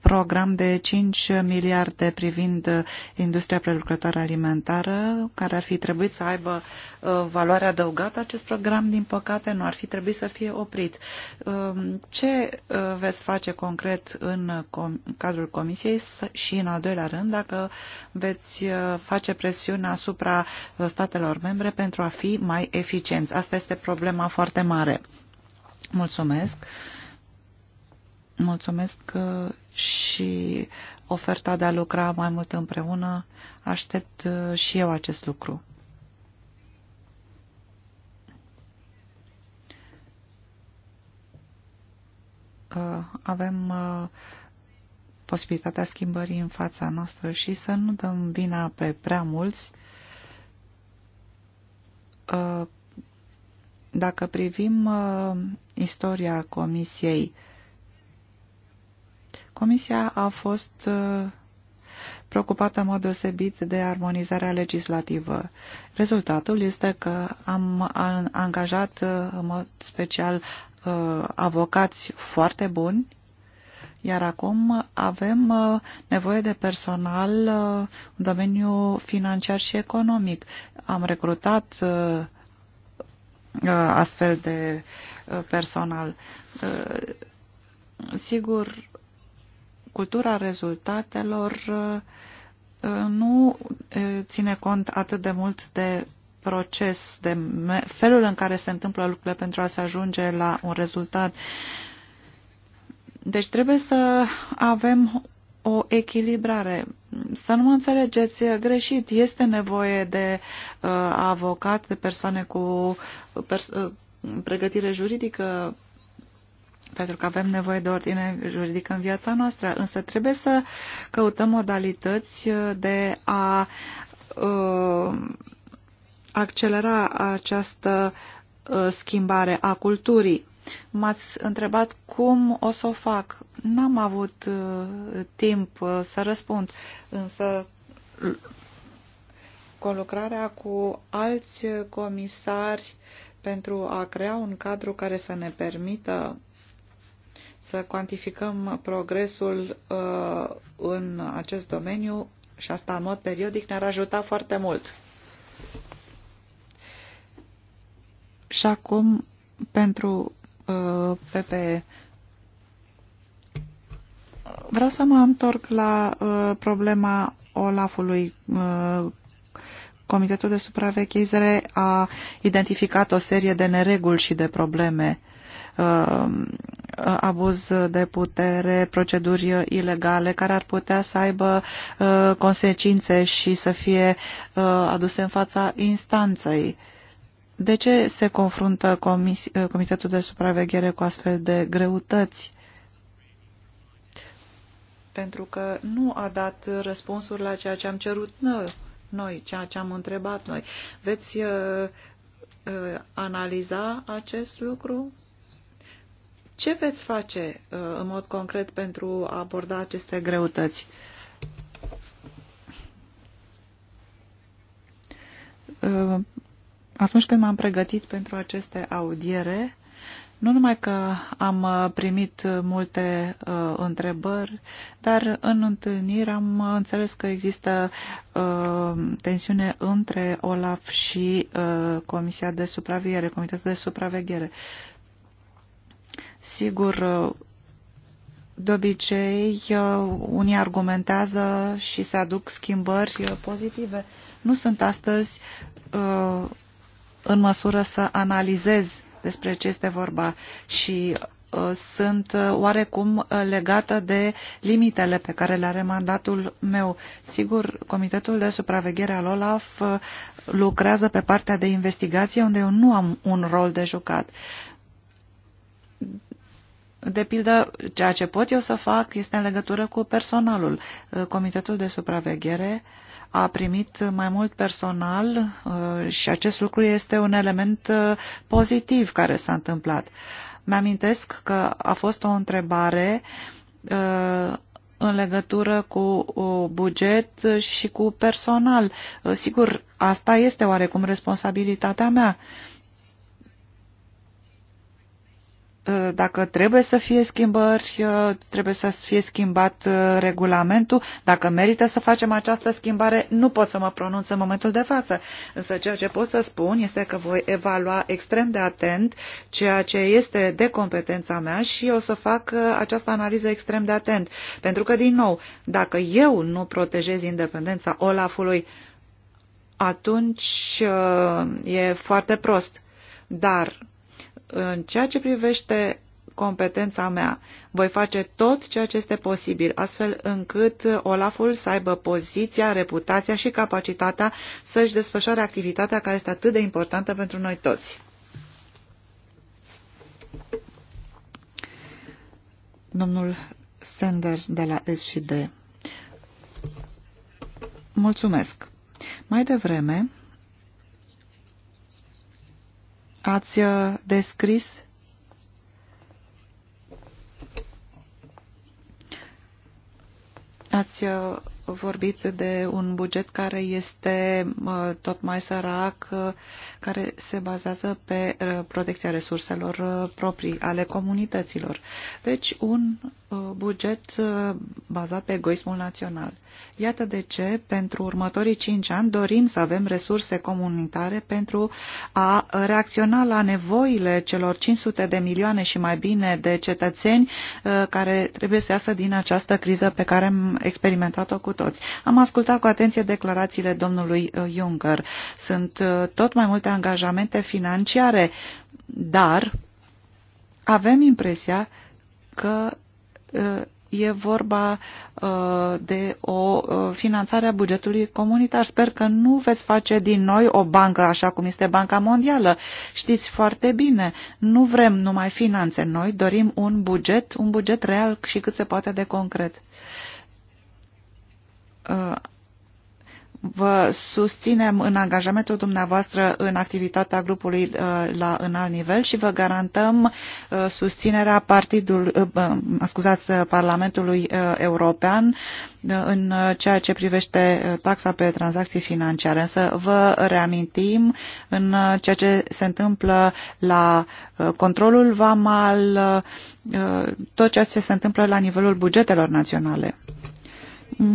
program de 5 miliarde privind industria prelucrătoare alimentară, care ar fi trebuit să aibă uh, valoare adăugată. Acest program, din păcate, nu ar fi trebuit să fie oprit. Um, ce uh, veți face concret în cadrul Comisiei și, în al doilea rând, dacă veți uh, face presiune asupra statelor membre pentru a fi mai eficienți? Asta este problema foarte mare. Mulțumesc. Mulțumesc și oferta de a lucra mai mult împreună, aștept uh, și eu acest lucru. Uh, avem uh, posibilitatea schimbării în fața noastră și să nu dăm vina pe prea mulți. Dacă privim istoria Comisiei Comisia a fost uh, preocupată în mod deosebit de armonizarea legislativă. Rezultatul este că am angajat uh, în mod special uh, avocați foarte buni, iar acum avem nevoie de personal în domeniul financiar și economic. Am recrutat astfel de personal. Sigur, cultura rezultatelor uh, uh, nu uh, ține cont atât de mult de proces, de felul în care se întâmplă lucrurile pentru a se ajunge la un rezultat. Deci trebuie să avem o echilibrare. Să nu mă înțelegeți greșit, este nevoie de uh, avocat, de persoane cu pers- pregătire juridică, pentru că avem nevoie de ordine juridică în viața noastră, însă trebuie să căutăm modalități de a uh, accelera această uh, schimbare a culturii. M-ați întrebat cum o să o fac. N-am avut uh, timp uh, să răspund, însă colucrarea cu alți comisari pentru a crea un cadru care să ne permită să cuantificăm progresul uh, în acest domeniu și asta în mod periodic ne-ar ajuta foarte mult. Și acum, pentru uh, PPE, vreau să mă întorc la uh, problema Olafului. Comitetul de supravechizare a identificat o serie de nereguli și de probleme Uh, abuz de putere, proceduri ilegale care ar putea să aibă uh, consecințe și să fie uh, aduse în fața instanței. De ce se confruntă comis Comitetul de Supraveghere cu astfel de greutăți? Pentru că nu a dat răspunsuri la ceea ce am cerut noi, ceea ce am întrebat noi. Veți uh, uh, analiza acest lucru? Ce veți face uh, în mod concret pentru a aborda aceste greutăți? Uh, atunci când m-am pregătit pentru aceste audiere, nu numai că am uh, primit multe uh, întrebări, dar în întâlniri am înțeles că există uh, tensiune între OLAF și uh, Comisia de Supraveghere, Comitetul de Supraveghere. Sigur, de obicei, unii argumentează și se aduc schimbări pozitive. Nu sunt astăzi uh, în măsură să analizez despre ce este vorba și uh, sunt oarecum legată de limitele pe care le are mandatul meu. Sigur, Comitetul de Supraveghere al OLAF uh, lucrează pe partea de investigație unde eu nu am un rol de jucat. De pildă, ceea ce pot eu să fac este în legătură cu personalul. Uh, Comitetul de supraveghere a primit mai mult personal uh, și acest lucru este un element uh, pozitiv care s-a întâmplat. Mi-amintesc că a fost o întrebare în legătură cu buget și cu personal. Sigur, asta este oarecum responsabilitatea mea Uh, dacă trebuie să fie schimbări, uh, trebuie să fie schimbat uh, regulamentul, dacă merită să facem această schimbare, nu pot să mă pronunț în momentul de față. Însă ceea ce pot să spun este că voi evalua extrem de atent ceea ce este de competența mea și o să fac această analiză extrem de atent. Pentru că, din nou, dacă eu nu protejez independența Olafului, atunci e foarte prost. Dar în ceea ce privește competența mea, voi face tot ceea ce este posibil, astfel încât Olaful să aibă poziția, reputația și capacitatea să-și desfășoare activitatea care este atât de importantă pentru noi toți. Domnul Sanders de la S&D. Mulțumesc. Mai devreme, ați uh, descris ați uh, vorbit de un buget care este tot mai sărac, care se bazează pe uh, protecția resurselor uh, proprii ale comunităților. Deci un uh, buget bazat pe egoismul național. Iată de ce, pentru următorii cinci ani, dorim să avem resurse comunitare pentru a reacționa la nevoile celor 500 de milioane și mai bine de cetățeni care trebuie să iasă din această criză pe care am experimentat-o cu toți. Am ascultat cu atenție declarațiile domnului uh, Juncker. Sunt uh, tot mai multe angajamente financiare, dar avem impresia că uh, e vorba de o finanțare a bugetului comunitar. Sper că nu veți face din noi o bancă așa cum este Banca Mondială. Știți foarte bine, nu vrem numai finanțe noi, dorim un buget, un buget real și cât se poate de concret vă susținem în angajamentul dumneavoastră în activitatea grupului uh, la înalt nivel și vă garantăm uh, susținerea partidul, uh, scuzați, Parlamentului European în ceea ce privește taxa pe tranzacții financiare. Însă vă reamintim în ceea ce se întâmplă la controlul vamal, tot ceea ce se întâmplă la nivelul bugetelor naționale.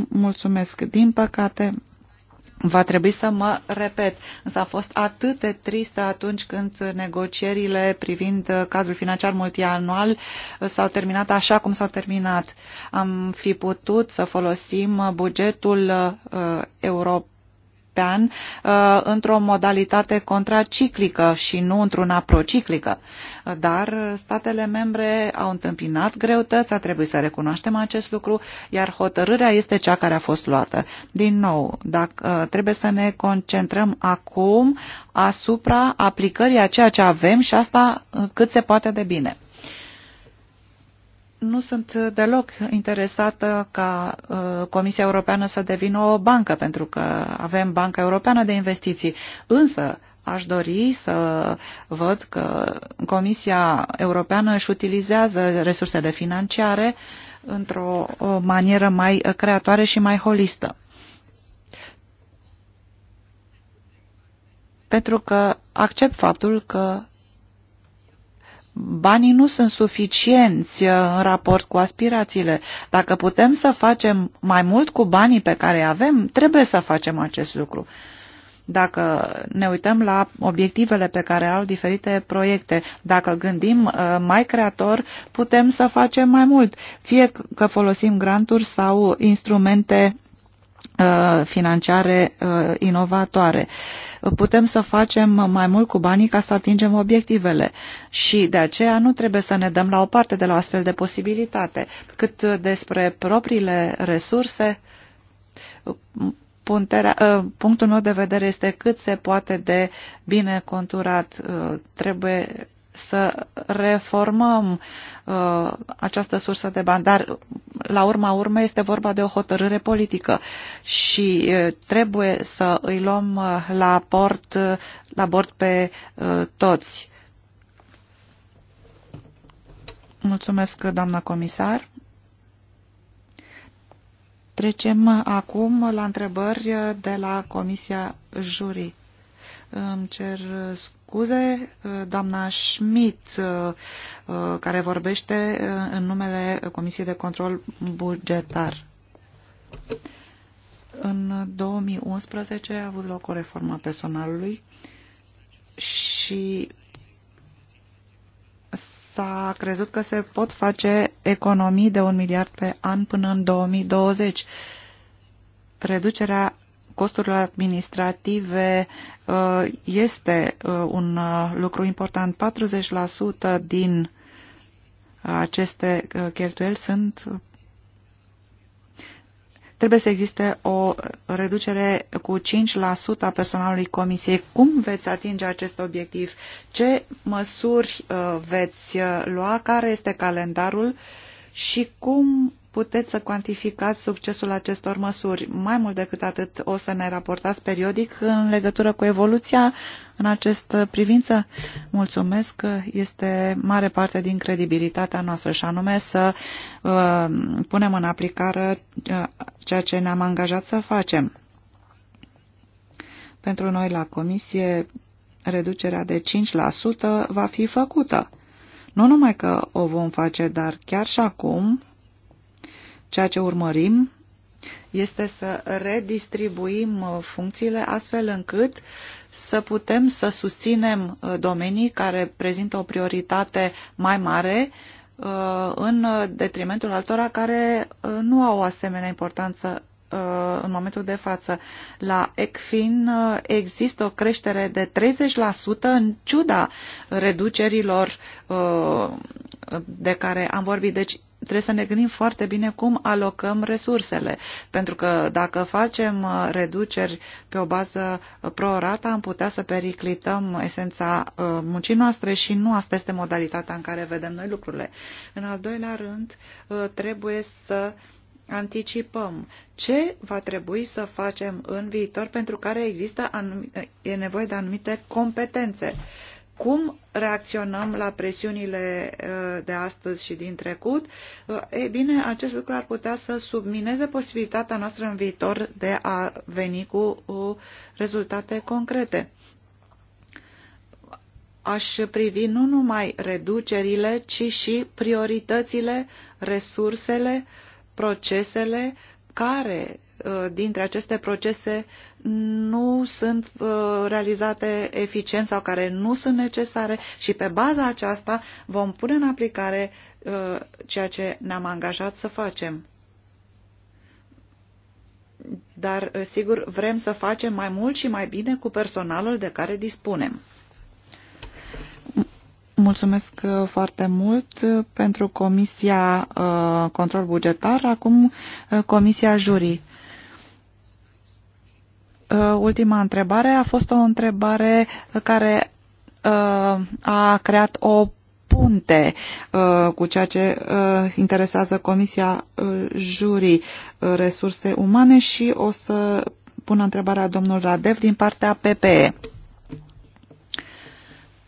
Mulțumesc. Din păcate, va trebui să mă repet, însă a fost atât de tristă atunci când negocierile privind uh, cadrul financiar multianual uh, s-au terminat așa cum s-au terminat. Am fi putut să folosim uh, bugetul uh, european european uh, într-o modalitate contraciclică și nu într-una prociclică. Dar statele membre au întâmpinat greutăți, a trebuit să recunoaștem acest lucru, iar hotărârea este cea care a fost luată. Din nou, dacă, uh, trebuie să ne concentrăm acum asupra aplicării a ceea ce avem și asta uh, cât se poate de bine nu sunt deloc interesată ca uh, Comisia Europeană să devină o bancă, pentru că avem Banca Europeană de Investiții. Însă aș dori să văd că Comisia Europeană își utilizează resursele financiare într-o manieră mai creatoare și mai holistă. Pentru că accept faptul că banii nu sunt suficienți uh, în raport cu aspirațiile. Dacă putem să facem mai mult cu banii pe care îi avem, trebuie să facem acest lucru. Dacă ne uităm la obiectivele pe care au diferite proiecte, dacă gândim uh, mai creator, putem să facem mai mult, fie că folosim granturi sau instrumente uh, financiare inovatoare. Uh, putem să facem mai mult cu banii ca să atingem obiectivele și de aceea nu trebuie să ne dăm la o parte de la astfel de posibilitate. Cât despre propriile resurse, punterea, ă, punctul meu de vedere este cât se poate de bine conturat. Ă, trebuie să reformăm uh, această sursă de bani, dar la urma urmei este vorba de o hotărâre politică și uh, trebuie să îi luăm uh, la, port, uh, la bord pe uh, toți. Mulțumesc, doamna comisar. Trecem acum la întrebări de la Comisia Jurii. Îmi cer uh, scuze, uh, doamna Schmidt, uh, care vorbește în numele Comisiei de Control Bugetar. În 2011 a avut loc o reformă a personalului și s-a crezut că se pot face economii de un miliard pe an până în 2020. Reducerea costurile administrative uh, este uh, un uh, lucru important. 40% din aceste cheltuieli sunt trebuie să existe o reducere cu 5% a personalului comisiei. Cum veți atinge acest obiectiv? Ce măsuri veți lua? Care este calendarul? Și cum puteți să cuantificați succesul acestor măsuri. Mai mult decât atât, o să ne raportați periodic în legătură cu evoluția în această privință? Mulțumesc că este mare parte din credibilitatea noastră și anume să uh, punem în aplicare uh, ceea ce ne-am angajat să facem. Pentru noi la comisie reducerea de 5% va fi făcută. Nu numai că o vom face, dar chiar și acum Ceea ce urmărim este să redistribuim uh, funcțiile astfel încât să putem să susținem uh, domenii care prezintă o prioritate mai mare uh, în detrimentul altora care nu au o asemenea importanță în momentul de față. La ECFIN există o creștere de 30% în ciuda reducerilor de care am vorbit. Deci trebuie să ne gândim foarte bine cum alocăm resursele, pentru că dacă facem uh, reduceri pe o bază uh, pro-rata, am putea să periclităm esența uh, muncii noastre și nu asta este modalitatea în care vedem noi lucrurile. În al doilea rând, trebuie să anticipăm ce va trebui să facem în viitor pentru care există anum- e nevoie de anumite competențe. Uh, cum reacționăm la presiunile uh, de astăzi și din trecut, uh, E bine, acest lucru ar putea să submineze posibilitatea noastră în viitor de a veni cu rezultate concrete. Aș privi nu numai reducerile, ci și prioritățile, resursele, procesele care Uh, dintre aceste procese nu sunt uh, realizate eficient sau care nu sunt necesare și pe baza aceasta vom pune în aplicare uh, ceea ce ne-am angajat să facem. Dar, sigur, vrem să facem mai mult și mai bine cu personalul de care dispunem. Mulțumesc foarte mult pentru Comisia Control Bugetar. Acum Comisia Jurii. Uh, ultima întrebare a fost o întrebare care uh, a creat o punte uh, cu ceea ce interesează Comisia Jurii Resurse Umane și o să pun întrebarea domnul Radev din partea PPE.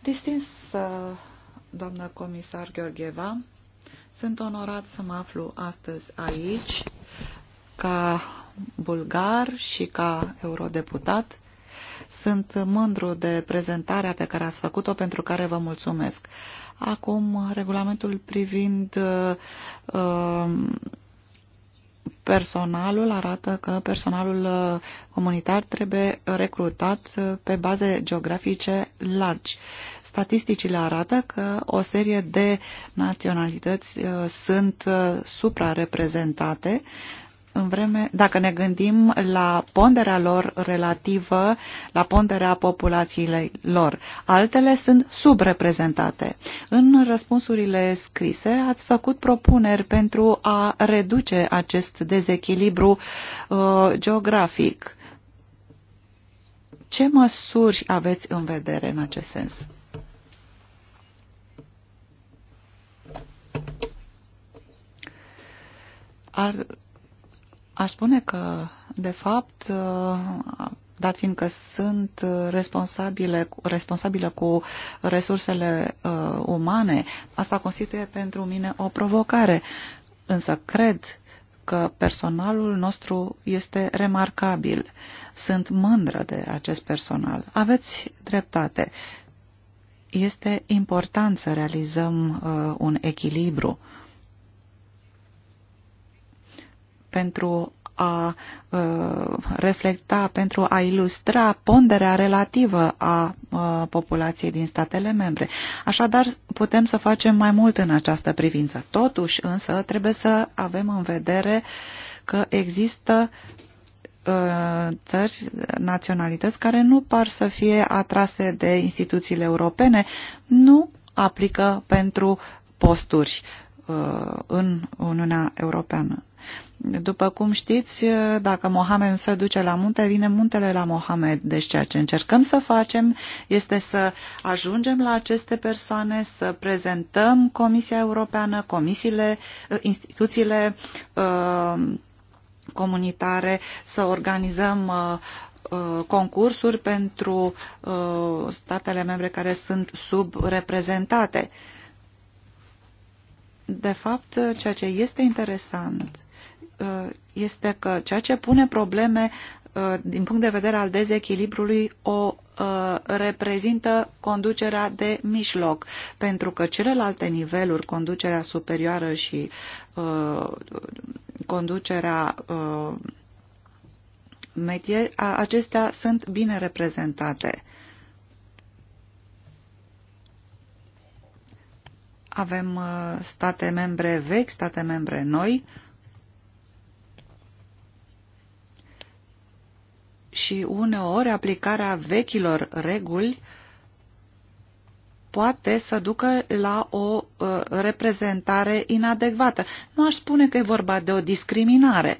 Distins, doamnă comisar Gheorgheva, sunt onorat să mă aflu astăzi aici ca bulgar și ca eurodeputat. Sunt mândru de prezentarea pe care ați făcut-o, pentru care vă mulțumesc. Acum, regulamentul privind uh, um, personalul arată că personalul uh, comunitar trebuie recrutat uh, pe baze geografice largi. Statisticile arată că o serie de naționalități uh, sunt suprareprezentate în vreme, dacă ne gândim la ponderea lor relativă, la ponderea populației lor. Altele sunt subreprezentate. În răspunsurile scrise ați făcut propuneri pentru a reduce acest dezechilibru uh, geografic. Ce măsuri aveți în vedere în acest sens? Ar Aș spune că, de fapt, uh, dat fiindcă sunt responsabile, responsabile cu resursele uh, umane, asta constituie pentru mine o provocare. Însă cred că personalul nostru este remarcabil. Sunt mândră de acest personal. Aveți dreptate. Este important să realizăm uh, un echilibru uh, pentru a uh, reflecta, pentru a ilustra ponderea relativă a uh, populației din statele membre. Așadar, putem să facem mai mult în această privință. Totuși, însă, trebuie să avem în vedere că există uh, țări, naționalități care nu par să fie atrase de instituțiile europene, nu aplică pentru posturi uh, în Uniunea Europeană. După cum știți, dacă Mohamed nu se duce la munte, vine muntele la Mohamed. Deci ceea ce încercăm să facem este să ajungem la aceste persoane, să prezentăm Comisia Europeană, comisiile, ă, instituțiile ă, comunitare, să organizăm ă, concursuri pentru statele membre care sunt subreprezentate. De fapt, ceea ce este interesant Uh, este că ceea ce pune probleme uh, din punct de vedere al dezechilibrului o uh, reprezintă conducerea de mijloc, pentru că celelalte niveluri, conducerea superioară și conducerea medie, acestea sunt bine reprezentate. Avem state membre vechi, state membre noi, uh, și uneori aplicarea vechilor reguli poate să ducă la o uh, reprezentare inadecvată. Nu aș spune că e vorba de o discriminare.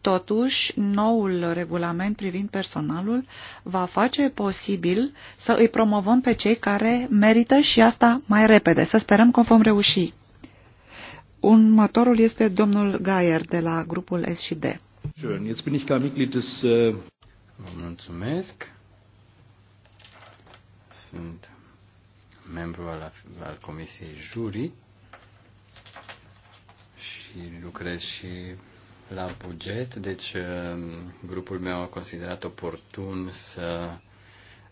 Totuși, noul regulament privind personalul va face posibil să îi promovăm pe cei care merită și asta mai repede. Să sperăm că vom reuși. Următorul este domnul Gaier de la grupul S&D. des äh, Vă mulțumesc. Sunt membru al, al Comisiei Juri și lucrez și la buget, deci uh, grupul meu a considerat oportun să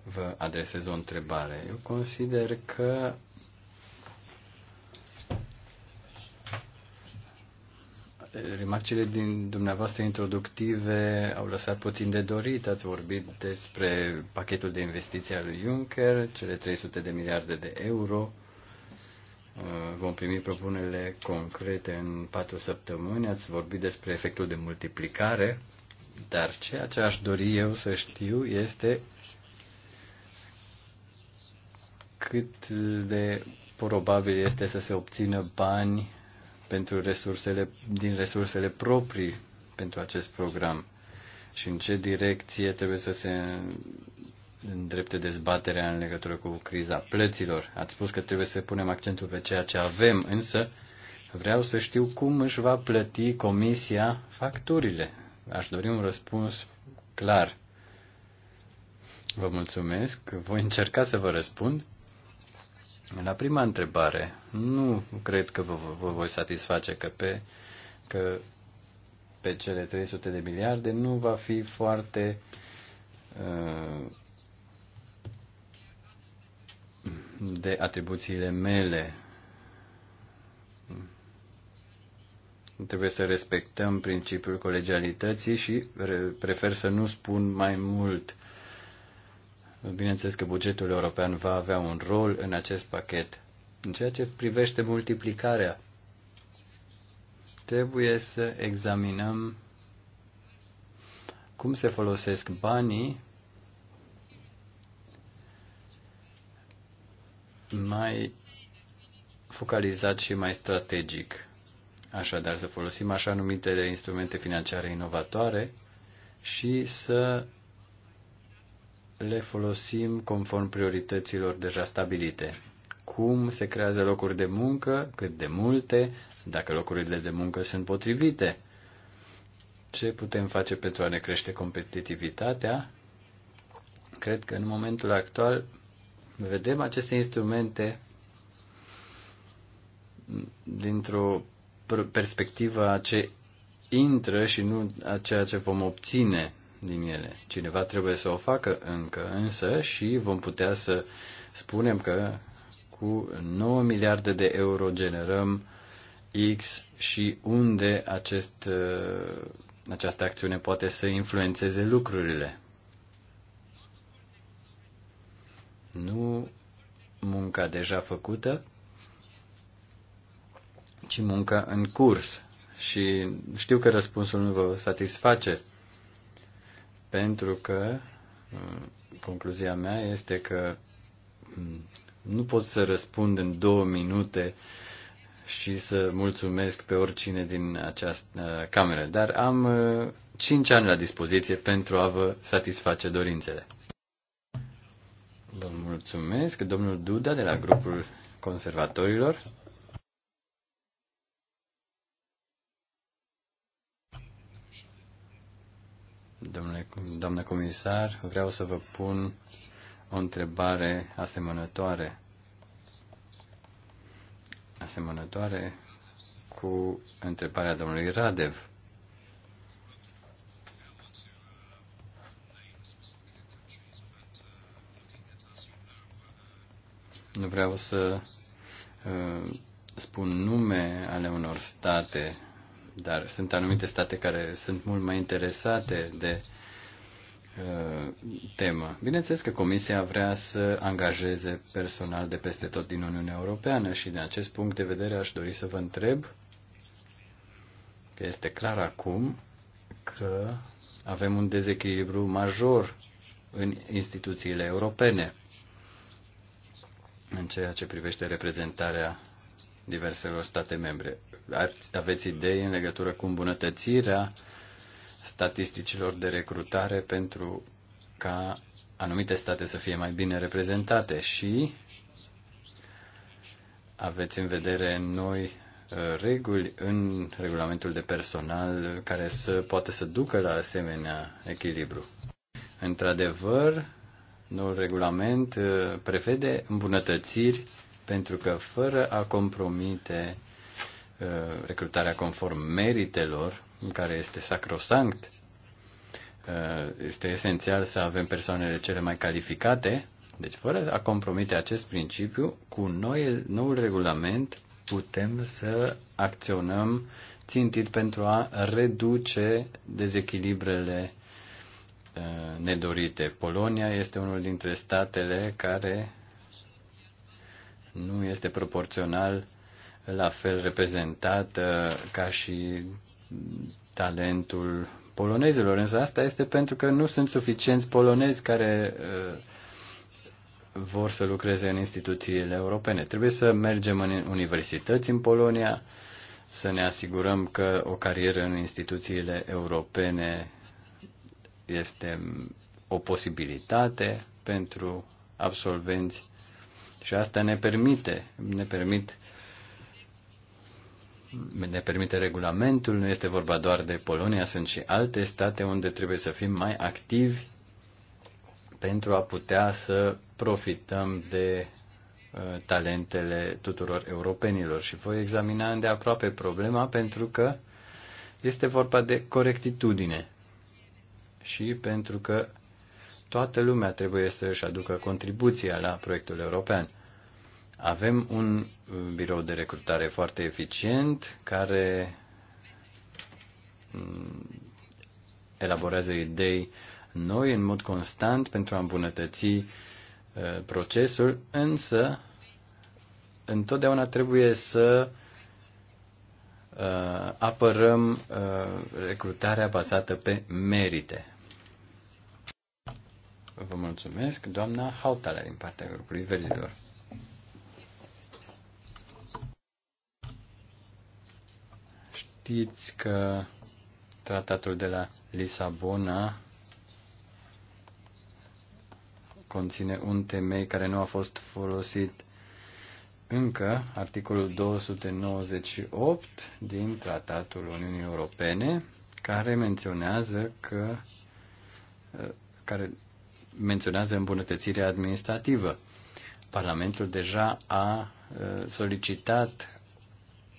vă adresez o întrebare. Eu consider că remarcile din dumneavoastră introductive au lăsat puțin de dorit. Ați vorbit despre pachetul de investiții al lui Juncker, cele 300 de miliarde de euro. Uh, vom primi propunerile concrete în patru săptămâni. Ați vorbit despre efectul de multiplicare, dar ceea ce aș dori eu să știu este cât de probabil este să se obțină bani pentru resursele, din resursele proprii pentru acest program și în ce direcție trebuie să se îndrepte dezbaterea în legătură cu criza plăților. Ați spus că trebuie să punem accentul pe ceea ce avem, însă vreau să știu cum își va plăti comisia facturile. Aș dori un răspuns clar. Vă mulțumesc. Voi încerca să vă răspund. La prima întrebare, nu cred că vă, vă voi satisface că pe, că pe cele 300 de miliarde nu va fi foarte uh, de atribuțiile mele. Trebuie să respectăm principiul colegialității și prefer să nu spun mai mult Bineînțeles că bugetul european va avea un rol în acest pachet. În ceea ce privește multiplicarea, trebuie să examinăm cum se folosesc banii mai focalizat și mai strategic. Așadar, să folosim așa numitele instrumente financiare inovatoare și să le folosim conform priorităților deja stabilite. Cum se creează locuri de muncă, cât de multe, dacă locurile de muncă sunt potrivite. Ce putem face pentru a ne crește competitivitatea? Cred că în momentul actual vedem aceste instrumente dintr-o perspectivă a ce intră și nu a ceea ce vom obține din ele. Cineva trebuie să o facă încă, însă și vom putea să spunem că cu 9 miliarde de euro generăm X și unde acest, uh, această acțiune poate să influențeze lucrurile. Nu munca deja făcută, ci munca în curs. Și știu că răspunsul nu vă satisface, pentru că uh, concluzia mea este că mm, nu pot să răspund în două minute și să mulțumesc pe oricine din această uh, cameră, dar am uh, cinci ani la dispoziție pentru a vă satisface dorințele. Vă mulțumesc, domnul Duda de la grupul conservatorilor. Domnule, doamnă comisar, vreau să vă pun o întrebare asemănătoare asemănătoare cu întrebarea domnului Radev. Nu vreau să uh, spun nume ale unor state dar sunt anumite state care sunt mult mai interesate de uh, temă. Bineînțeles că Comisia vrea să angajeze personal de peste tot din Uniunea Europeană și din acest punct de vedere aș dori să vă întreb că este clar acum că avem un dezechilibru major în instituțiile europene în ceea ce privește reprezentarea diverselor state membre. Aveți idei în legătură cu îmbunătățirea statisticilor de recrutare pentru ca anumite state să fie mai bine reprezentate și aveți în vedere noi uh, reguli în regulamentul de personal care să poată să ducă la asemenea echilibru. Într-adevăr, noul regulament uh, prevede îmbunătățiri pentru că fără a compromite uh, recrutarea conform meritelor, care este sacrosanct, uh, este esențial să avem persoanele cele mai calificate, deci fără a compromite acest principiu, cu noi, noul regulament putem să acționăm țintit pentru a reduce dezechilibrele uh, nedorite. Polonia este unul dintre statele care nu este proporțional la fel reprezentat uh, ca și talentul polonezilor. Însă asta este pentru că nu sunt suficienți polonezi care uh, vor să lucreze în instituțiile europene. Trebuie să mergem în universități în Polonia, să ne asigurăm că o carieră în instituțiile europene este o posibilitate pentru absolvenți și asta ne permite, ne permit ne permite regulamentul, nu este vorba doar de Polonia, sunt și alte state unde trebuie să fim mai activi pentru a putea să profităm de uh, talentele tuturor europenilor. Și voi examina aproape problema pentru că este vorba de corectitudine și pentru că toată lumea trebuie să își aducă contribuția la proiectul european. Avem un uh, birou de recrutare foarte eficient care mm, elaborează idei noi în mod constant pentru a îmbunătăți uh, procesul, însă întotdeauna trebuie să uh, apărăm recrutarea bazată pe merite. Vă mulțumesc, doamna Hautala, din partea grupului Verzilor. Știți că tratatul de la Lisabona conține un temei care nu a fost folosit încă, articolul 298 din Tratatul Uniunii Europene, care menționează că eh, care menționează îmbunătățirea administrativă. Parlamentul deja a uh, solicitat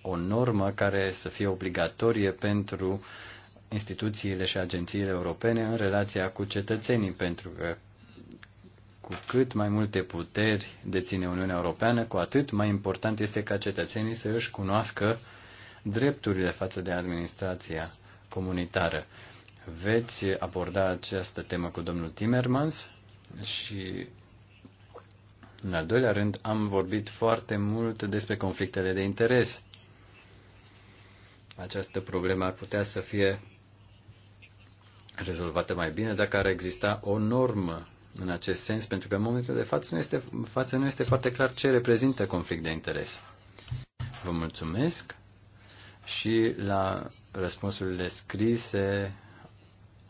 o normă care să fie obligatorie pentru instituțiile și agențiile europene în relația cu cetățenii, pentru că cu cât mai multe puteri deține Uniunea Europeană, cu atât mai important este ca cetățenii să își cunoască drepturile față de administrația comunitară veți aborda această temă cu domnul Timmermans și, în al doilea rând, am vorbit foarte mult despre conflictele de interes. Această problemă ar putea să fie rezolvată mai bine dacă ar exista o normă în acest sens, pentru că în momentul de față nu este, față nu este foarte clar ce reprezintă conflict de interes. Vă mulțumesc și la răspunsurile scrise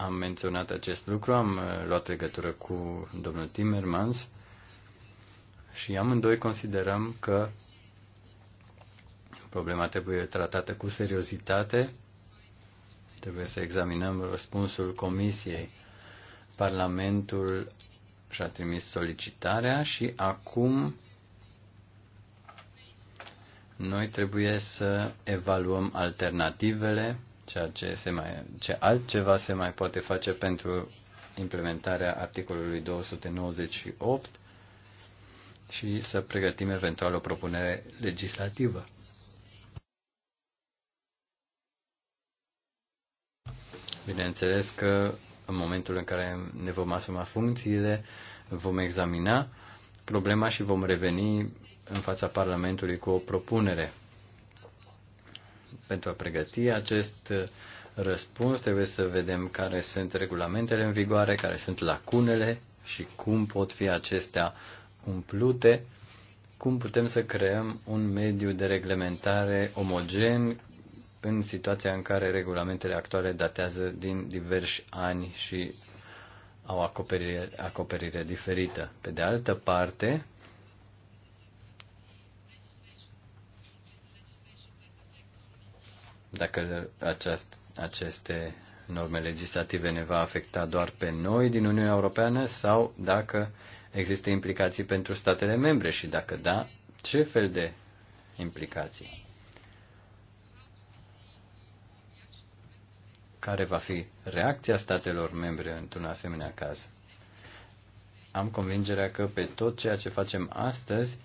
am menționat acest lucru, am uh, luat legătură cu domnul Timmermans și amândoi considerăm că problema trebuie tratată cu seriozitate, trebuie să examinăm răspunsul Comisiei. Parlamentul și-a trimis solicitarea și acum noi trebuie să evaluăm alternativele ceea ce, se mai, ce altceva se mai poate face pentru implementarea articolului 298 și să pregătim eventual o propunere legislativă. Bineînțeles că în momentul în care ne vom asuma funcțiile, vom examina problema și vom reveni în fața Parlamentului cu o propunere pentru a pregăti acest uh, răspuns trebuie să vedem care sunt regulamentele în vigoare, care sunt lacunele și cum pot fi acestea umplute, cum putem să creăm un mediu de reglementare omogen în situația în care regulamentele actuale datează din diversi ani și au acoperire, acoperire diferită. Pe de altă parte, dacă aceast, aceste norme legislative ne va afecta doar pe noi din Uniunea Europeană sau dacă există implicații pentru statele membre și dacă da, ce fel de implicații? Care va fi reacția statelor membre într-un asemenea caz? Am convingerea că pe tot ceea ce facem astăzi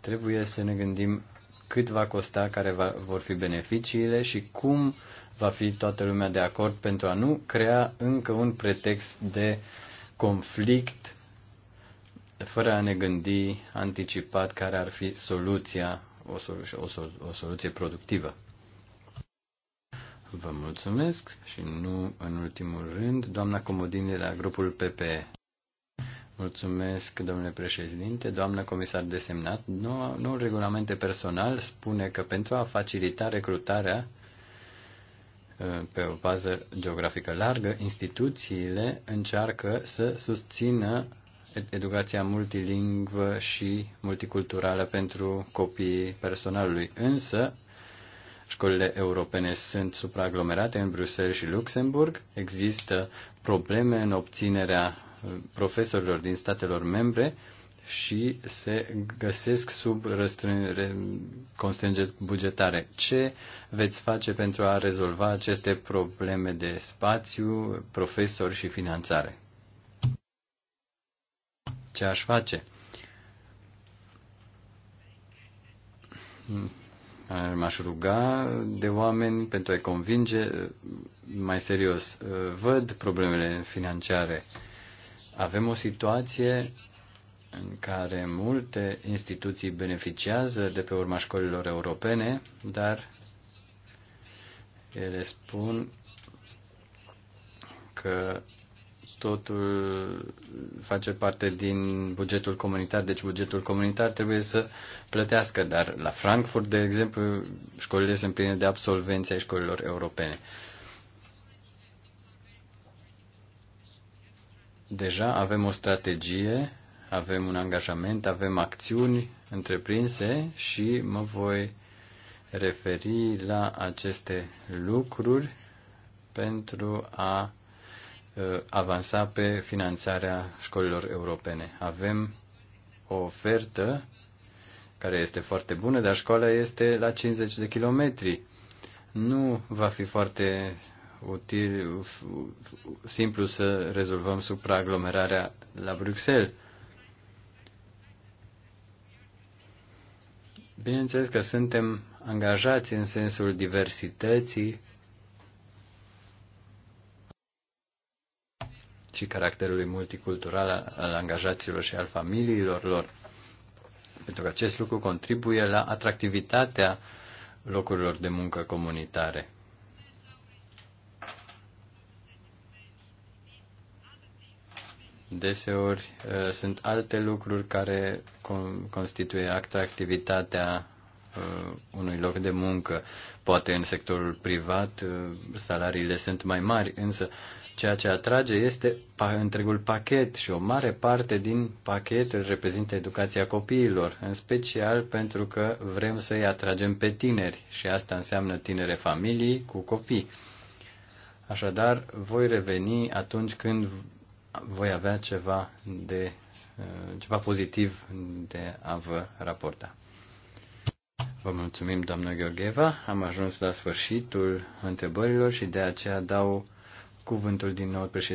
trebuie să ne gândim cât va costa, care va, vor fi beneficiile și cum va fi toată lumea de acord pentru a nu crea încă un pretext de conflict fără a ne gândi anticipat care ar fi soluția, o, solu- o, solu- o soluție productivă. Vă mulțumesc și nu în ultimul rând, doamna Comodini la grupul PPE. Mulțumesc, domnule președinte. Doamnă comisar desemnat, Nu noul regulament de personal spune că pentru a facilita recrutarea ă, pe o bază geografică largă, instituțiile încearcă să susțină educația multilingvă și multiculturală pentru copiii personalului. Însă, școlile europene sunt supraaglomerate în Bruxelles și Luxemburg, există probleme în obținerea profesorilor din statelor membre și se găsesc sub constrângeri bugetare. Ce veți face pentru a rezolva aceste probleme de spațiu, profesori și finanțare? Ce aș face? M-aș ruga de oameni pentru a-i convinge mai serios. Văd problemele financiare avem o situație în care multe instituții beneficiază de pe urma școlilor europene, dar ele spun că totul face parte din bugetul comunitar, deci bugetul comunitar trebuie să plătească, dar la Frankfurt, de exemplu, școlile sunt pline de absolvenții ai școlilor europene. Deja avem o strategie, avem un angajament, avem acțiuni întreprinse și mă voi referi la aceste lucruri pentru a uh, avansa pe finanțarea școlilor europene. Avem o ofertă care este foarte bună, dar școala este la 50 de kilometri. Nu va fi foarte util, simplu să rezolvăm supraaglomerarea la Bruxelles. Bineînțeles că suntem angajați în sensul diversității și caracterului multicultural al angajaților și al familiilor lor. Pentru că acest lucru contribuie la atractivitatea locurilor de muncă comunitare. Deseori uh, sunt alte lucruri care constituie acta activitatea uh, unui loc de muncă. Poate în sectorul privat uh, salariile sunt mai mari, însă ceea ce atrage este întregul pachet și o mare parte din pachet îl reprezintă educația copiilor, în special pentru că vrem să-i atragem pe tineri și asta înseamnă tinere familii cu copii. Așadar, voi reveni atunci când voi avea ceva, de, uh, ceva pozitiv de a vă raporta. Vă mulțumim, doamnă Gheorgheva. Am ajuns la sfârșitul întrebărilor și de aceea dau cuvântul din nou președinte.